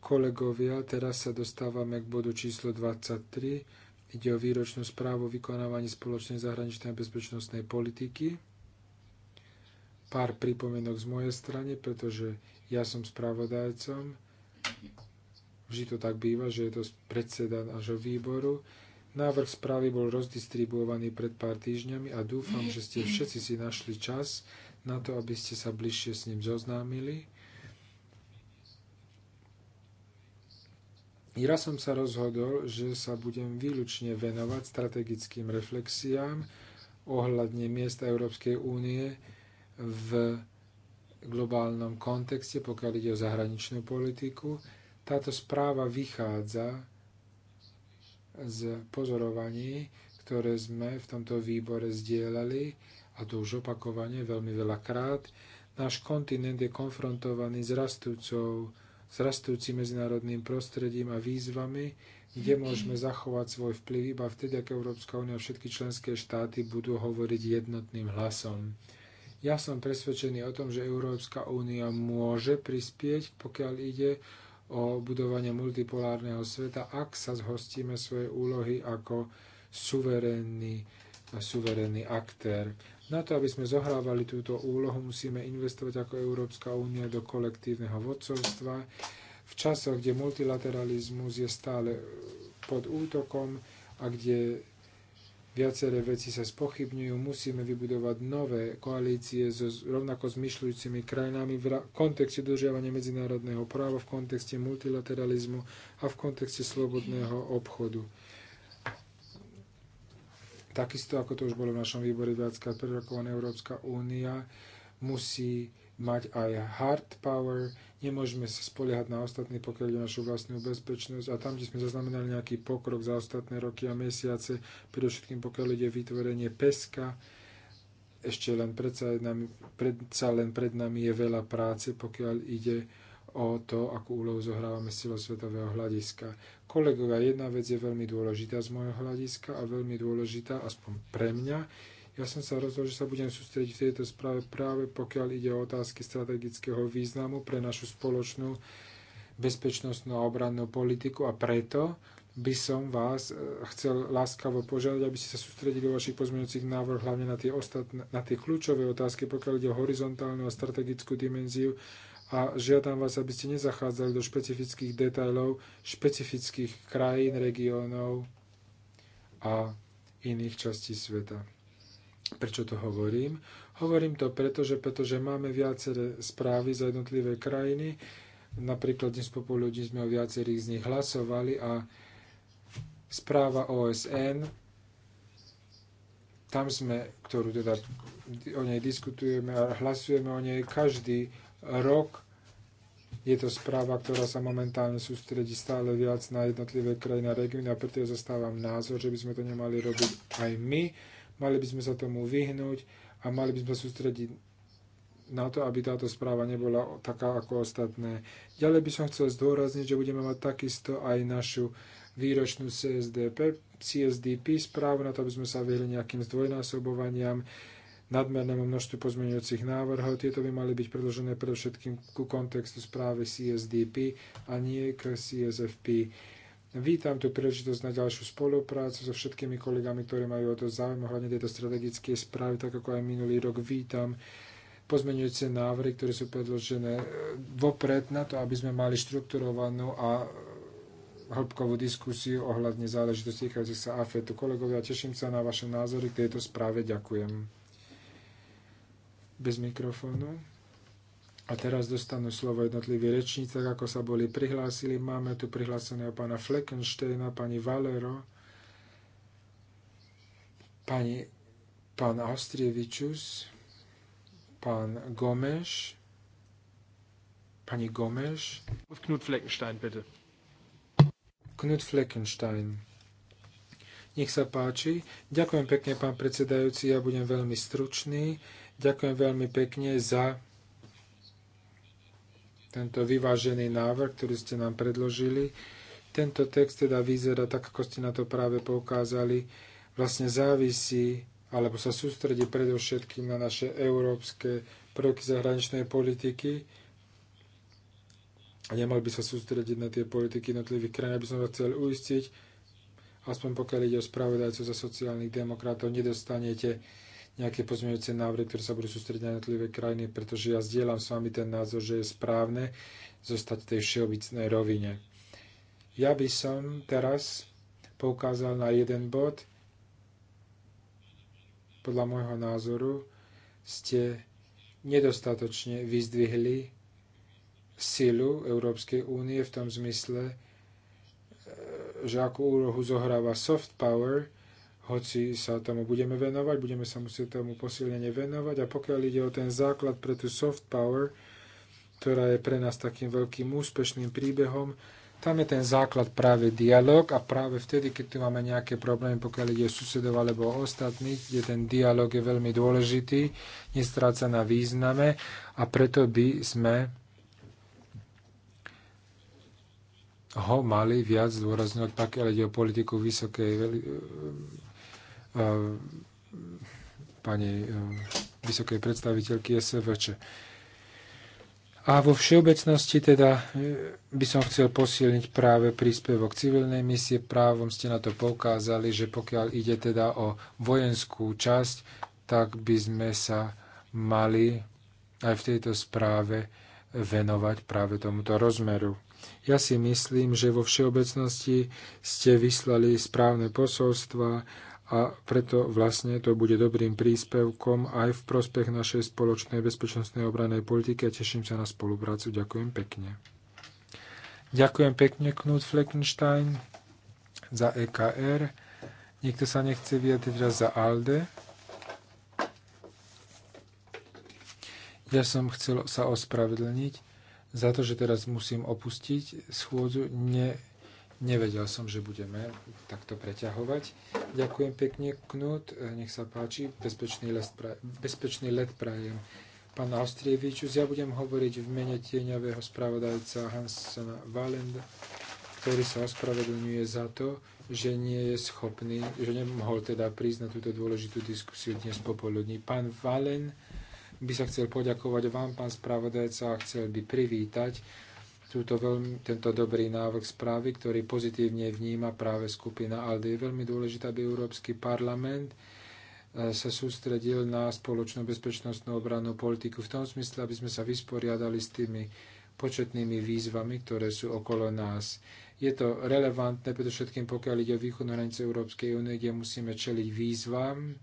Kolegovia, teraz sa dostávame k bodu číslo 23. Ide o výročnú správu o vykonávaní spoločnej zahraničnej a bezpečnostnej politiky. Pár pripomienok z mojej strany, pretože ja som spravodajcom. Vždy to tak býva, že je to predseda nášho výboru. Návrh správy bol rozdistribuovaný pred pár týždňami a dúfam, že ste všetci si našli čas na to, aby ste sa bližšie s ním zoznámili. Ja som sa rozhodol, že sa budem výlučne venovať strategickým reflexiám ohľadne miest Európskej únie v globálnom kontexte, pokiaľ ide o zahraničnú politiku. Táto správa vychádza z pozorovaní, ktoré sme v tomto výbore zdieľali, a to už opakovane veľmi veľakrát, náš kontinent je konfrontovaný s, rastúcou, s rastúcim medzinárodným prostredím a výzvami, kde môžeme zachovať svoj vplyv iba vtedy, ak Európska únia a všetky členské štáty budú hovoriť jednotným hlasom. Ja som presvedčený o tom, že Európska únia môže prispieť, pokiaľ ide o budovanie multipolárneho sveta, ak sa zhostíme svoje úlohy ako suverénny, suverénny aktér. Na to, aby sme zohrávali túto úlohu, musíme investovať ako Európska únia do kolektívneho vodcovstva. V časoch, kde multilateralizmus je stále pod útokom a kde viaceré veci sa spochybňujú, musíme vybudovať nové koalície so rovnako zmyšľujúcimi krajinami v kontexte dodržiavania medzinárodného práva, v kontexte multilateralizmu a v kontexte slobodného obchodu. Takisto, ako to už bolo v našom výbore viacká prerokovaná Európska únia musí mať aj hard power, Nemôžeme sa spoliehať na ostatný, pokiaľ je našu vlastnú bezpečnosť. A tam, kde sme zaznamenali nejaký pokrok za ostatné roky a mesiace, predovšetkým pokiaľ ide vytvorenie peska, ešte len predsa, nami, predsa len pred nami je veľa práce, pokiaľ ide o to, akú úlohu zohrávame z celosvetového hľadiska. Kolegovia, jedna vec je veľmi dôležitá z môjho hľadiska a veľmi dôležitá, aspoň pre mňa, ja som sa rozhodol, že sa budem sústrediť v tejto správe práve pokiaľ ide o otázky strategického významu pre našu spoločnú bezpečnostnú a obrannú politiku a preto by som vás e, chcel láskavo požiadať, aby ste sa sústredili vo vašich pozmeňujúcich návrh hlavne na tie, ostatné, na tie kľúčové otázky, pokiaľ ide o horizontálnu a strategickú dimenziu a žiadam vás, aby ste nezachádzali do špecifických detajlov špecifických krajín, regiónov a iných častí sveta. Prečo to hovorím? Hovorím to preto, že, pretože máme viaceré správy za jednotlivé krajiny. Napríklad dnes popoludní sme o viacerých z nich hlasovali a správa OSN, tam sme, ktorú teda o nej diskutujeme a hlasujeme o nej každý rok, je to správa, ktorá sa momentálne sústredí stále viac na jednotlivé krajiny a regióny a preto ja zastávam názor, že by sme to nemali robiť aj my Mali by sme sa tomu vyhnúť a mali by sme sústrediť na to, aby táto správa nebola taká ako ostatné. Ďalej by som chcel zdôrazniť, že budeme mať takisto aj našu výročnú CSDP, CSDP správu, na to aby sme sa vyhli nejakým zdvojnásobovaniam, nadmernému množstvu pozmeňujúcich návrhov. Tieto by mali byť predložené predovšetkým ku kontextu správy CSDP a nie k CSFP. Vítam tu príležitosť na ďalšiu spoluprácu so všetkými kolegami, ktorí majú o to záujem ohľadne tejto strategické správy, tak ako aj minulý rok vítam pozmeňujúce návrhy, ktoré sú predložené e, vopred na to, aby sme mali štrukturovanú a hĺbkovú diskusiu ohľadne záležitosti týkajúcich sa AFETu. Kolegovia, teším sa na vaše názory k tejto správe. Ďakujem. Bez mikrofónu. A teraz dostanú slovo jednotliví rečníci, tak ako sa boli prihlásili. Máme tu prihláseného pána Fleckensteina, pani Valero, pani, pán Austrievičus, pán Gomeš, pani Gomeš. Knut Fleckenstein, bitte. Knut Fleckenstein. Nech sa páči. Ďakujem pekne, pán predsedajúci, ja budem veľmi stručný. Ďakujem veľmi pekne za tento vyvážený návrh, ktorý ste nám predložili. Tento text teda vyzerá tak, ako ste na to práve poukázali, vlastne závisí alebo sa sústredí predovšetkým na naše európske prvky zahraničnej politiky a nemal by sa sústrediť na tie politiky jednotlivých krajín. aby som vás chcel uistiť, aspoň pokiaľ ide o spravodajcu za sociálnych demokratov, nedostanete nejaké pozmeňujúce návrhy, ktoré sa budú sústrediť na jednotlivé krajiny, pretože ja zdieľam s vami ten názor, že je správne zostať v tej všeobecnej rovine. Ja by som teraz poukázal na jeden bod. Podľa môjho názoru ste nedostatočne vyzdvihli silu Európskej únie v tom zmysle, že akú úlohu zohráva soft power hoci sa tomu budeme venovať, budeme sa musieť tomu posilnenie venovať a pokiaľ ide o ten základ pre tú soft power, ktorá je pre nás takým veľkým úspešným príbehom, tam je ten základ práve dialog a práve vtedy, keď tu máme nejaké problémy, pokiaľ ide o susedov alebo ostatných, kde ten dialog je veľmi dôležitý, nestráca na význame a preto by sme ho mali viac zdôrazňovať, pokiaľ ide o politiku vysokej Mm, pani e, vysokej predstaviteľky SVČ. A vo všeobecnosti teda e, by som chcel posilniť práve príspevok civilnej misie. Právom ste na to poukázali, že pokiaľ ide teda o vojenskú časť, tak by sme sa mali aj v tejto správe venovať práve tomuto rozmeru. Ja si myslím, že vo všeobecnosti ste vyslali správne posolstva a preto vlastne to bude dobrým príspevkom aj v prospech našej spoločnej bezpečnostnej obranej politiky a teším sa na spoluprácu. Ďakujem pekne. Ďakujem pekne, Knut Fleckenstein za EKR. Niekto sa nechce vyjadriť raz za ALDE. Ja som chcel sa ospravedlniť za to, že teraz musím opustiť schôdzu. Ne, Nevedel som, že budeme takto preťahovať. Ďakujem pekne, Knut. E, nech sa páči. Bezpečný, les pra- bezpečný let prajem. Pán Austrievičus, ja budem hovoriť v mene tieňového spravodajca Hansona Valenda, ktorý sa ospravedlňuje za to, že nie je schopný, že nemohol teda prísť na túto dôležitú diskusiu dnes popoludní. Pán Valen by sa chcel poďakovať vám, pán spravodajca, a chcel by privítať túto veľmi, tento dobrý návrh správy, ktorý pozitívne vníma práve skupina ALDE. Je veľmi dôležité, aby Európsky parlament e, sa sústredil na spoločnú bezpečnostnú obranú politiku v tom smysle, aby sme sa vysporiadali s tými početnými výzvami, ktoré sú okolo nás. Je to relevantné, predovšetkým pokiaľ ide o východnú hranicu Európskej únie, kde musíme čeliť výzvam,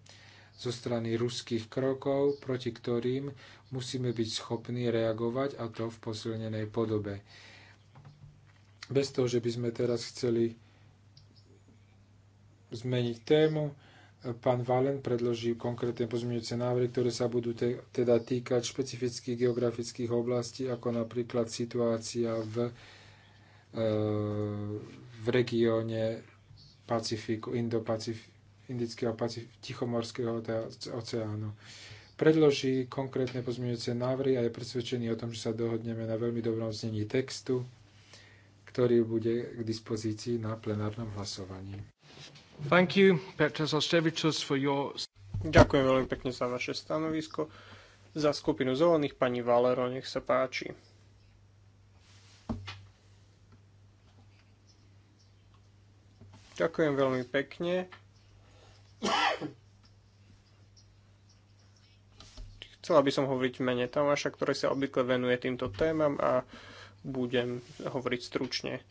zo strany ruských krokov, proti ktorým musíme byť schopní reagovať a to v posilnenej podobe. Bez toho, že by sme teraz chceli zmeniť tému, pán Valen predloží konkrétne pozmeňujúce návrhy, ktoré sa budú te, teda týkať špecifických geografických oblastí, ako napríklad situácia v, e, v regióne Pacifiku, indo pacifiku Indického Tichomorského oceánu. Predloží konkrétne pozmeňujúce návrhy a je presvedčený o tom, že sa dohodneme na veľmi dobrom znení textu, ktorý bude k dispozícii na plenárnom hlasovaní. Thank you, for your... Ďakujem veľmi pekne za vaše stanovisko. Za skupinu zelených pani Valero, nech sa páči. Ďakujem veľmi pekne. Chcela by som hovoriť v mene Tomáša, ktorý sa obvykle venuje týmto témam a budem hovoriť stručne.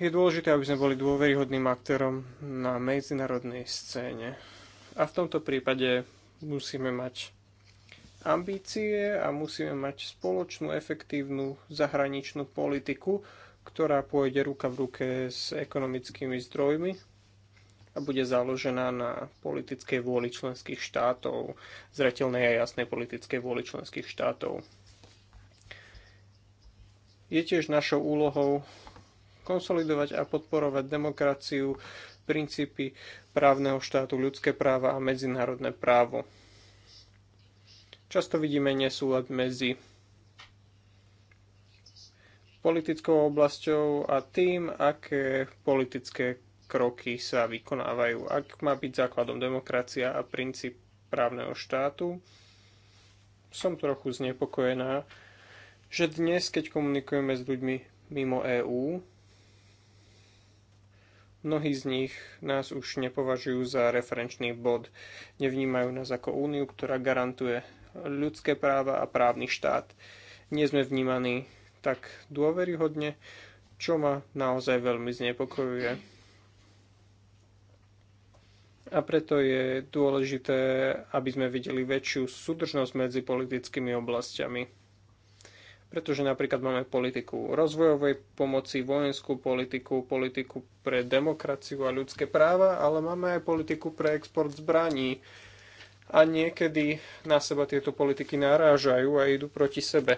Je dôležité, aby sme boli dôveryhodným aktérom na medzinárodnej scéne. A v tomto prípade musíme mať ambície a musíme mať spoločnú efektívnu zahraničnú politiku, ktorá pôjde ruka v ruke s ekonomickými zdrojmi, a bude založená na politickej vôli členských štátov, zretelnej a jasnej politickej vôli členských štátov. Je tiež našou úlohou konsolidovať a podporovať demokraciu, princípy právneho štátu, ľudské práva a medzinárodné právo. Často vidíme nesúlad medzi politickou oblasťou a tým, aké politické kroky sa vykonávajú. Ak má byť základom demokracia a princíp právneho štátu, som trochu znepokojená, že dnes, keď komunikujeme s ľuďmi mimo EÚ, mnohí z nich nás už nepovažujú za referenčný bod. Nevnímajú nás ako úniu, ktorá garantuje ľudské práva a právny štát. Nie sme vnímaní tak dôveryhodne, čo ma naozaj veľmi znepokojuje a preto je dôležité, aby sme videli väčšiu súdržnosť medzi politickými oblastiami. Pretože napríklad máme politiku rozvojovej pomoci, vojenskú politiku, politiku pre demokraciu a ľudské práva, ale máme aj politiku pre export zbraní. A niekedy na seba tieto politiky narážajú a idú proti sebe.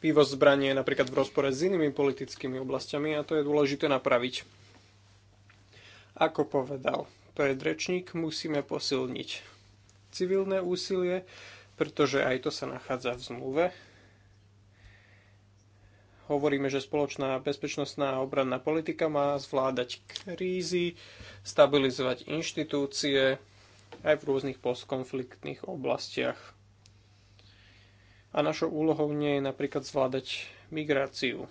Vývoz zbraní je napríklad v rozpore s inými politickými oblastiami a to je dôležité napraviť. Ako povedal predrečník, musíme posilniť civilné úsilie, pretože aj to sa nachádza v zmluve. Hovoríme, že spoločná bezpečnostná a obranná politika má zvládať krízy, stabilizovať inštitúcie aj v rôznych postkonfliktných oblastiach. A našou úlohou nie je napríklad zvládať migráciu.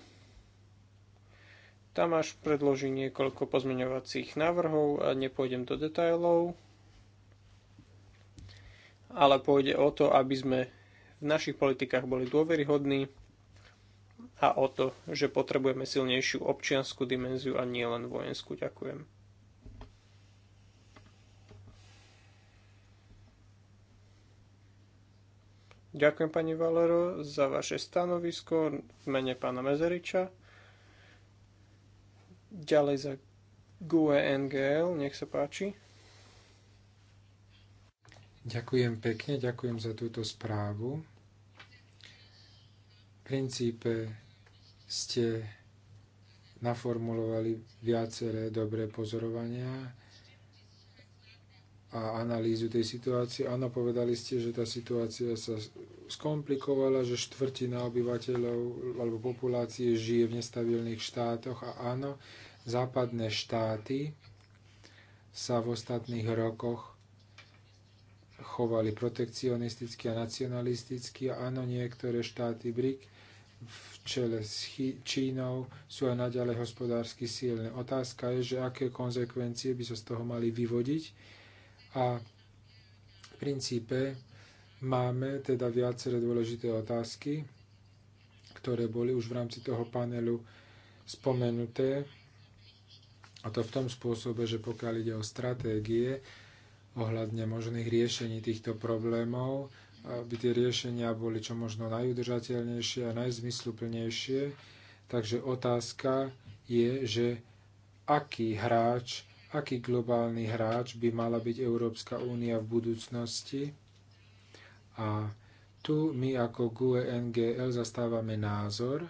Tamáš predloží niekoľko pozmeňovacích návrhov a nepôjdem do detajlov, ale pôjde o to, aby sme v našich politikách boli dôveryhodní a o to, že potrebujeme silnejšiu občianskú dimenziu a nielen vojenskú. Ďakujem. Ďakujem pani Valero za vaše stanovisko v mene pána Mezeriča. Ďalej za GUE NGL, nech sa páči. Ďakujem pekne, ďakujem za túto správu. V princípe ste naformulovali viaceré dobré pozorovania a analýzu tej situácie. Áno, povedali ste, že tá situácia sa skomplikovala, že štvrtina obyvateľov alebo populácie žije v nestabilných štátoch a áno, západné štáty sa v ostatných rokoch chovali protekcionisticky a nacionalisticky a áno, niektoré štáty BRIC v čele s Čínou sú aj naďalej hospodársky silné. Otázka je, že aké konzekvencie by sa so z toho mali vyvodiť a v princípe máme teda viaceré dôležité otázky, ktoré boli už v rámci toho panelu spomenuté. A to v tom spôsobe, že pokiaľ ide o stratégie ohľadne možných riešení týchto problémov, aby tie riešenia boli čo možno najudržateľnejšie a najzmysluplnejšie. Takže otázka je, že aký hráč aký globálny hráč by mala byť Európska únia v budúcnosti. A tu my ako GUE NGL zastávame názor,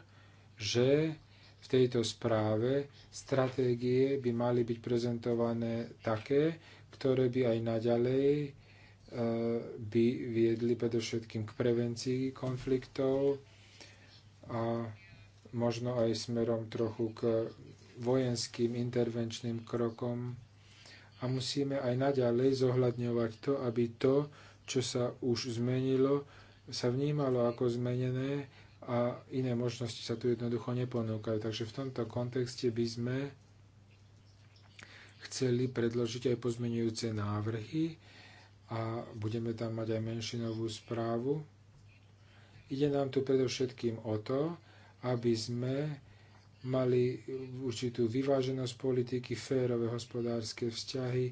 že v tejto správe stratégie by mali byť prezentované také, ktoré by aj naďalej e, by viedli predovšetkým k prevencii konfliktov a možno aj smerom trochu k vojenským intervenčným krokom a musíme aj naďalej zohľadňovať to, aby to, čo sa už zmenilo, sa vnímalo ako zmenené a iné možnosti sa tu jednoducho neponúkajú. Takže v tomto kontexte by sme chceli predložiť aj pozmenujúce návrhy a budeme tam mať aj menšinovú správu. Ide nám tu predovšetkým o to, aby sme mali určitú vyváženosť politiky, férové hospodárske vzťahy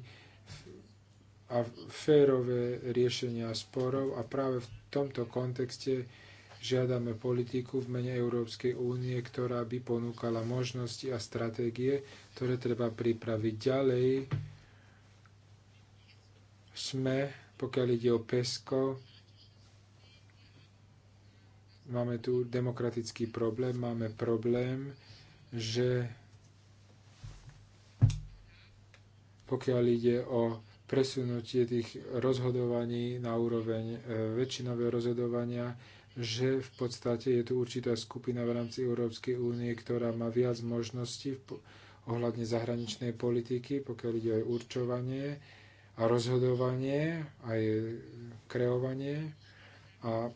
a férové riešenia sporov a práve v tomto kontexte žiadame politiku v mene Európskej únie, ktorá by ponúkala možnosti a stratégie, ktoré treba pripraviť ďalej. Sme, pokiaľ ide o PESCO, máme tu demokratický problém, máme problém, že pokiaľ ide o presunutie tých rozhodovaní na úroveň e, väčšinového rozhodovania, že v podstate je tu určitá skupina v rámci Európskej únie, ktorá má viac možností ohľadne zahraničnej politiky, pokiaľ ide o určovanie a rozhodovanie, aj kreovanie. A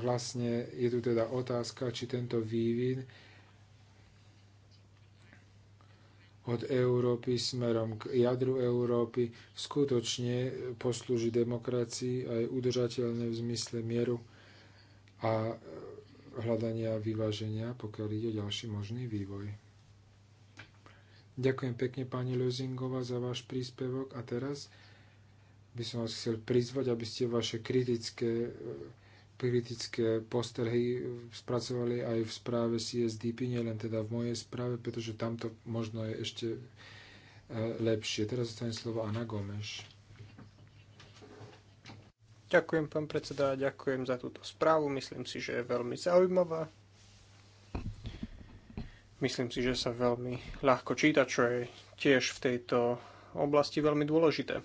vlastne je tu teda otázka, či tento vývin od Európy smerom k jadru Európy skutočne poslúži demokracii a je udržateľné v zmysle mieru a hľadania vyváženia, pokiaľ ide ďalší možný vývoj. Ďakujem pekne pani Lozingova za váš príspevok a teraz by som vás chcel prizvať, aby ste vaše kritické kritické postrehy spracovali aj v správe CSDP, nielen teda v mojej správe, pretože tamto možno je ešte e, lepšie. Teraz zostane slovo Ana Gomeš. Ďakujem, pán predseda, ďakujem za túto správu. Myslím si, že je veľmi zaujímavá. Myslím si, že sa veľmi ľahko číta, čo je tiež v tejto oblasti veľmi dôležité.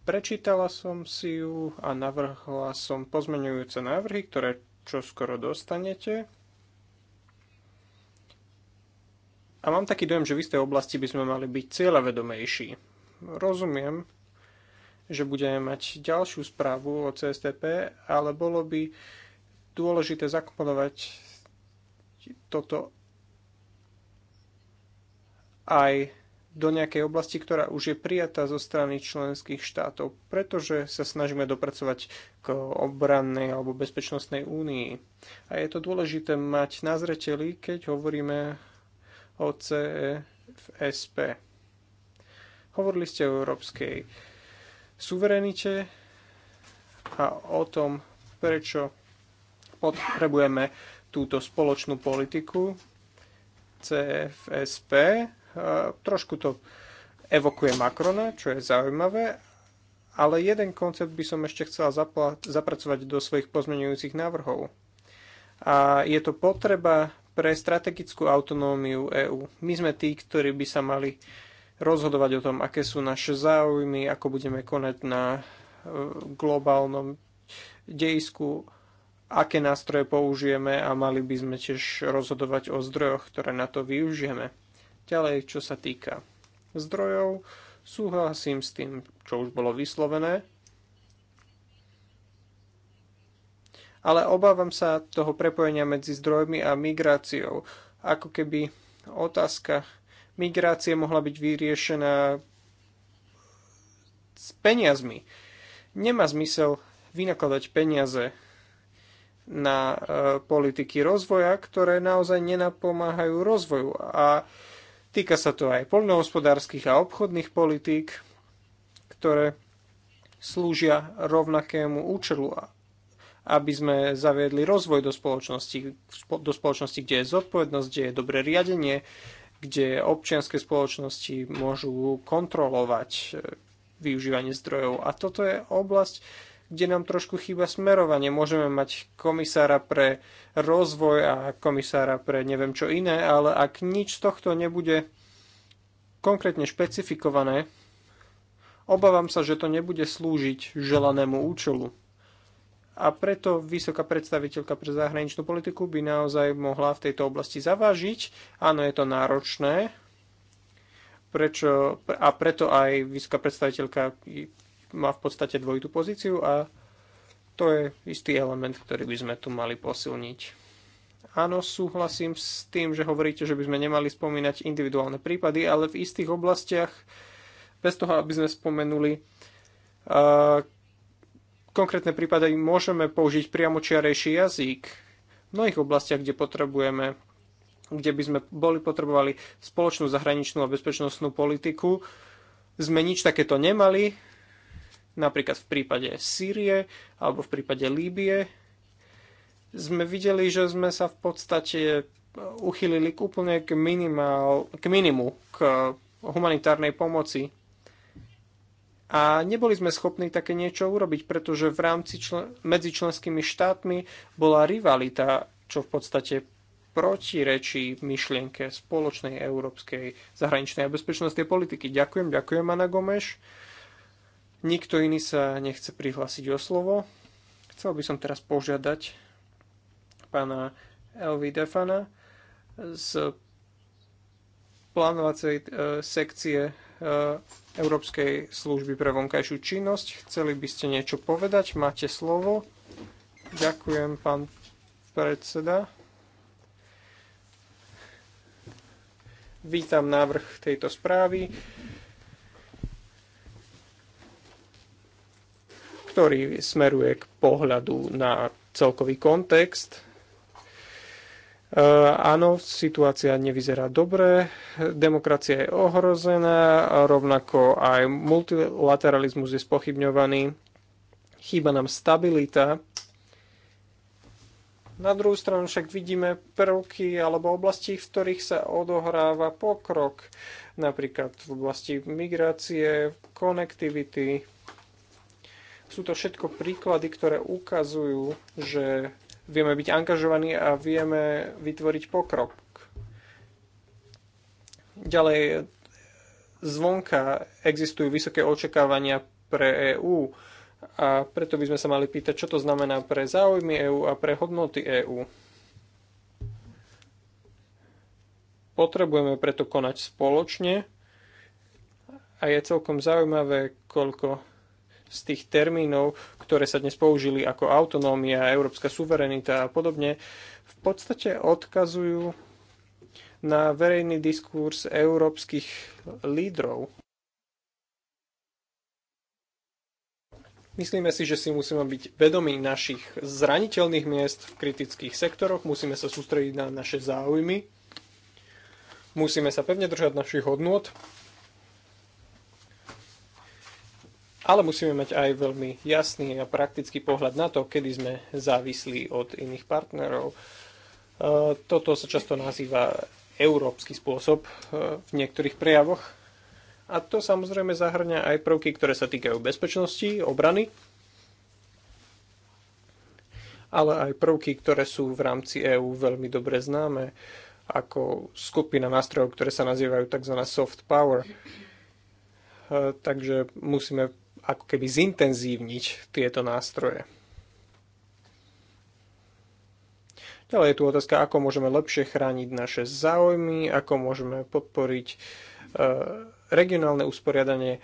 Prečítala som si ju a navrhla som pozmenujúce návrhy, ktoré čo skoro dostanete. A mám taký dojem, že v istej oblasti by sme mali byť cieľavedomejší. Rozumiem, že budeme mať ďalšiu správu o CSTP, ale bolo by dôležité zakomponovať toto aj do nejakej oblasti, ktorá už je prijatá zo strany členských štátov, pretože sa snažíme dopracovať k obrannej alebo bezpečnostnej únii. A je to dôležité mať na zreteli, keď hovoríme o CFSP. Hovorili ste o európskej suverenite a o tom, prečo potrebujeme túto spoločnú politiku CFSP Trošku to evokuje Macrona, čo je zaujímavé, ale jeden koncept by som ešte chcela zapracovať do svojich pozmenujúcich návrhov. A je to potreba pre strategickú autonómiu EÚ. My sme tí, ktorí by sa mali rozhodovať o tom, aké sú naše záujmy, ako budeme konať na e, globálnom dejisku, aké nástroje použijeme a mali by sme tiež rozhodovať o zdrojoch, ktoré na to využijeme. Ďalej, čo sa týka zdrojov, súhlasím s tým, čo už bolo vyslovené, ale obávam sa toho prepojenia medzi zdrojmi a migráciou. Ako keby otázka migrácie mohla byť vyriešená s peniazmi. Nemá zmysel vynakladať peniaze na e, politiky rozvoja, ktoré naozaj nenapomáhajú rozvoju. A e, Týka sa to aj poľnohospodárskych a obchodných politík, ktoré slúžia rovnakému účelu, aby sme zaviedli rozvoj do spoločnosti, do spoločnosti, kde je zodpovednosť, kde je dobré riadenie, kde občianske spoločnosti môžu kontrolovať e, využívanie zdrojov. A toto je oblasť, kde nám trošku chýba smerovanie. Môžeme mať komisára pre rozvoj a komisára pre neviem čo iné, ale ak nič z tohto nebude konkrétne špecifikované, obávam sa, že to nebude slúžiť želanému účelu. A preto vysoká predstaviteľka pre zahraničnú politiku by naozaj mohla v tejto oblasti zavážiť. Áno, je to náročné, prečo, a preto aj vysoká predstaviteľka má v podstate dvojitú pozíciu a to je istý element, ktorý by sme tu mali posilniť. Áno, súhlasím s tým, že hovoríte, že by sme nemali spomínať individuálne prípady, ale v istých oblastiach, bez toho, aby sme spomenuli uh, konkrétne prípady, môžeme použiť priamočiarejší jazyk. V mnohých oblastiach, kde potrebujeme kde by sme boli potrebovali spoločnú zahraničnú a bezpečnostnú politiku, sme nič takéto nemali napríklad v prípade Sýrie alebo v prípade Líbie, sme videli, že sme sa v podstate uchylili k úplne k, minimál, k minimu, k humanitárnej pomoci. A neboli sme schopní také niečo urobiť, pretože v rámci člen, medzi členskými štátmi bola rivalita, čo v podstate protirečí myšlienke spoločnej európskej zahraničnej a bezpečnostnej politiky. Ďakujem, ďakujem, Ana Gomeš. Nikto iný sa nechce prihlásiť o slovo. Chcel by som teraz požiadať pána Elvi Defana z plánovacej e, sekcie e, Európskej služby pre vonkajšiu činnosť. Chceli by ste niečo povedať? Máte slovo. Ďakujem, pán predseda. Vítam návrh tejto správy. ktorý smeruje k pohľadu na celkový kontext. E, áno, situácia nevyzerá dobre, demokracia je ohrozená, rovnako aj multilateralizmus je spochybňovaný, chýba nám stabilita. Na druhú stranu však vidíme prvky alebo oblasti, v ktorých sa odohráva pokrok, napríklad v oblasti migrácie, konektivity, sú to všetko príklady, ktoré ukazujú, že vieme byť angažovaní a vieme vytvoriť pokrok. Ďalej, zvonka existujú vysoké očakávania pre EÚ a preto by sme sa mali pýtať, čo to znamená pre záujmy EÚ a pre hodnoty EÚ. Potrebujeme preto konať spoločne a je celkom zaujímavé, koľko z tých termínov, ktoré sa dnes použili ako autonómia, európska suverenita a podobne, v podstate odkazujú na verejný diskurs európskych lídrov. Myslíme si, že si musíme byť vedomí našich zraniteľných miest v kritických sektoroch, musíme sa sústrediť na naše záujmy, musíme sa pevne držať našich hodnôt Ale musíme mať aj veľmi jasný a praktický pohľad na to, kedy sme závislí od iných partnerov. E, toto sa často nazýva európsky spôsob e, v niektorých prejavoch. A to samozrejme zahrňa aj prvky, ktoré sa týkajú bezpečnosti, obrany, ale aj prvky, ktoré sú v rámci EÚ veľmi dobre známe, ako skupina nástrojov, ktoré sa nazývajú tzv. soft power. E, takže musíme ako keby zintenzívniť tieto nástroje. Ďalej je tu otázka, ako môžeme lepšie chrániť naše záujmy, ako môžeme podporiť e, regionálne usporiadanie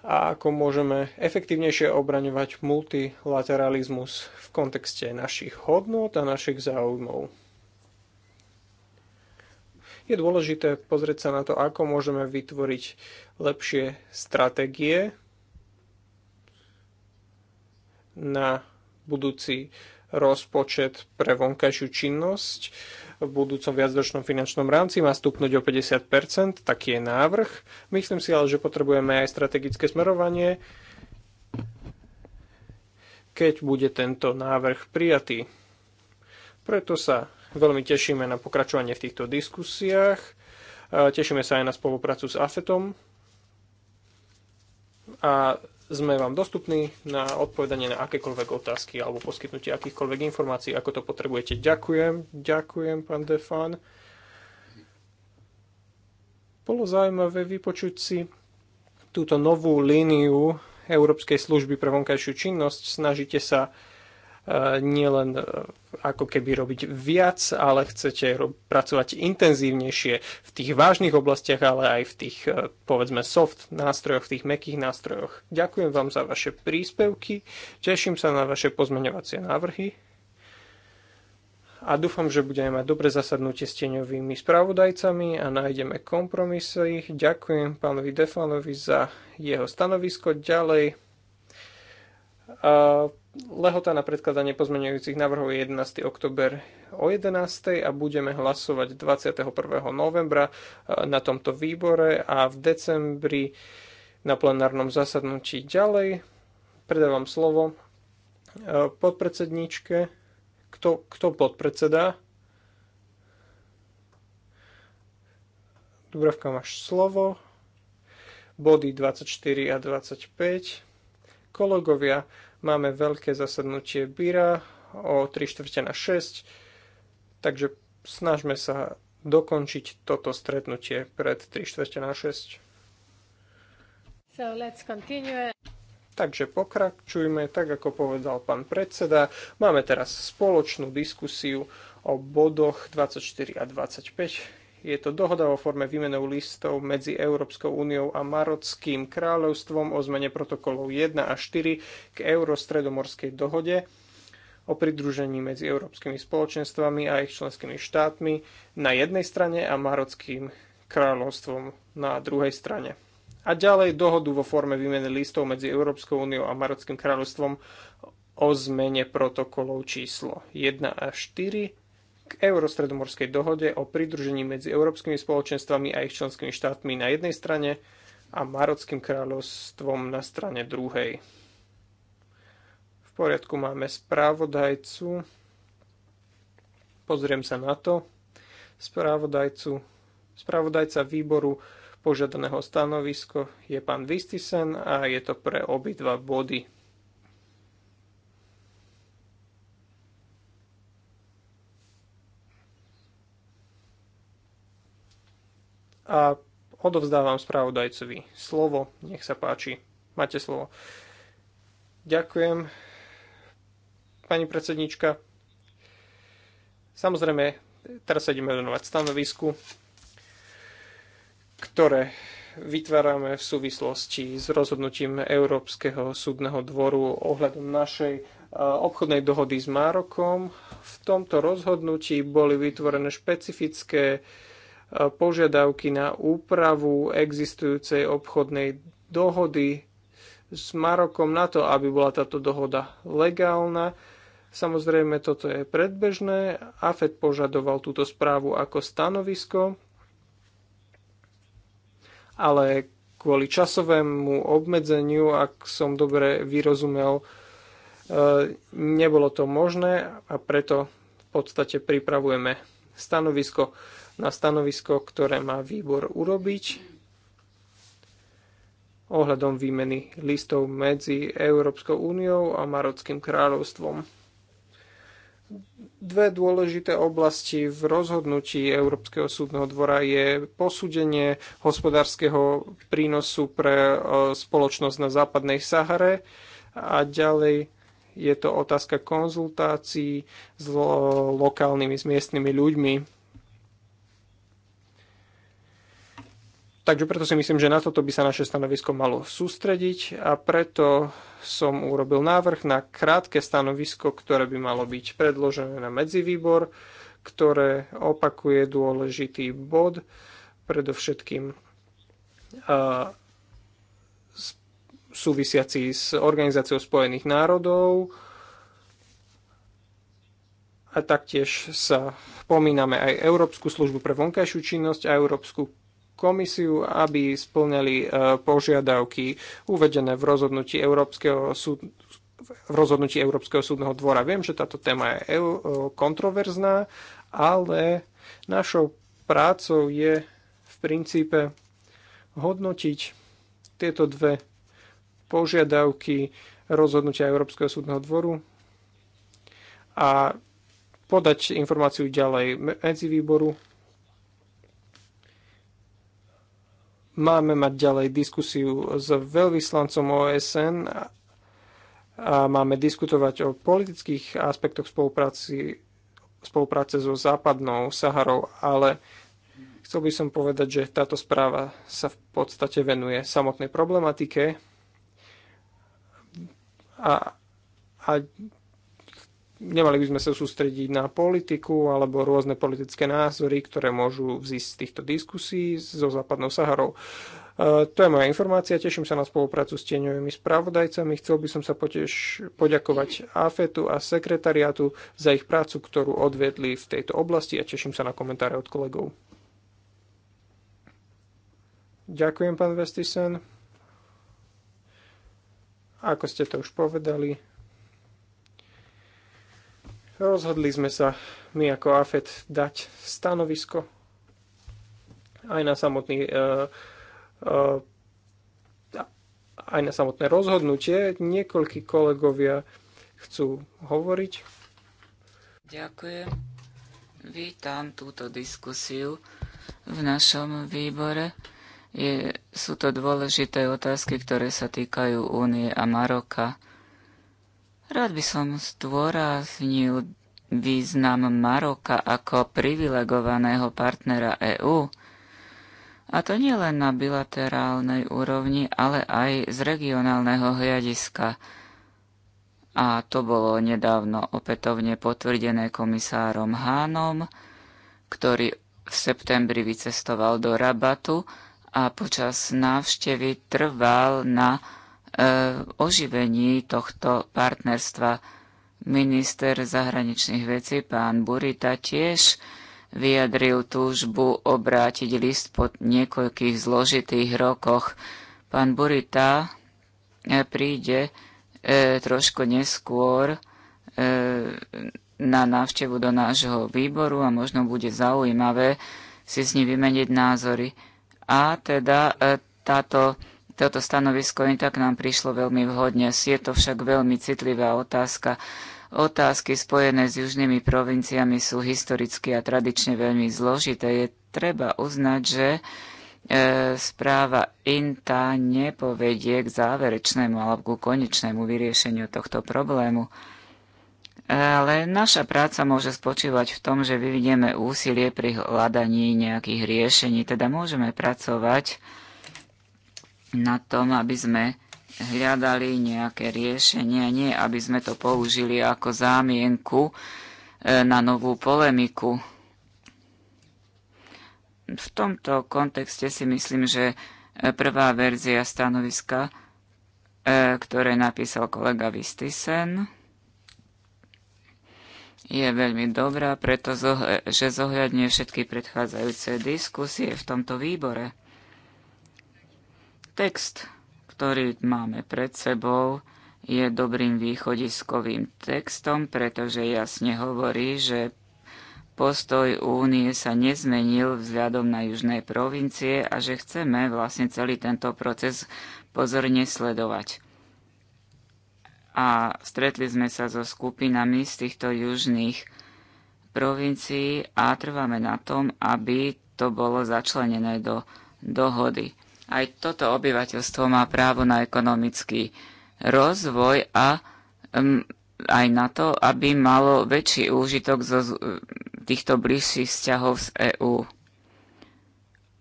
a ako môžeme efektívnejšie obraňovať multilateralizmus v kontexte našich hodnot a našich záujmov. Je dôležité pozrieť sa na to, ako môžeme vytvoriť lepšie stratégie na budúci rozpočet pre vonkajšiu činnosť v budúcom viacročnom finančnom rámci má stupnúť o 50 taký je návrh. Myslím si ale, že potrebujeme aj strategické smerovanie, keď bude tento návrh prijatý. Preto sa veľmi tešíme na pokračovanie v týchto diskusiách. Tešíme sa aj na spoluprácu s AFETom a sme vám dostupní na odpovedanie na akékoľvek otázky alebo poskytnutie akýchkoľvek informácií, ako to potrebujete. Ďakujem, ďakujem, pán Defan. Bolo zaujímavé vypočuť si túto novú líniu Európskej služby pre vonkajšiu činnosť. Snažíte sa uh, Eh, nielen eh, ako keby robiť viac, ale chcete pracovať intenzívnejšie v tých vážnych oblastiach, ale aj v tých, eh, povedzme, soft nástrojoch, v tých mekých nástrojoch. Ďakujem vám za vaše príspevky, teším sa na vaše pozmeňovacie návrhy a dúfam, že budeme mať dobre zasadnutie s tieňovými spravodajcami a nájdeme kompromisy. Ďakujem pánovi Defanovi za jeho stanovisko. Ďalej a lehota na predkladanie pozmeňujúcich návrhov je 11. oktober o 11. a budeme hlasovať 21. novembra e, na tomto výbore a v decembri na plenárnom zasadnutí ďalej. Predávam slovo e, podpredsedníčke. Kto, kto podpredseda? Dubravka, máš slovo. Body 24 a 25. Kolegovia, Máme veľké zasadnutie Bira o 3 čtvrte na 6, takže snažme sa dokončiť toto stretnutie pred 3 čtvrte na 6. So let's continue. Takže pokračujme, tak ako povedal pán predseda. Máme teraz spoločnú diskusiu o bodoch 24 a 25. Je to dohoda o forme výmenou listov medzi Európskou úniou a Marockým kráľovstvom o zmene protokolov 1 a 4 k Eurostredomorskej dohode o pridružení medzi európskymi spoločenstvami a ich členskými štátmi na jednej strane a Marockým kráľovstvom na druhej strane. A ďalej dohodu vo forme výmeny listov medzi Európskou úniou a Marockým kráľovstvom o zmene protokolov číslo 1 a 4 k Eurostredomorskej dohode o pridružení medzi európskymi spoločenstvami a ich členskými štátmi na jednej strane a Marockým kráľovstvom na strane druhej. V poriadku máme správodajcu. Pozriem sa na to. Správodajcu. Správodajca výboru požiadaného stanovisko je pán Vistisen a je to pre obidva body. a odovzdávam spravodajcovi slovo. Nech sa páči. Máte slovo. Ďakujem, pani predsednička. Samozrejme, teraz sa ideme venovať stanovisku, ktoré vytvárame v súvislosti s rozhodnutím Európskeho súdneho dvoru ohľadom našej e, obchodnej dohody s Marokom. V tomto rozhodnutí boli vytvorené špecifické uh, požiadavky na úpravu existujúcej obchodnej dohody s Marokom na to, aby bola táto dohoda legálna. Samozrejme, toto je predbežné. AFED požadoval túto správu ako stanovisko, ale kvôli časovému obmedzeniu, ak som dobre vyrozumel, e, nebolo to možné a preto v podstate pripravujeme stanovisko na stanovisko, ktoré má výbor urobiť ohľadom výmeny listov medzi Európskou úniou a Marockým kráľovstvom. Dve dôležité oblasti v rozhodnutí Európskeho súdneho dvora je posúdenie hospodárskeho prínosu pre e, spoločnosť na západnej Sahare a ďalej je to otázka konzultácií s lokálnymi, s miestnymi ľuďmi Takže preto si myslím, že na toto by sa naše stanovisko malo sústrediť a preto som urobil návrh na krátke stanovisko, ktoré by malo byť predložené na medzivýbor, ktoré opakuje dôležitý bod, predovšetkým súvisiaci s Organizáciou spojených národov a taktiež sa pomíname aj Európsku službu pre vonkajšiu činnosť a Európsku komisiu, aby splňali e, požiadavky uvedené v rozhodnutí Európskeho súdu v rozhodnutí Európskeho súdneho dvora. Viem, že táto téma je e, kontroverzná, ale našou prácou je v princípe hodnotiť tieto dve požiadavky rozhodnutia Európskeho súdneho dvoru a podať informáciu ďalej medzi výboru. Máme mať ďalej diskusiu s veľvyslancom OSN a máme diskutovať o politických aspektoch spolupráci, spolupráce so západnou Saharou, ale chcel by som povedať, že táto správa sa v podstate venuje samotnej problematike a, a Nemali by sme sa sústrediť na politiku alebo rôzne politické názory, ktoré môžu vzísť z týchto diskusí so západnou Saharou. E, to je moja informácia, teším sa na spoluprácu s tieňovými spravodajcami. Chcel by som sa potež poďakovať AFETu a sekretariátu za ich prácu, ktorú odvedli v tejto oblasti a teším sa na komentáre od kolegov. Ďakujem, pán Vestisen. Ako ste to už povedali, Rozhodli sme sa my ako AFED dať stanovisko aj na samotný e, e, aj na samotné rozhodnutie. Niekoľkí kolegovia chcú hovoriť. Ďakujem. Vítam túto diskusiu v našom výbore. Je, sú to dôležité otázky, ktoré sa týkajú Únie a Maroka. Rád by som zdôraznil význam Maroka ako privilegovaného partnera EÚ, a to nie len na bilaterálnej úrovni, ale aj z regionálneho hľadiska. A to bolo nedávno opätovne potvrdené komisárom Hánom, ktorý v septembri vycestoval do Rabatu a počas návštevy trval na Eh, oživení tohto partnerstva. Minister zahraničných vecí pán Burita tiež vyjadril túžbu obrátiť list po niekoľkých zložitých rokoch. Pán Burita eh, príde e, trošku neskôr e, na návštevu do nášho výboru a možno bude zaujímavé si s ním vymeniť názory. A teda e, táto toto stanovisko tak nám prišlo veľmi vhodne. Je to však veľmi citlivá otázka. Otázky spojené s južnými provinciami sú historicky a tradične veľmi zložité. Je treba uznať, že e, správa INTA nepovedie k záverečnému alebo ku konečnému vyriešeniu tohto problému. Ale naša práca môže spočívať v tom, že vyvinieme úsilie pri hľadaní nejakých riešení, teda môžeme pracovať na tom, aby sme hľadali nejaké riešenie, nie aby sme to použili ako zámienku e, na novú polemiku. V tomto kontexte si myslím, že e, prvá verzia stanoviska, e, ktoré napísal kolega Vistisen, je veľmi dobrá, pretože zohľadňuje všetky predchádzajúce diskusie v tomto výbore. Text, ktorý máme pred sebou, je dobrým východiskovým textom, pretože jasne hovorí, že postoj únie sa nezmenil vzhľadom na južné provincie a že chceme vlastne celý tento proces pozorne sledovať. A stretli sme sa so skupinami z týchto južných provincií a trváme na tom, aby to bolo začlenené do dohody. Aj toto obyvateľstvo má právo na ekonomický rozvoj a um, aj na to, aby malo väčší úžitok zo týchto bližších vzťahov z EÚ.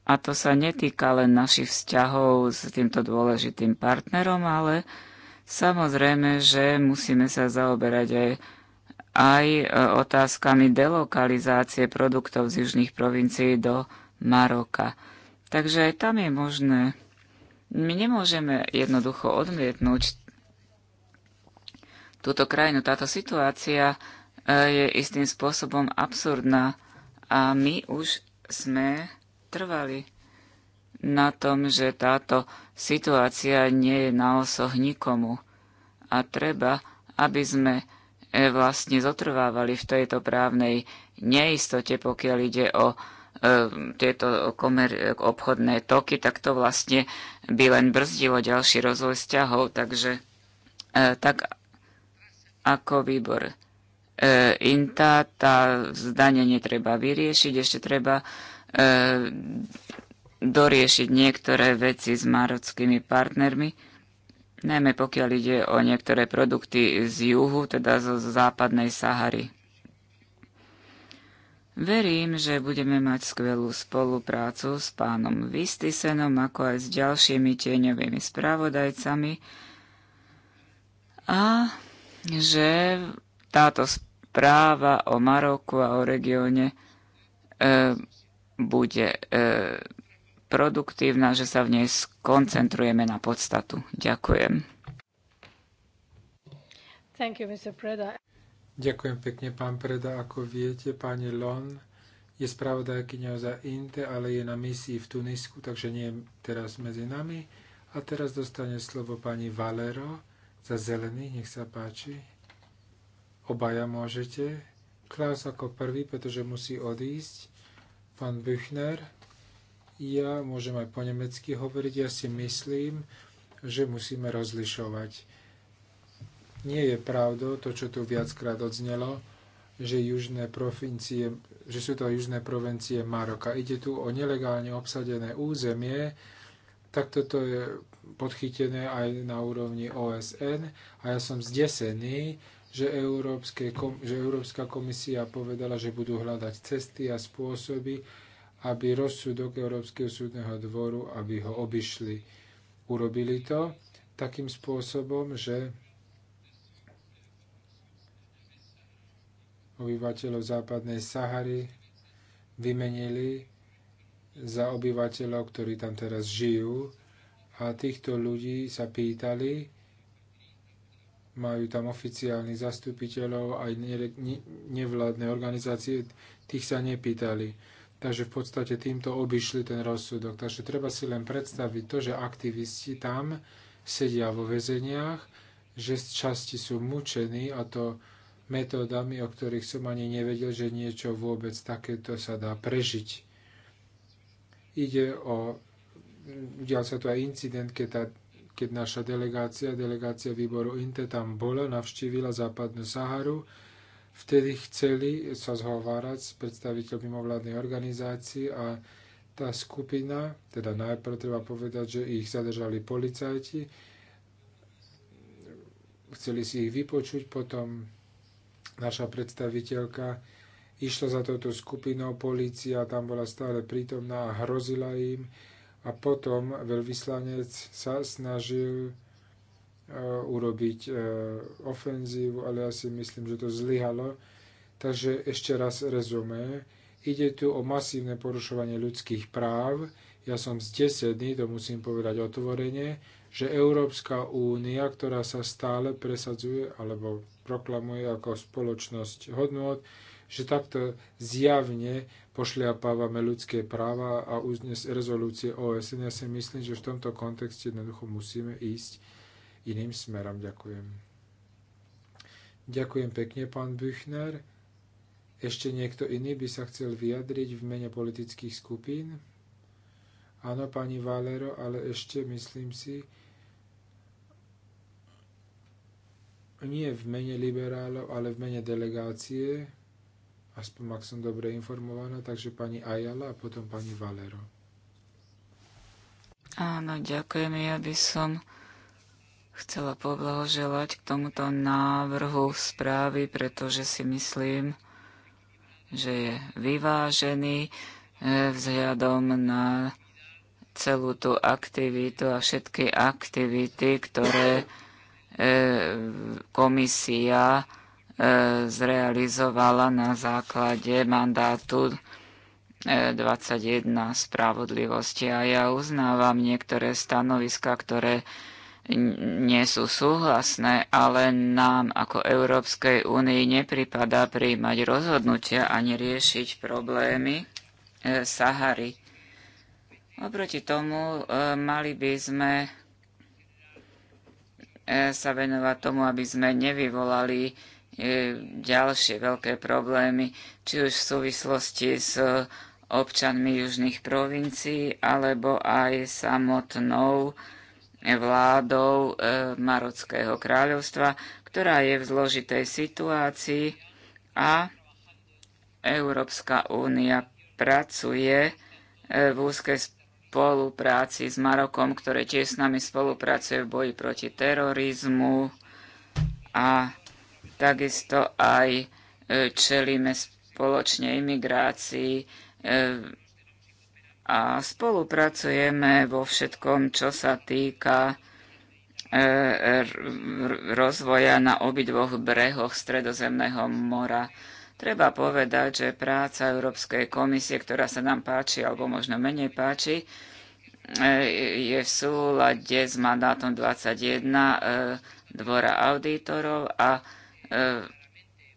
A to sa netýka len našich vzťahov s týmto dôležitým partnerom, ale samozrejme, že musíme sa zaoberať aj, aj e, otázkami delokalizácie produktov z južných provincií do Maroka. Takže aj tam je možné. My nemôžeme jednoducho odmietnúť túto krajinu. Táto situácia e, je istým spôsobom absurdná a my už sme trvali na tom, že táto situácia nie je na osoh nikomu. A treba, aby sme e, vlastne zotrvávali v tejto právnej neistote, pokiaľ ide o Ehm, tieto komer- obchodné toky, tak to vlastne by len brzdilo ďalší rozvoj vzťahov. Takže e, tak ako výbor e, INTA, tá zdanenie treba vyriešiť, ešte treba e, doriešiť niektoré veci s marockými partnermi, najmä pokiaľ ide o niektoré produkty z juhu, teda zo západnej Sahary. Verím, že budeme mať skvelú spoluprácu s pánom Vistisenom, ako aj s ďalšími tieňovými spravodajcami a že táto správa o Maroku a o regióne e, bude e, produktívna, že sa v nej skoncentrujeme na podstatu. Ďakujem. Thank you, Mr. Ďakujem pekne, pán Preda. Ako viete, pani Lon je spravodajkyňa za INTE, ale je na misii v Tunisku, takže nie je teraz medzi nami. A teraz dostane slovo pani Valero za zelený, nech sa páči. Obaja môžete. Klaus ako prvý, pretože musí odísť. Pán Büchner. Ja môžem aj po nemecky hovoriť. Ja si myslím, že musíme rozlišovať nie je pravdou to, čo tu viackrát odznelo, že, južné provincie, že sú to južné provincie Maroka. Ide tu o nelegálne obsadené územie, tak toto je podchytené aj na úrovni OSN a ja som zdesený, že, Európske, že Európska komisia povedala, že budú hľadať cesty a spôsoby, aby rozsudok Európskeho súdneho dvoru, aby ho obišli. Urobili to takým spôsobom, že obyvateľov západnej Sahary vymenili za obyvateľov, ktorí tam teraz žijú. A týchto ľudí sa pýtali, majú tam oficiálnych zastupiteľov, aj nevládne organizácie, tých sa nepýtali. Takže v podstate týmto obišli ten rozsudok. Takže treba si len predstaviť to, že aktivisti tam sedia vo vezeniach, že časti sú mučení a to metódami, o ktorých som ani nevedel, že niečo vôbec takéto sa dá prežiť. Ide o... Udial sa tu aj incident, keď, tá, keď naša delegácia, delegácia výboru INTE tam bola, navštívila západnú Saharu. Vtedy chceli sa zhovárať s predstaviteľmi mimovládnej organizácii a tá skupina, teda najprv treba povedať, že ich zadržali policajti, chceli si ich vypočuť, potom naša predstaviteľka išla za touto skupinou, polícia tam bola stále prítomná a hrozila im. A potom veľvyslanec sa snažil e, urobiť e, ofenzívu, ale ja si myslím, že to zlyhalo. Takže ešte raz rezumé. Ide tu o masívne porušovanie ľudských práv. Ja som zdesedný, to musím povedať otvorene, že Európska únia, ktorá sa stále presadzuje alebo proklamuje ako spoločnosť hodnot, že takto zjavne pošliapávame ľudské práva a uznes rezolúcie OSN. Ja si myslím, že v tomto kontexte jednoducho musíme ísť iným smerom. Ďakujem. Ďakujem pekne, pán Büchner. Ešte niekto iný by sa chcel vyjadriť v mene politických skupín? Áno, pani Valero, ale ešte myslím si, nie v mene liberálov, ale v mene delegácie, aspoň ak som dobre informovaná, takže pani Ajala a potom pani Valero. Áno, ďakujem. Ja by som chcela poblahoželať k tomuto návrhu správy, pretože si myslím, že je vyvážený e, vzhľadom na celú tú aktivitu a všetky aktivity, ktoré E, komisia e, zrealizovala na základe mandátu 21 e, spravodlivosti. A ja uznávam niektoré stanoviska, ktoré nie sú súhlasné, ale nám ako Európskej únii nepripadá prijímať rozhodnutia ani riešiť problémy Sahary. Oproti tomu mali by sme E, sa venovať tomu, aby sme nevyvolali e, ďalšie veľké problémy, či už v súvislosti s občanmi južných provincií, alebo aj samotnou vládou e, Marockého kráľovstva, ktorá je v zložitej situácii a Európska únia pracuje v úzkej spoločnosti spolupráci s Marokom, ktoré tiež s nami spolupracuje v boji proti terorizmu a takisto aj e, čelíme spoločne imigrácii e, a spolupracujeme vo všetkom, čo sa týka e, rozvoja na obidvoch brehoch Stredozemného mora. Treba povedať, že práca Európskej komisie, ktorá sa nám páči alebo možno menej páči, e, je v súlade s mandátom 21 e, Dvora auditorov a e,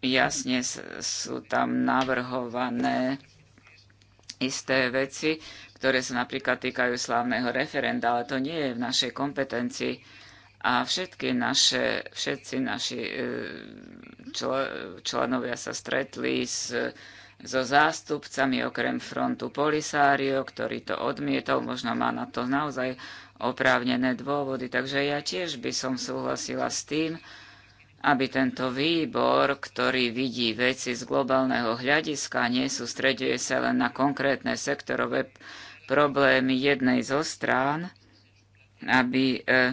jasne sú tam navrhované isté veci, ktoré sa napríklad týkajú slávneho referenda, ale to nie je v našej kompetencii a všetky naše, všetci naši e, čl- členovia sa stretli s, so zástupcami okrem frontu Polisario, ktorý to odmietol, možno má na to naozaj oprávnené dôvody. Takže ja tiež by som súhlasila s tým, aby tento výbor, ktorý vidí veci z globálneho hľadiska, nesústreduje sa len na konkrétne sektorové problémy jednej zo strán, aby e,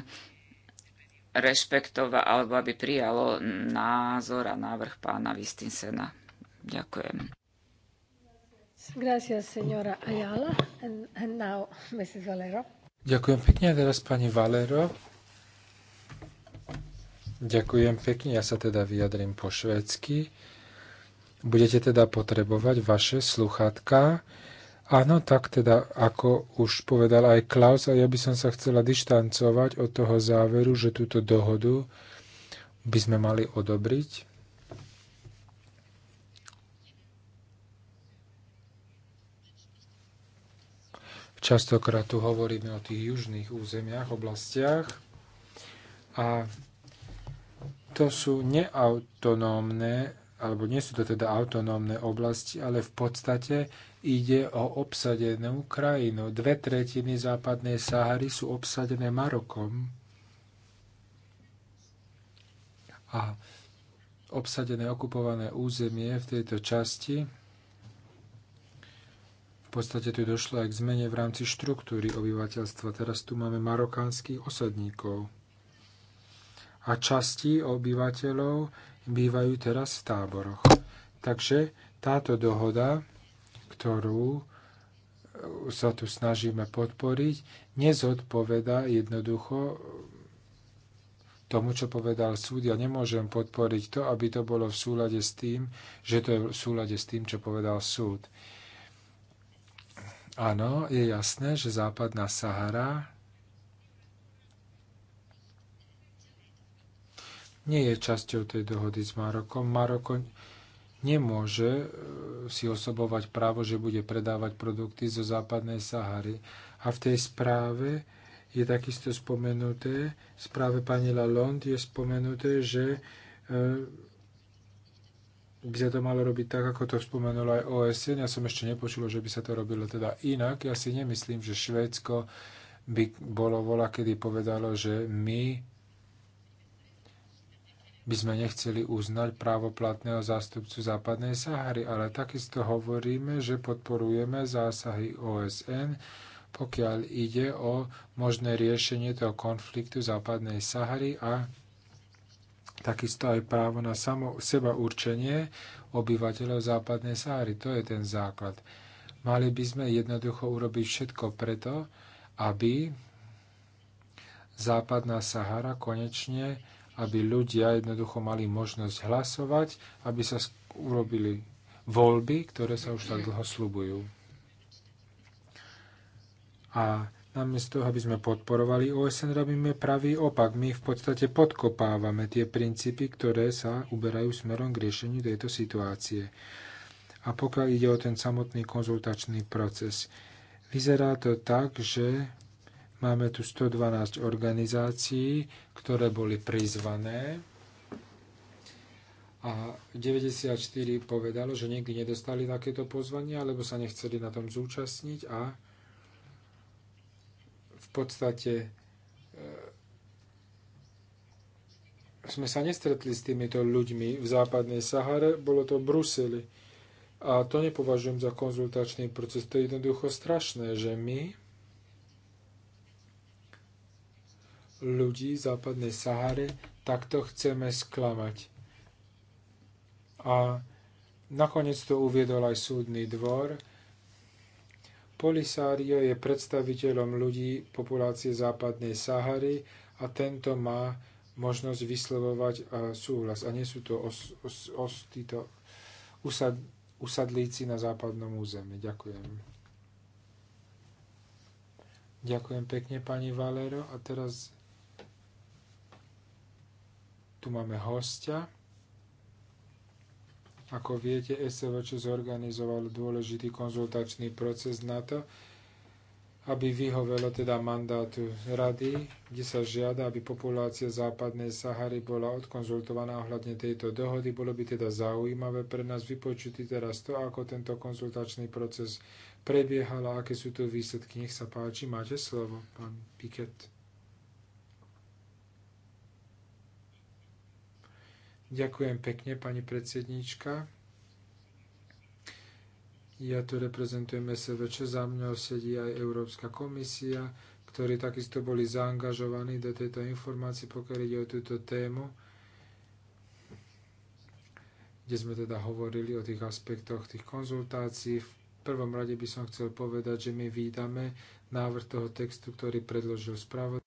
rešpektova, alebo aby prijalo názor a návrh pána Vistinsena. Ďakujem. Gracias, señora Ayala. and now, Mrs. Valero. Ďakujem pekne. A teraz pani Valero. Ďakujem pekne. Ja sa teda vyjadrím po švédsky. Budete teda potrebovať vaše sluchátka Áno, tak teda, ako už povedal aj Klaus, a ja by som sa chcela dištancovať od toho záveru, že túto dohodu by sme mali odobriť. Častokrát tu hovoríme o tých južných územiach, oblastiach a to sú neautonómne alebo nie sú to teda autonómne oblasti, ale v podstate ide o obsadenú krajinu. Dve tretiny západnej Sahary sú obsadené Marokom. A obsadené okupované územie v tejto časti v podstate tu došlo aj k zmene v rámci štruktúry obyvateľstva. Teraz tu máme marokánskych osadníkov. A časti obyvateľov bývajú teraz v táboroch. Takže táto dohoda, ktorú e, sa tu snažíme podporiť, nezodpoveda jednoducho e, tomu, čo povedal súd. Ja nemôžem podporiť to, aby to bolo v súlade s tým, že to je v súlade s tým, čo povedal súd. Áno, je jasné, že západná Sahara nie je časťou tej dohody s Marokom. Maroko nemôže e, si osobovať právo, že bude predávať produkty zo západnej Sahary. A v tej správe je takisto spomenuté, v správe pani Lalonde je spomenuté, že e, by sa to malo robiť tak, ako to spomenulo aj OSN. Ja som ešte nepočul, že by sa to robilo teda inak. Ja si nemyslím, že Švédsko by bolo vola, kedy povedalo, že my by sme nechceli uznať právoplatného zástupcu západnej Sahary, ale takisto hovoríme, že podporujeme zásahy OSN, pokiaľ ide o možné riešenie toho konfliktu západnej Sahary a takisto aj právo na samo, seba určenie obyvateľov západnej Sahary. To je ten základ. Mali by sme jednoducho urobiť všetko preto, aby západná Sahara konečne aby ľudia jednoducho mali možnosť hlasovať, aby sa urobili voľby, ktoré sa už tak dlho slubujú. A namiesto toho, aby sme podporovali OSN, robíme pravý opak. My v podstate podkopávame tie princípy, ktoré sa uberajú smerom k riešeniu tejto situácie. A pokiaľ ide o ten samotný konzultačný proces, vyzerá to tak, že Máme tu 112 organizácií, ktoré boli prizvané a 94 povedalo, že nikdy nedostali takéto pozvanie, alebo sa nechceli na tom zúčastniť a v podstate e, sme sa nestretli s týmito ľuďmi v západnej Sahare, bolo to v Bruseli. A to nepovažujem za konzultačný proces. To je jednoducho strašné, že my ľudí v západnej Sahare takto chceme sklamať. A nakoniec to uviedol aj súdny dvor. Polisario je predstaviteľom ľudí populácie západnej Sahary a tento má možnosť vyslovovať e, súhlas. A nie sú to os, os, os, títo usad, usadlíci na západnom území. Ďakujem. Ďakujem pekne, pani Valero. A teraz tu máme hostia. Ako viete, SVČ zorganizoval dôležitý konzultačný proces na to, aby vyhovelo teda mandátu rady, kde sa žiada, aby populácia západnej Sahary bola odkonzultovaná ohľadne tejto dohody. Bolo by teda zaujímavé pre nás vypočuť teraz to, ako tento konzultačný proces prebiehal a aké sú tu výsledky. Nech sa páči, máte slovo, pán Piket. Ďakujem pekne, pani predsednička. Ja tu reprezentujem SVČ, za mňa sedí aj Európska komisia, ktorí takisto boli zaangažovaní do tejto informácie, pokiaľ ide o túto tému, kde sme teda hovorili o tých aspektoch tých konzultácií. V prvom rade by som chcel povedať, že my vítame návrh toho textu, ktorý predložil spravodaj.